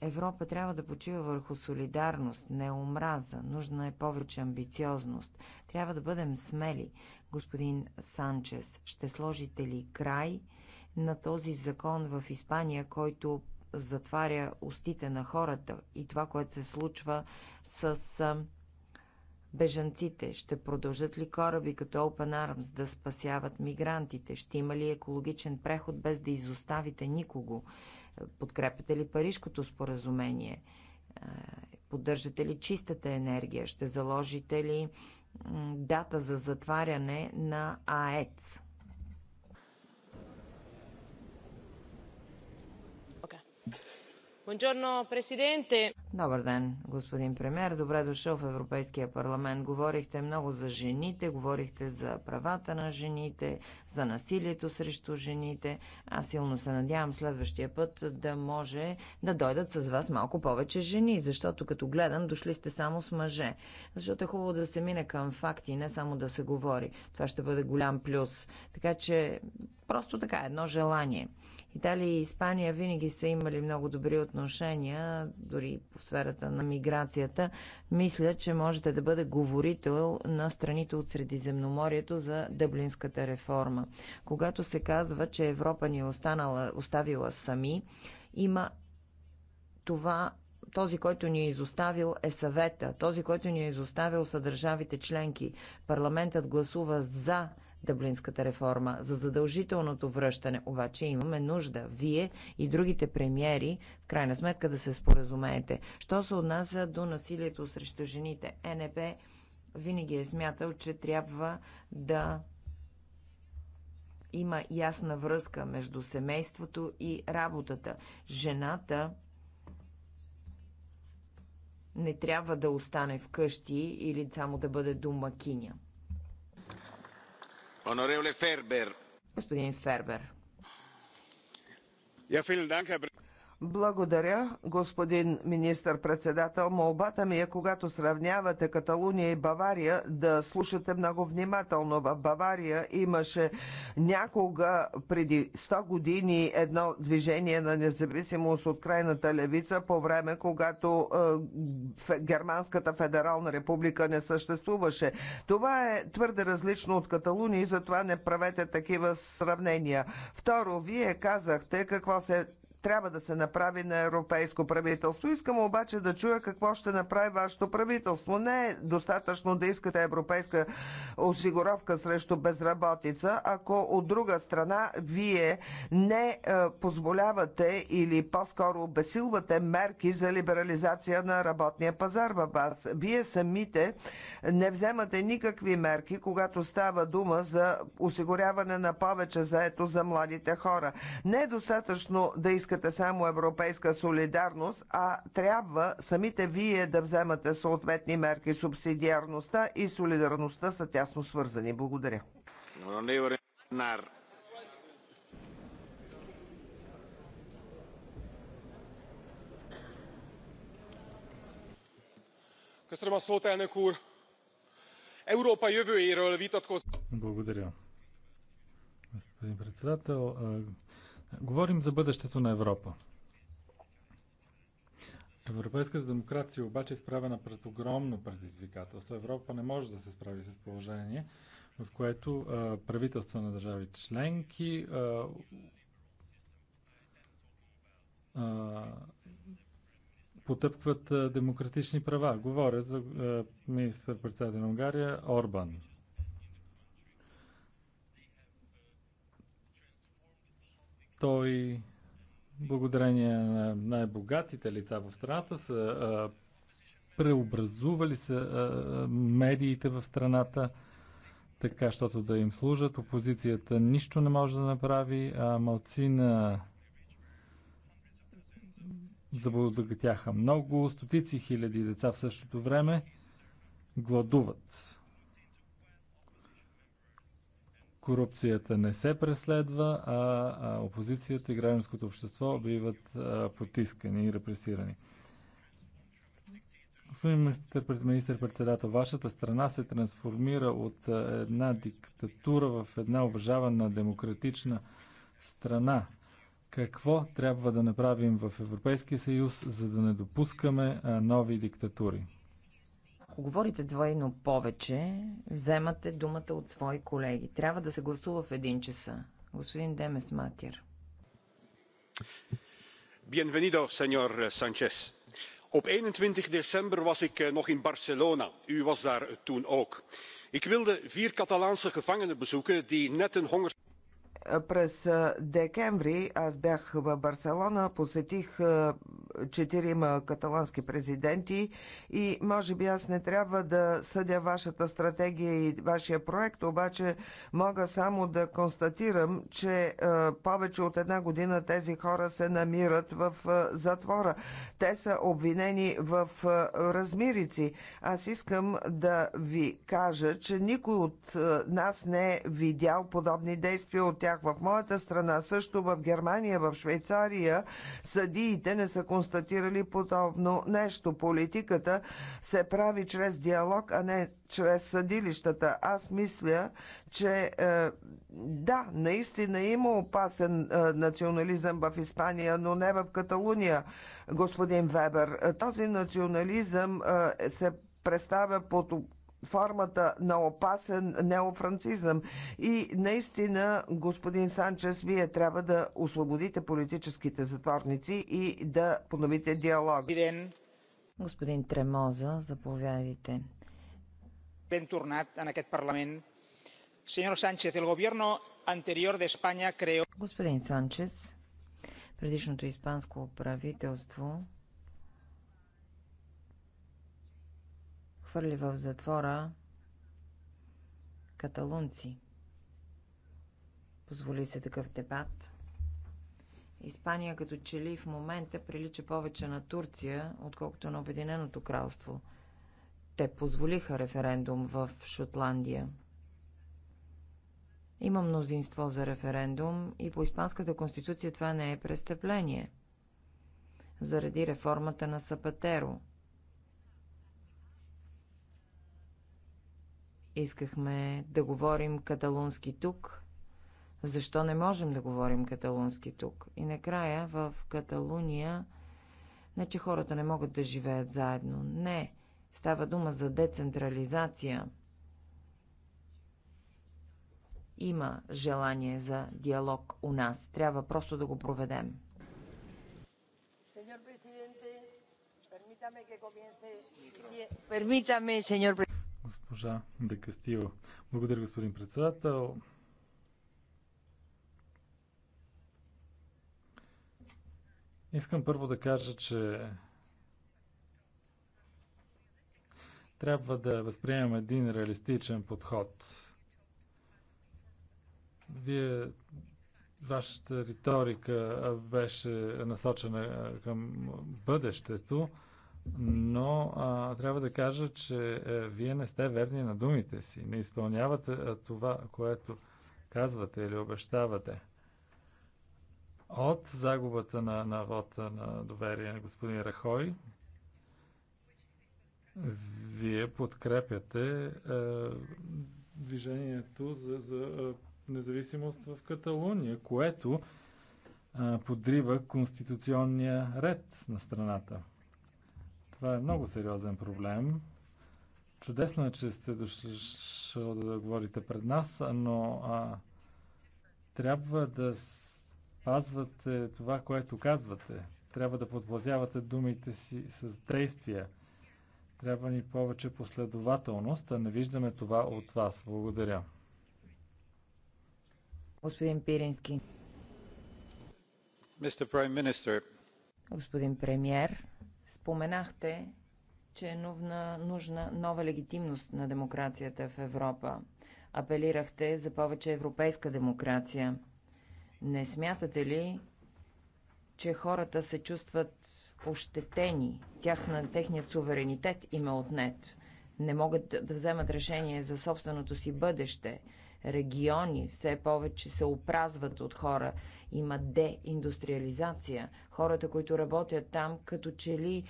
Европа трябва да почива върху солидарност, не омраза, нужна е повече амбициозност. Трябва да бъдем смели. Господин Санчес, ще сложите ли край на този закон в Испания, който затваря устите на хората и това, което се случва с бежанците? Ще продължат ли кораби като Open Arms да спасяват мигрантите? Ще има ли екологичен преход без да изоставите никого? Подкрепяте ли Парижкото споразумение? Е, поддържате ли чистата енергия? Ще заложите ли дата за затваряне на АЕЦ? Добър ден, господин премьер. Добре дошъл в Европейския парламент. Говорихте много за жените, говорихте за правата на жените, за насилието срещу жените. Аз силно се надявам следващия път да може да дойдат с вас малко повече жени, защото като гледам, дошли сте само с мъже. Защото е хубаво да се мине към факти, не само да се говори. Това ще бъде голям плюс. Така че просто така едно желание. Италия и Испания винаги са имали много добри отношения, дори по сферата на миграцията. Мисля, че можете да бъде говорител на страните от Средиземноморието за дъблинската реформа. Когато се казва, че Европа ни е останала, оставила сами, има това този, който ни е изоставил, е съвета. Този, който ни е изоставил, са държавите членки. Парламентът гласува за Дъблинската реформа. За задължителното връщане обаче имаме нужда вие и другите премиери в крайна сметка да се споразумеете. Що се отнася до насилието срещу жените? Е НП винаги е смятал, че трябва да има ясна връзка между семейството и работата. Жената не трябва да остане вкъщи или само да бъде домакиня. Господин Фербер. Благодаря, господин министър-председател. Молбата ми е, когато сравнявате Каталуния и Бавария, да слушате много внимателно. В Бавария имаше някога преди 100 години едно движение на независимост от крайната левица по време, когато е, Германската федерална република не съществуваше. Това е твърде различно от Каталуния и затова не правете такива сравнения. Второ, вие казахте какво се трябва да се направи на европейско правителство. Искам обаче да чуя какво ще направи вашето правителство. Не е достатъчно да искате европейска осигуровка срещу безработица, ако от друга страна вие не е, позволявате или по-скоро обесилвате мерки за либерализация на работния пазар във вас. Вие самите не вземате никакви мерки, когато става дума за осигуряване на повече заето за младите хора. Не е достатъчно да искате искате само европейска солидарност, а трябва самите вие да вземате съответни мерки. Субсидиарността и солидарността са тясно свързани. Благодаря. Благодаря. Господин председател, Говорим за бъдещето на Европа. Европейската демокрация обаче е изправена пред огромно предизвикателство. Европа не може да се справи с положение, в което а, правителства на държави членки а, а, потъпкват демократични права. Говоря за министър-председател на Унгария Орбан. Той, благодарение на най-богатите лица в страната, са а, преобразували са а, медиите в страната така, защото да им служат. Опозицията нищо не може да направи, а малцина заблаготяха много. Стотици хиляди деца в същото време гладуват корупцията не се преследва, а опозицията и гражданското общество биват потискани и репресирани. Господин министър-председател, вашата страна се трансформира от една диктатура в една уважавана демократична страна. Какво трябва да направим в Европейския съюз, за да не допускаме нови диктатури? Ако говорите двойно повече, вземате думата от свои колеги. Трябва да се гласува в един часа. Господин Демес Макер. Bienvenido, señor Sanchez. Op 21 december was ik eh, nog in Barcelona. U was daar toen ook. Ik wilde vier Catalaanse gevangenen bezoeken die net een honger през eh, декември аз бях в Барселона, посетих четирима каталански президенти и може би аз не трябва да съдя вашата стратегия и вашия проект, обаче мога само да констатирам, че е, повече от една година тези хора се намират в е, затвора. Те са обвинени в е, размирици. Аз искам да ви кажа, че никой от нас не е видял подобни действия от тях в моята страна, също в Германия, в Швейцария. Съдиите не са констатирали констатирали подобно нещо. Политиката се прави чрез диалог, а не чрез съдилищата. Аз мисля, че е, да, наистина има опасен е, национализъм в Испания, но не в Каталуния, господин Вебер. Този национализъм е, се представя под формата на опасен неофранцизъм. И наистина, господин Санчес, вие трябва да освободите политическите затворници и да поновите диалог. Господин Тремоза, заповядайте. Ben tornat en aquest Parlament. Señor el gobierno anterior de España creó... Господин Санчес, предишното испанско правителство хвърли в затвора каталунци. Позволи се такъв дебат. Испания като че ли в момента прилича повече на Турция, отколкото на Обединеното кралство. Те позволиха референдум в Шотландия. Има мнозинство за референдум и по Испанската конституция това не е престъпление. Заради реформата на Сапатеро – Искахме да говорим каталунски тук. Защо не можем да говорим каталунски тук? И накрая в Каталуния не, че хората не могат да живеят заедно. Не. Става дума за децентрализация. Има желание за диалог у нас. Трябва просто да го проведем. Permítame, señor Госпожа Декастило. Благодаря, господин председател. Искам първо да кажа, че трябва да възприемем един реалистичен подход. Вие, вашата риторика беше насочена към бъдещето но а, трябва да кажа, че а, е, вие не сте верни на думите си. Не изпълнявате а, това, което казвате или обещавате. От загубата на, на вота на доверие на господин Рахой, вие подкрепяте а, е, движението за, за а, е, независимост в Каталуния, което а, подрива конституционния ред на страната. Това е много сериозен проблем. Чудесно е, че сте дошли да говорите пред нас, но а, трябва да спазвате това, което казвате. Трябва да подплатявате думите си с действия. Трябва ни повече последователност, а не виждаме това от вас. Благодаря. Господин Пирински. Господин премьер, Споменахте, че е нужна, нужна нова легитимност на демокрацията в Европа. Апелирахте за повече европейска демокрация. Не смятате ли, че хората се чувстват ощетени, тяхна, техният суверенитет им е отнет, не могат да вземат решение за собственото си бъдеще, региони все повече се опразват от хора. Има деиндустриализация. Хората, които работят там, като че ли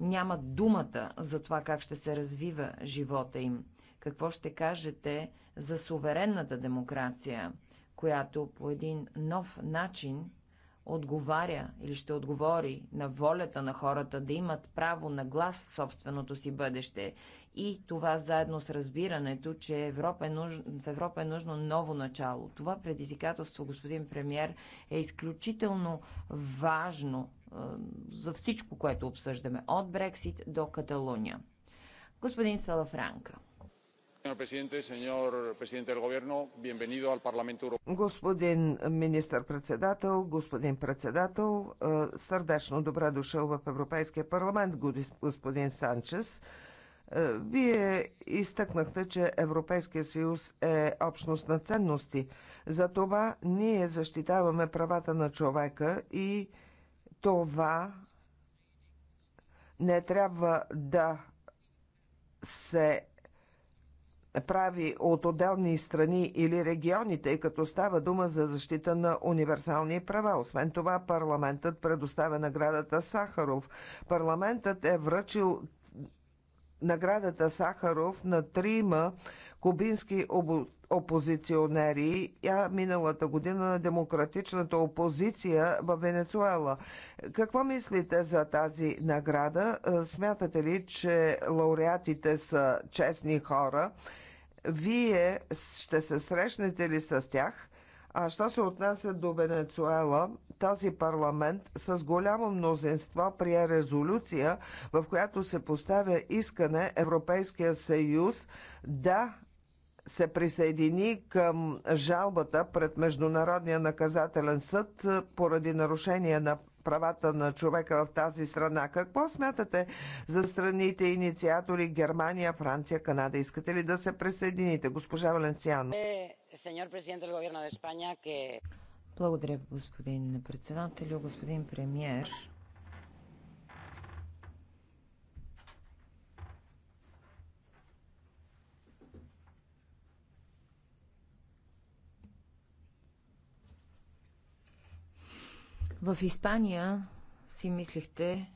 нямат думата за това как ще се развива живота им. Какво ще кажете за суверенната демокрация, която по един нов начин отговаря или ще отговори на волята на хората да имат право на глас в собственото си бъдеще. И това заедно с разбирането, че Европа е нуж... в Европа е нужно ново начало. Това предизвикателство, господин премьер, е изключително важно е, за всичко, което обсъждаме, от Брексит до Каталуния. Господин Салафранка. Господин министър-председател, господин председател, е, сърдечно добре дошъл в Европейския парламент, господин Санчес. Е, вие изтъкнахте, че Европейския съюз е общност на ценности. Затова ние защитаваме правата на човека и това не трябва да се прави от отделни страни или региони, тъй като става дума за защита на универсални права. Освен това, парламентът предоставя наградата Сахаров. Парламентът е връчил наградата Сахаров на трима кубински опозиционери, а миналата година на демократичната опозиция в Венецуела. Какво мислите за тази награда? Смятате ли, че лауреатите са честни хора? Вие ще се срещнете ли с тях? А що се отнася до Венецуела, този парламент с голямо мнозинство прие резолюция, в която се поставя искане Европейския съюз да се присъедини към жалбата пред Международния наказателен съд поради нарушение на правата на човека в тази страна. Какво смятате за страните инициатори Германия, Франция, Канада? Искате ли да се присъедините, госпожа Валенциано? Благодаря, господин председател, господин премьер. В Испания си мислихте,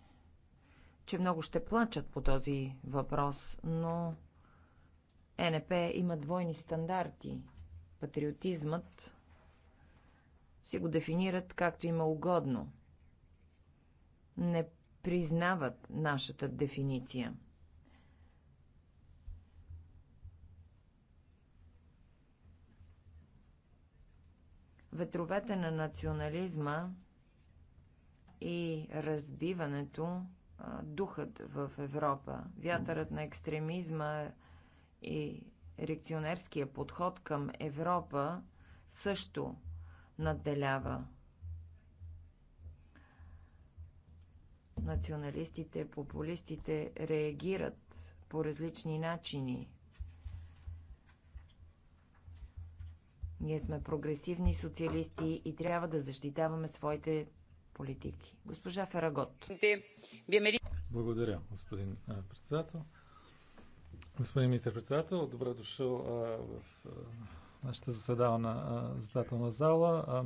че много ще плачат по този въпрос, но НП има двойни стандарти. Патриотизмът си го дефинират както има угодно. Не признават нашата дефиниция. Ветровете на национализма и разбиването, духът в Европа, вятърът на екстремизма и реакционерския подход към Европа също надделява. Националистите, популистите реагират по различни начини. Ние сме прогресивни социалисти и трябва да защитаваме своите политики. Госпожа Ферагот. Благодаря, господин председател. Господин министр-председател, добре дошъл а, в а, нашата на заседателна зала. А,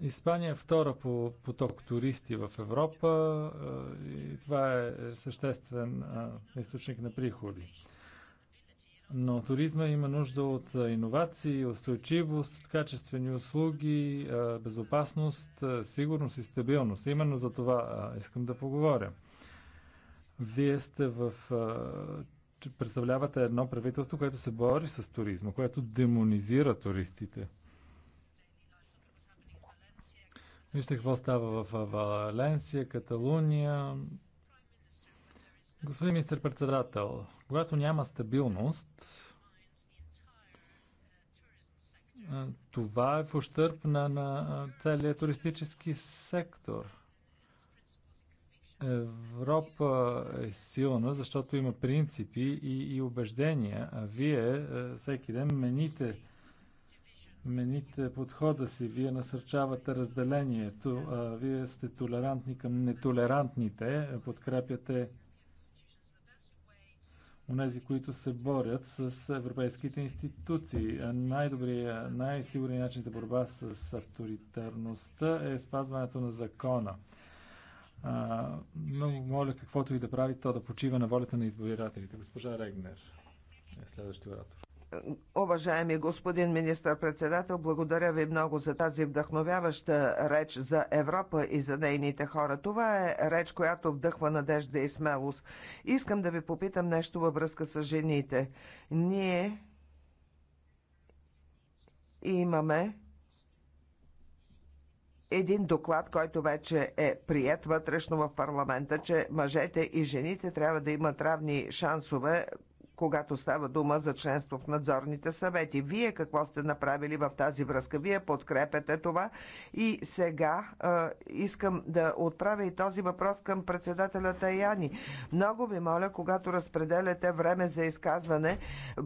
Испания е втора по поток туристи в Европа и това е съществен източник на приходи. Но туризма има нужда от иновации, устойчивост, от качествени услуги, безопасност, сигурност и стабилност. Именно за това искам да поговоря. Вие сте в. Представлявате едно правителство, което се бори с туризма, което демонизира туристите. Вижте какво става в Валенсия, Каталуния, Господин министр-председател, когато няма стабилност, това е в ущърп на, на целия туристически сектор. Европа е силна, защото има принципи и, и убеждения, а вие всеки ден мените, мените подхода си, вие насърчавате разделението, а вие сте толерантни към нетолерантните, подкрепяте онези, които се борят с европейските институции. Най-добрият, най-сигурният начин за борба с авторитарността е спазването на закона. А, много моля, каквото и да прави, то да почива на волята на избирателите. Госпожа Регнер е следващия оратор. Уважаеми господин министър-председател, благодаря ви много за тази вдъхновяваща реч за Европа и за нейните хора. Това е реч, която вдъхва надежда и смелост. Искам да ви попитам нещо във връзка с жените. Ние имаме един доклад, който вече е прият вътрешно в парламента, че мъжете и жените трябва да имат равни шансове когато става дума за членство в надзорните съвети. Вие какво сте направили в тази връзка? Вие подкрепяте това и сега а, искам да отправя и този въпрос към председателя Таяни. Много ви моля, когато разпределяте време за изказване,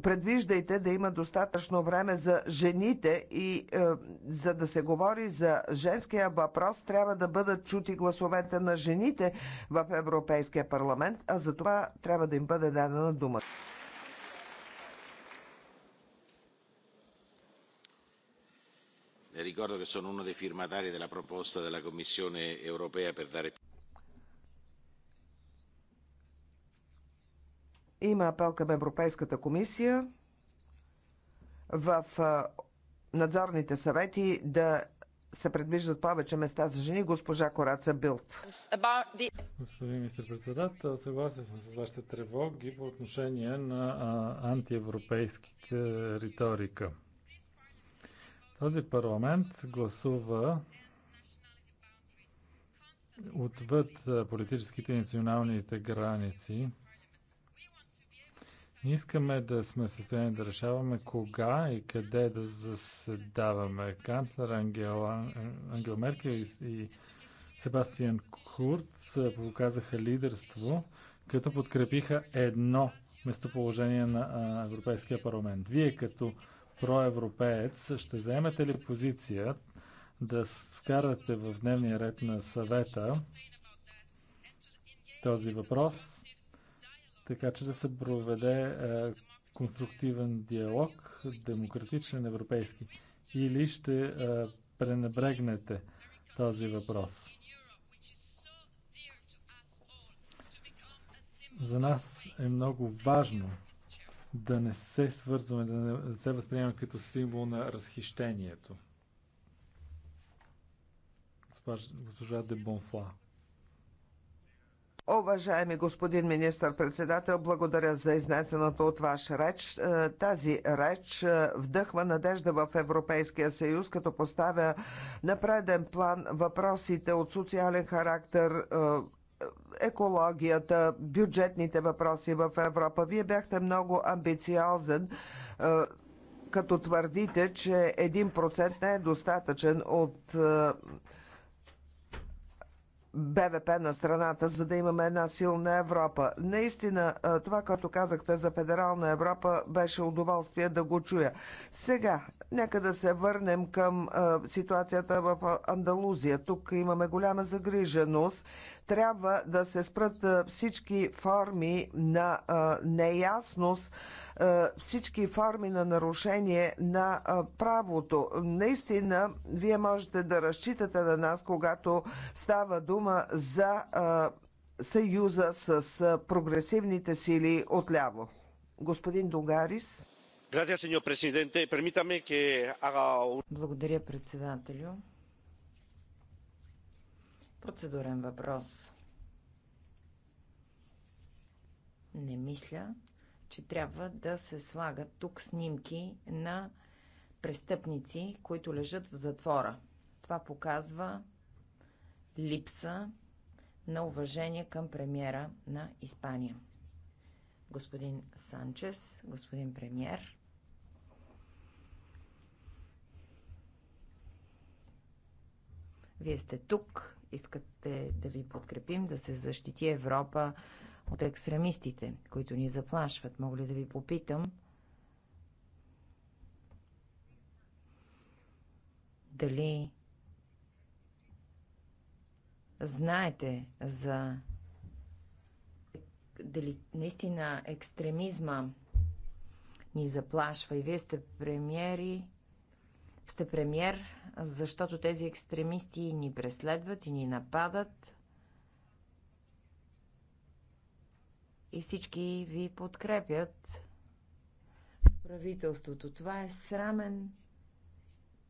предвиждайте да има достатъчно време за жените и а, за да се говори за женския въпрос, трябва да бъдат чути гласовете на жените в Европейския парламент, а за това трябва да им бъде дадена думата. le ricordo che sono uno dei firmatari della proposta della Commissione europea per dare più. Има апел към Европейската комисия в надзорните съвети да се предвиждат повече места за жени, госпожа Кораца Билт. Господин министр-председател, съгласен съм с вашите тревоги по отношение на антиевропейските риторика. Този парламент гласува отвъд политическите и националните граници. Ние искаме да сме в състояние да решаваме кога и къде да заседаваме. Канцлер Ангел, Ангел Меркел и, и Себастиан Курц показаха лидерство, като подкрепиха едно местоположение на Европейския парламент. Вие като проевропеец, ще заемете ли позиция да вкарате в дневния ред на съвета този въпрос, така че да се проведе е, конструктивен диалог, демократичен европейски, или ще е, пренебрегнете този въпрос? За нас е много важно да не се свързваме, да не се възприемаме като символ на разхищението. Госпожа де Бонфла. Уважаеми господин министр-председател, благодаря за изнесената от ваш реч. Е, тази реч е, вдъхва надежда в Европейския съюз, като поставя на преден план въпросите от социален характер, е, екологията, бюджетните въпроси в Европа. Вие бяхте много амбициозен е, като твърдите, че 1% не е достатъчен от е, БВП на страната, за да имаме една силна Европа. Наистина, това, което казахте за федерална Европа, беше удоволствие да го чуя. Сега, нека да се върнем към ситуацията в Андалузия. Тук имаме голяма загриженост. Трябва да се спрат всички форми на неясност е, всички форми на нарушение на е, правото. Наистина, вие можете да разчитате на нас, когато става дума за е, съюза с прогресивните сили отляво. Господин Догарис. Благодаря, председателю. Процедурен въпрос. Не мисля, че трябва да се слагат тук снимки на престъпници, които лежат в затвора. Това показва липса на уважение към премиера на Испания. Господин Санчес, господин премьер, вие сте тук, искате да ви подкрепим, да се защити Европа от екстремистите, които ни заплашват. Мога ли да ви попитам? Дали знаете за дали наистина екстремизма ни заплашва и вие сте премиери, сте премьер, защото тези екстремисти ни преследват и ни нападат. и всички ви подкрепят правителството. Това е срамен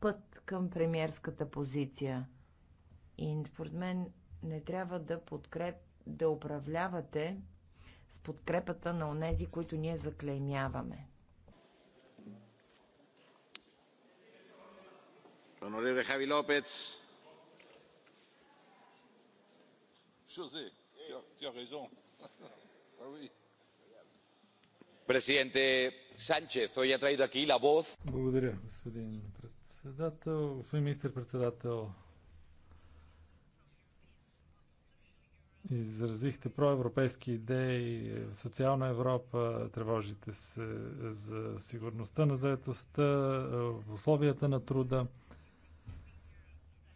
път към премьерската позиция. И според мен не трябва да, подкреп, да управлявате с подкрепата на онези, които ние заклеймяваме. Онореве Хави Лопец. Жозе, ти, ти, ти, Президенте Санчес, той я трайда ки ла Благодаря, господин председател. Господин министр-председател, изразихте проевропейски идеи, социална Европа, тревожите се за сигурността на заетостта, условията на труда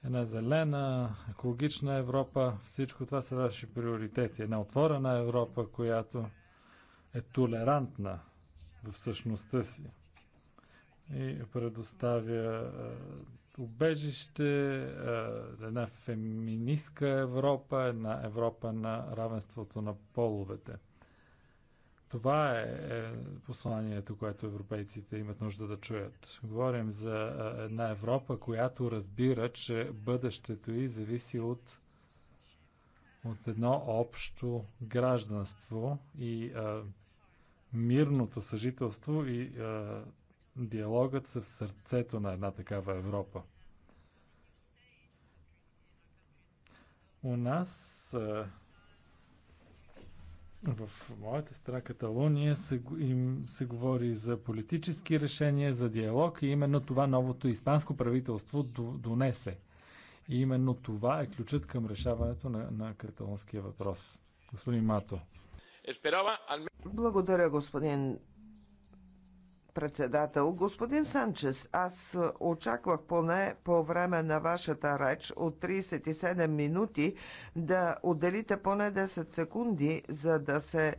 една зелена, екологична Европа. Всичко това са ваши приоритети. Една отворена Европа, която е толерантна в същността си и предоставя е, убежище, е, една феминистка Европа, една Европа на равенството на половете. Това е, е посланието, което европейците имат нужда да чуят. Говорим за е, една Европа, която разбира, че бъдещето й зависи от, от едно общо гражданство и а, е, мирното съжителство и а, диалогът са в сърцето на една такава Европа. У нас а, в моята страна Каталония се, им се говори за политически решения, за диалог и именно това новото испанско правителство донесе. И именно това е ключът към решаването на, на каталонския въпрос. Господин Мато. Благодаря, господин председател. Господин Санчес, аз очаквах поне по време на вашата реч от 37 минути да отделите поне 10 секунди, за да се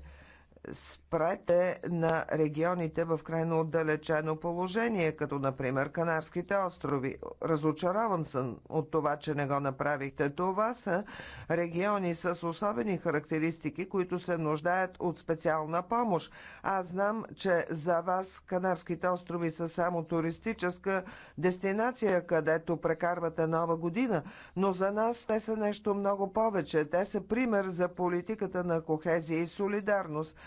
спрете на регионите в крайно отдалечено положение, като например Канарските острови. Разочарован съм от това, че не го направихте. Това са региони с особени характеристики, които се нуждаят от специална помощ. Аз знам, че за вас Канарските острови са само туристическа дестинация, където прекарвате нова година, но за нас те са нещо много повече. Те са пример за политиката на кохезия и солидарност.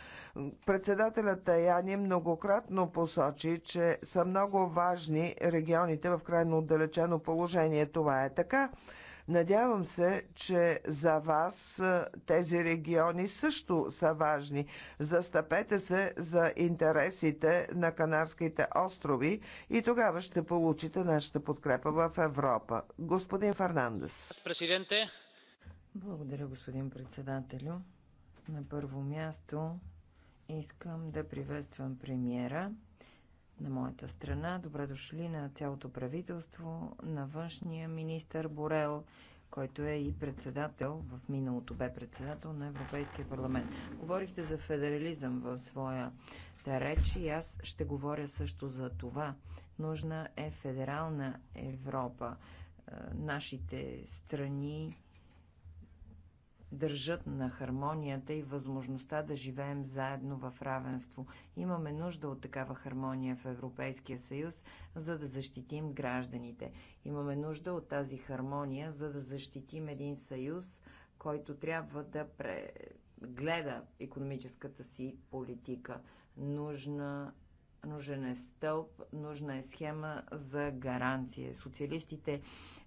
Председателят Таяни многократно посочи, че са много важни регионите в крайно отдалечено положение. Това е така. Надявам се, че за вас тези региони също са важни. Застъпете се за интересите на Канарските острови и тогава ще получите нашата подкрепа в Европа. Господин Фернандес. Благодаря, господин председателю. На първо място Искам да приветствам премиера на моята страна. Добре дошли на цялото правителство, на външния министър Борел, който е и председател, в миналото бе председател на Европейския парламент. Говорихте за федерализъм в своя да реч и аз ще говоря също за това. Нужна е федерална Европа. Е, нашите страни държат на хармонията и възможността да живеем заедно в равенство. Имаме нужда от такава хармония в Европейския съюз, за да защитим гражданите. Имаме нужда от тази хармония, за да защитим един съюз, който трябва да прегледа економическата си политика. Нужна нужен е стълб, нужна е схема за гаранция. Социалистите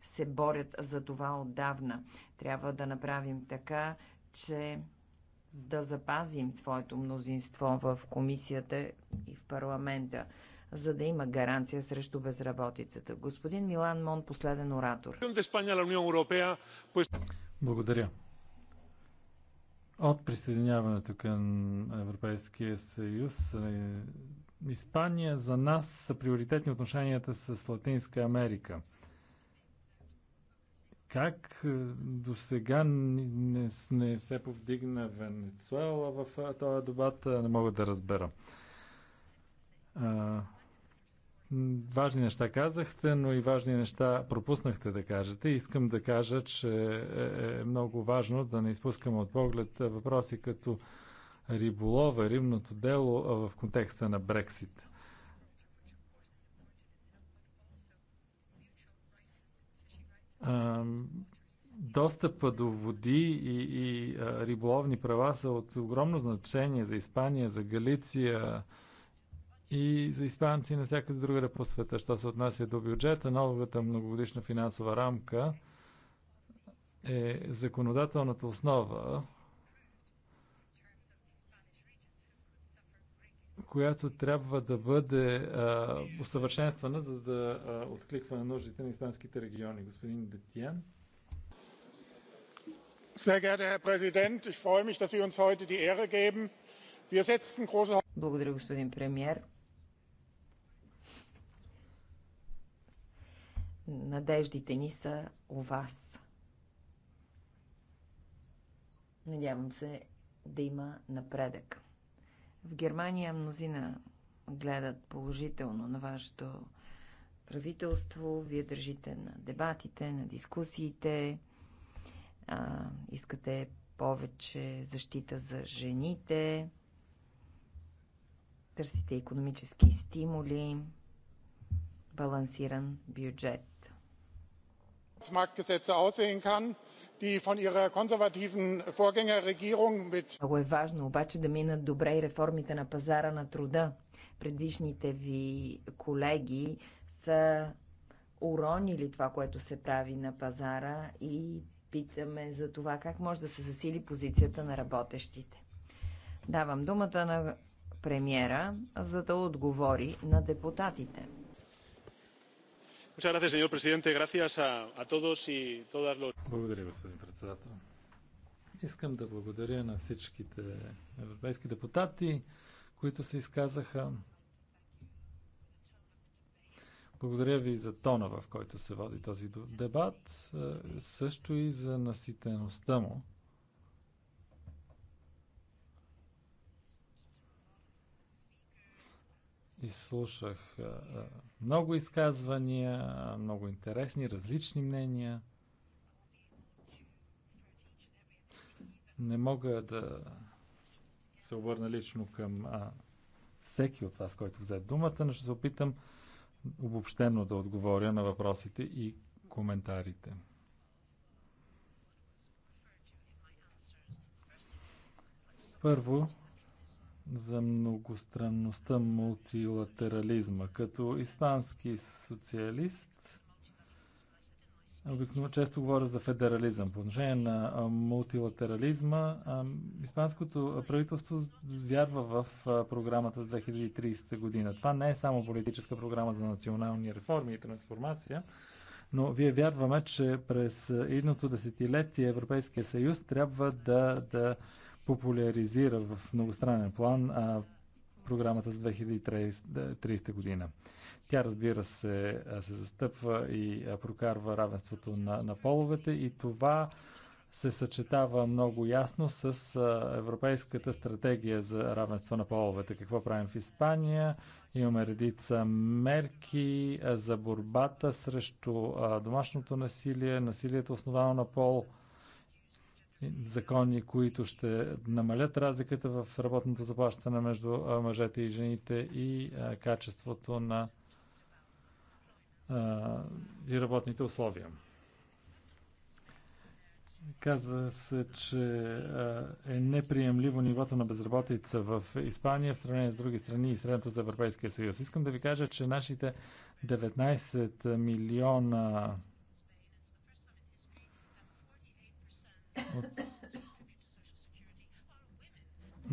се борят за това отдавна. Трябва да направим така, че да запазим своето мнозинство в комисията и в парламента, за да има гаранция срещу безработицата. Господин Милан Мон, последен оратор. Благодаря. От присъединяването към Европейския съюз Испания за нас са приоритетни отношенията с Латинска Америка. Как е, до сега не, не се повдигна Венецуела в този дебат, не мога да разбера. А, важни неща казахте, но и важни неща пропуснахте да кажете. Искам да кажа, че е, е много важно да не изпускаме от поглед въпроси като риболова, рибното дело в контекста на Брексит. Достъпа до води и, и риболовни права са от огромно значение за Испания, за Галиция и за испанци навсякъде другаде по света. Що се отнася до бюджета, новата многогодишна финансова рамка е законодателната основа, която трябва да бъде а, усъвършенствана, за да а, откликва на нуждите на испанските региони. Господин Детиян. Sehr geehrter Herr Präsident, ich freue mich, dass Sie uns heute die Ehre geben. Wir setzen große... Благодаря, господин премьер. Надеждите ни са у вас. Надявам се да има напредък. В Германия мнозина гледат положително на вашето правителство. Вие държите на дебатите, на дискусиите. А, искате повече защита за жените. Търсите економически стимули. Балансиран бюджет. Много е важно обаче да минат добре и реформите на пазара на труда. Предишните ви колеги са уронили това, което се прави на пазара и питаме за това как може да се засили позицията на работещите. Давам думата на премиера, за да отговори на депутатите. Благодаря, господин председател. Искам да благодаря на всичките европейски депутати, които се изказаха. Благодаря ви за тона, в който се води този дебат, също и за наситеността му. И слушах. Много изказвания, много интересни, различни мнения. Не мога да се обърна лично към а, всеки от вас, който взе думата, но ще се опитам обобщено да отговоря на въпросите и коментарите. Първо, за многостранността, мултилатерализма. Като испански социалист, обикновено често говоря за федерализъм. По отношение на мултилатерализма, испанското правителство вярва в програмата за 2030 година. Това не е само политическа програма за национални реформи и трансформация, но вие вярваме, че през едното десетилетие Европейския съюз трябва да, да популяризира в многостранен план а, програмата за 2030 година. Тя, разбира се, се застъпва и прокарва равенството на, на половете и това се съчетава много ясно с Европейската стратегия за равенство на половете. Какво правим в Испания? Имаме редица мерки за борбата срещу домашното насилие, насилието основано на пол – закони, които ще намалят разликата в работното заплащане между мъжете и жените и качеството на и работните условия. Каза се, че е неприемливо нивото на безработица в Испания в сравнение с други страни и средното за Европейския съюз. Искам да ви кажа, че нашите 19 милиона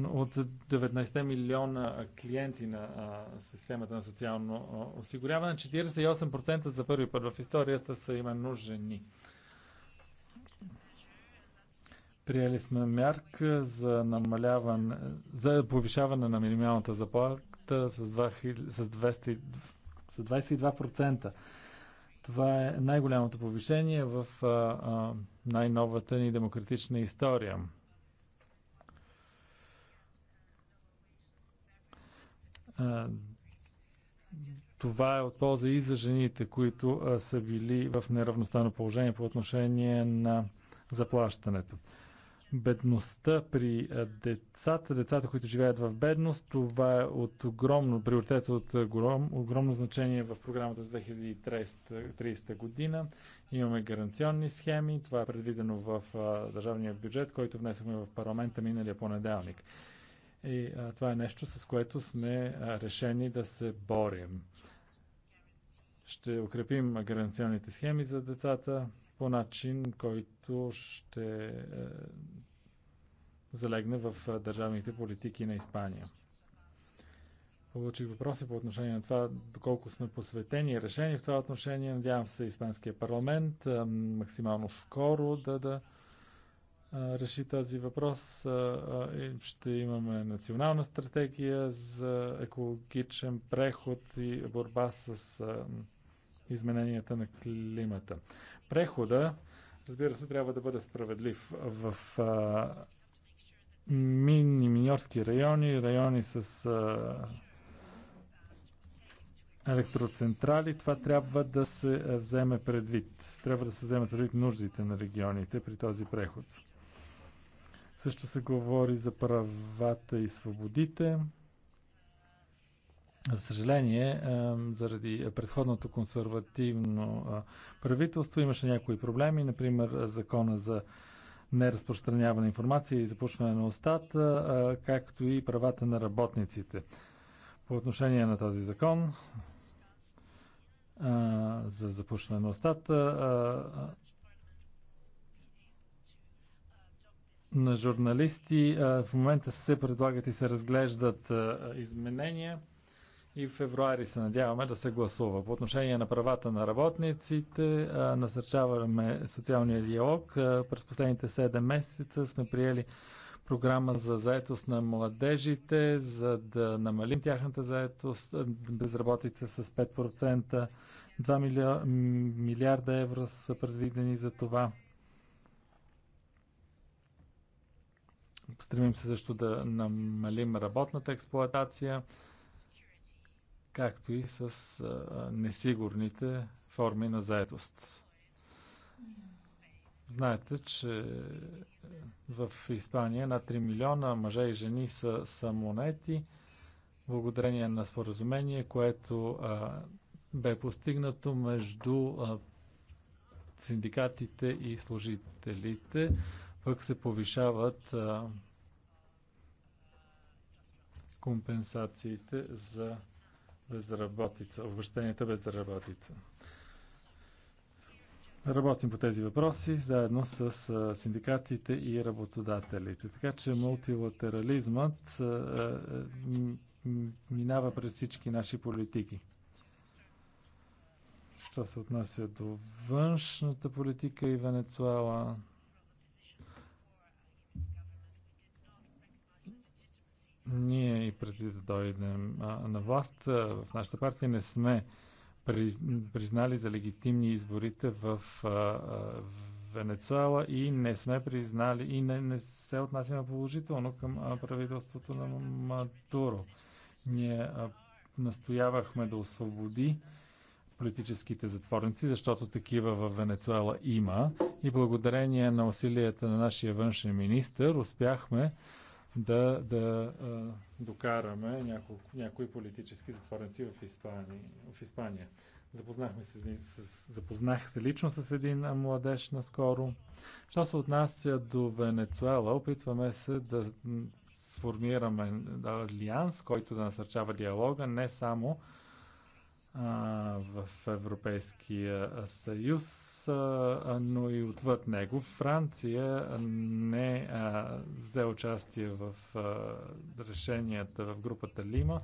от, от 19 милиона клиенти на а, системата на социално осигуряване, 48% за първи път в историята са именно жени. Приели сме мярка за намаляване, за повишаване на минималната заплата с, 2, с, 200, с 22%. Това е най-голямото повишение в а, а, най-новата ни демократична история. Това е от полза и за жените, които са били в неравностойно положение по отношение на заплащането бедността при децата, децата, които живеят в бедност, това е от огромно, приоритет от огром, огромно значение в програмата за 2030 година. Имаме гаранционни схеми, това е предвидено в а, държавния бюджет, който внесохме в парламента миналия понеделник. И а, това е нещо, с което сме а, решени да се борим. Ще укрепим гаранционните схеми за децата, по начин, който ще е, залегне в е, държавните политики на Испания. Получих въпроси по отношение на това, доколко сме посветени и решени в това отношение. Надявам се Испанския парламент е, максимално скоро да, да реши този въпрос. Ще имаме национална стратегия за екологичен преход и борба с измененията на климата прехода, разбира се, трябва да бъде справедлив. В а, мини, миньорски райони, райони с а, електроцентрали, това трябва да се вземе предвид. Трябва да се вземе предвид нуждите на регионите при този преход. Също се говори за правата и свободите. За съжаление, заради предходното консервативно правителство имаше някои проблеми, например закона за неразпространяване на информация и започване на устата, както и правата на работниците. По отношение на този закон за започване на устата, на журналисти в момента се предлагат и се разглеждат изменения – и в февруари се надяваме да се гласува. По отношение на правата на работниците, насърчаваме социалния диалог. През последните 7 месеца сме приели програма за заетост на младежите, за да намалим тяхната заетост, безработица с 5%. 2 милиарда евро са предвидени за това. Стремим се също да намалим работната експлоатация както и с несигурните форми на заедост. Знаете, че в Испания над 3 милиона мъже и жени са самонети, благодарение на споразумение, което а, бе постигнато между а, синдикатите и служителите, пък се повишават а, компенсациите за безработица, обращенията безработица. Работим по тези въпроси заедно с синдикатите и работодателите. Така че мултилатерализмът минава през всички наши политики. Що се отнася до външната политика и Венецуела, Ние и преди да дойдем на власт в нашата партия не сме признали за легитимни изборите в Венецуела и не сме признали и не, не се отнасяме положително към правителството на Мадуро. Ние настоявахме да освободи политическите затворници, защото такива в Венецуела има. И благодарение на усилията на нашия външен министр успяхме да, да а, докараме няколко, някои политически затворници в Испания. В Испания. Запознахме се, с, запознах се лично с един младеж наскоро. Що се отнася до Венецуела, опитваме се да сформираме алианс, който да насърчава диалога не само в Европейския съюз, но и отвъд него. Франция не взе участие в решенията в групата Лима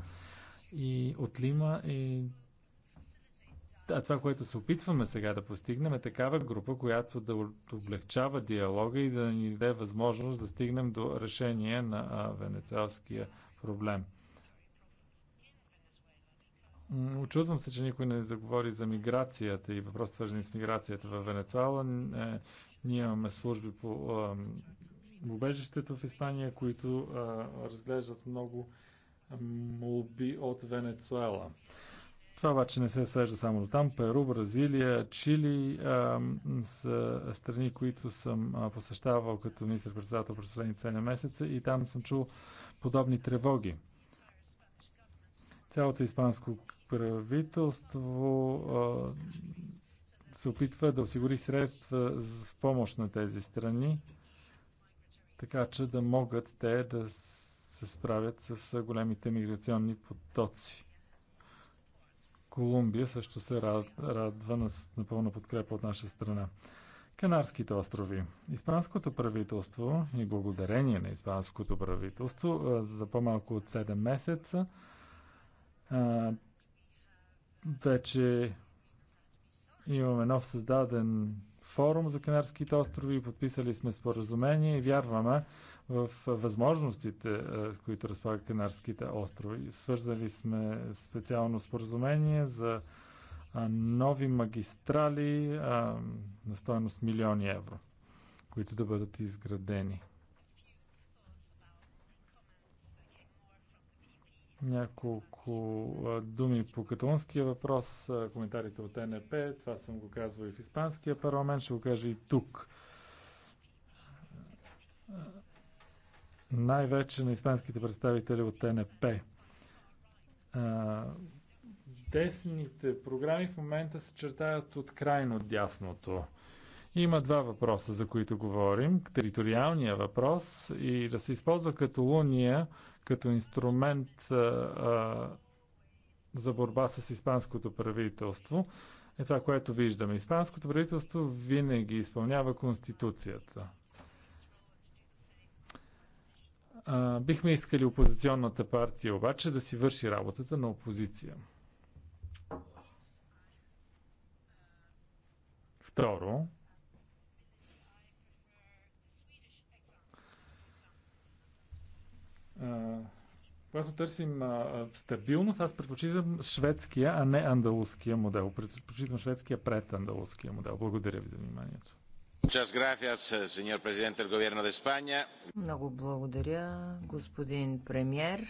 и от Лима и а това, което се опитваме сега да постигнем е такава група, която да облегчава диалога и да ни даде възможност да стигнем до решение на венецуелския проблем. Очудвам се, че никой не заговори за миграцията и въпрос свързани с миграцията в Венецуела. Е, ние имаме служби по убежището в Испания, които разглеждат много молби от Венецуела. Това обаче не се свежда само до там. Перу, Бразилия, Чили а, са страни, които съм посещавал като министър-председател през последните 7 месеца и там съм чул подобни тревоги. Цялото испанско правителство се опитва да осигури средства в помощ на тези страни, така че да могат те да се справят с големите миграционни потоци. Колумбия също се радва на, на пълна подкрепа от наша страна. Канарските острови. Испанското правителство и благодарение на испанското правителство за по-малко от 7 месеца а, вече имаме нов създаден форум за Канарските острови, подписали сме споразумение и вярваме в възможностите, с които разполага Канарските острови. Свързали сме специално споразумение за нови магистрали на стоеност милиони евро, които да бъдат изградени. Няколко думи по каталонския въпрос, коментарите от НП, това съм го казвал и в Испанския парламент, ще го кажа и тук. Най-вече на испанските представители от НП. Десните програми в момента се чертаят от крайно дясното. Има два въпроса, за които говорим. Териториалния въпрос и да се използва Каталуния като инструмент а, а, за борба с испанското правителство е това, което виждаме. Испанското правителство винаги изпълнява Конституцията. А, бихме искали опозиционната партия обаче да си върши работата на опозиция. Второ, когато търсим а, стабилност, аз предпочитам шведския, а не андалуския модел. Предпочитам шведския пред андалуския модел. Благодаря ви за вниманието. Eh, Много благодаря, господин премьер.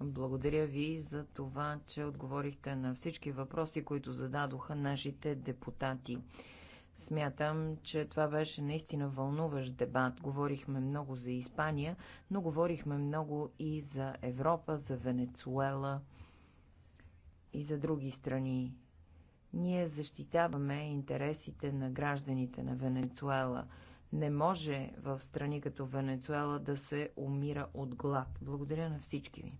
Благодаря ви за това, че отговорихте на всички въпроси, които зададоха нашите депутати. Смятам, че това беше наистина вълнуващ дебат. Говорихме много за Испания, но говорихме много и за Европа, за Венецуела и за други страни. Ние защитаваме интересите на гражданите на Венецуела. Не може в страни като Венецуела да се умира от глад. Благодаря на всички ви.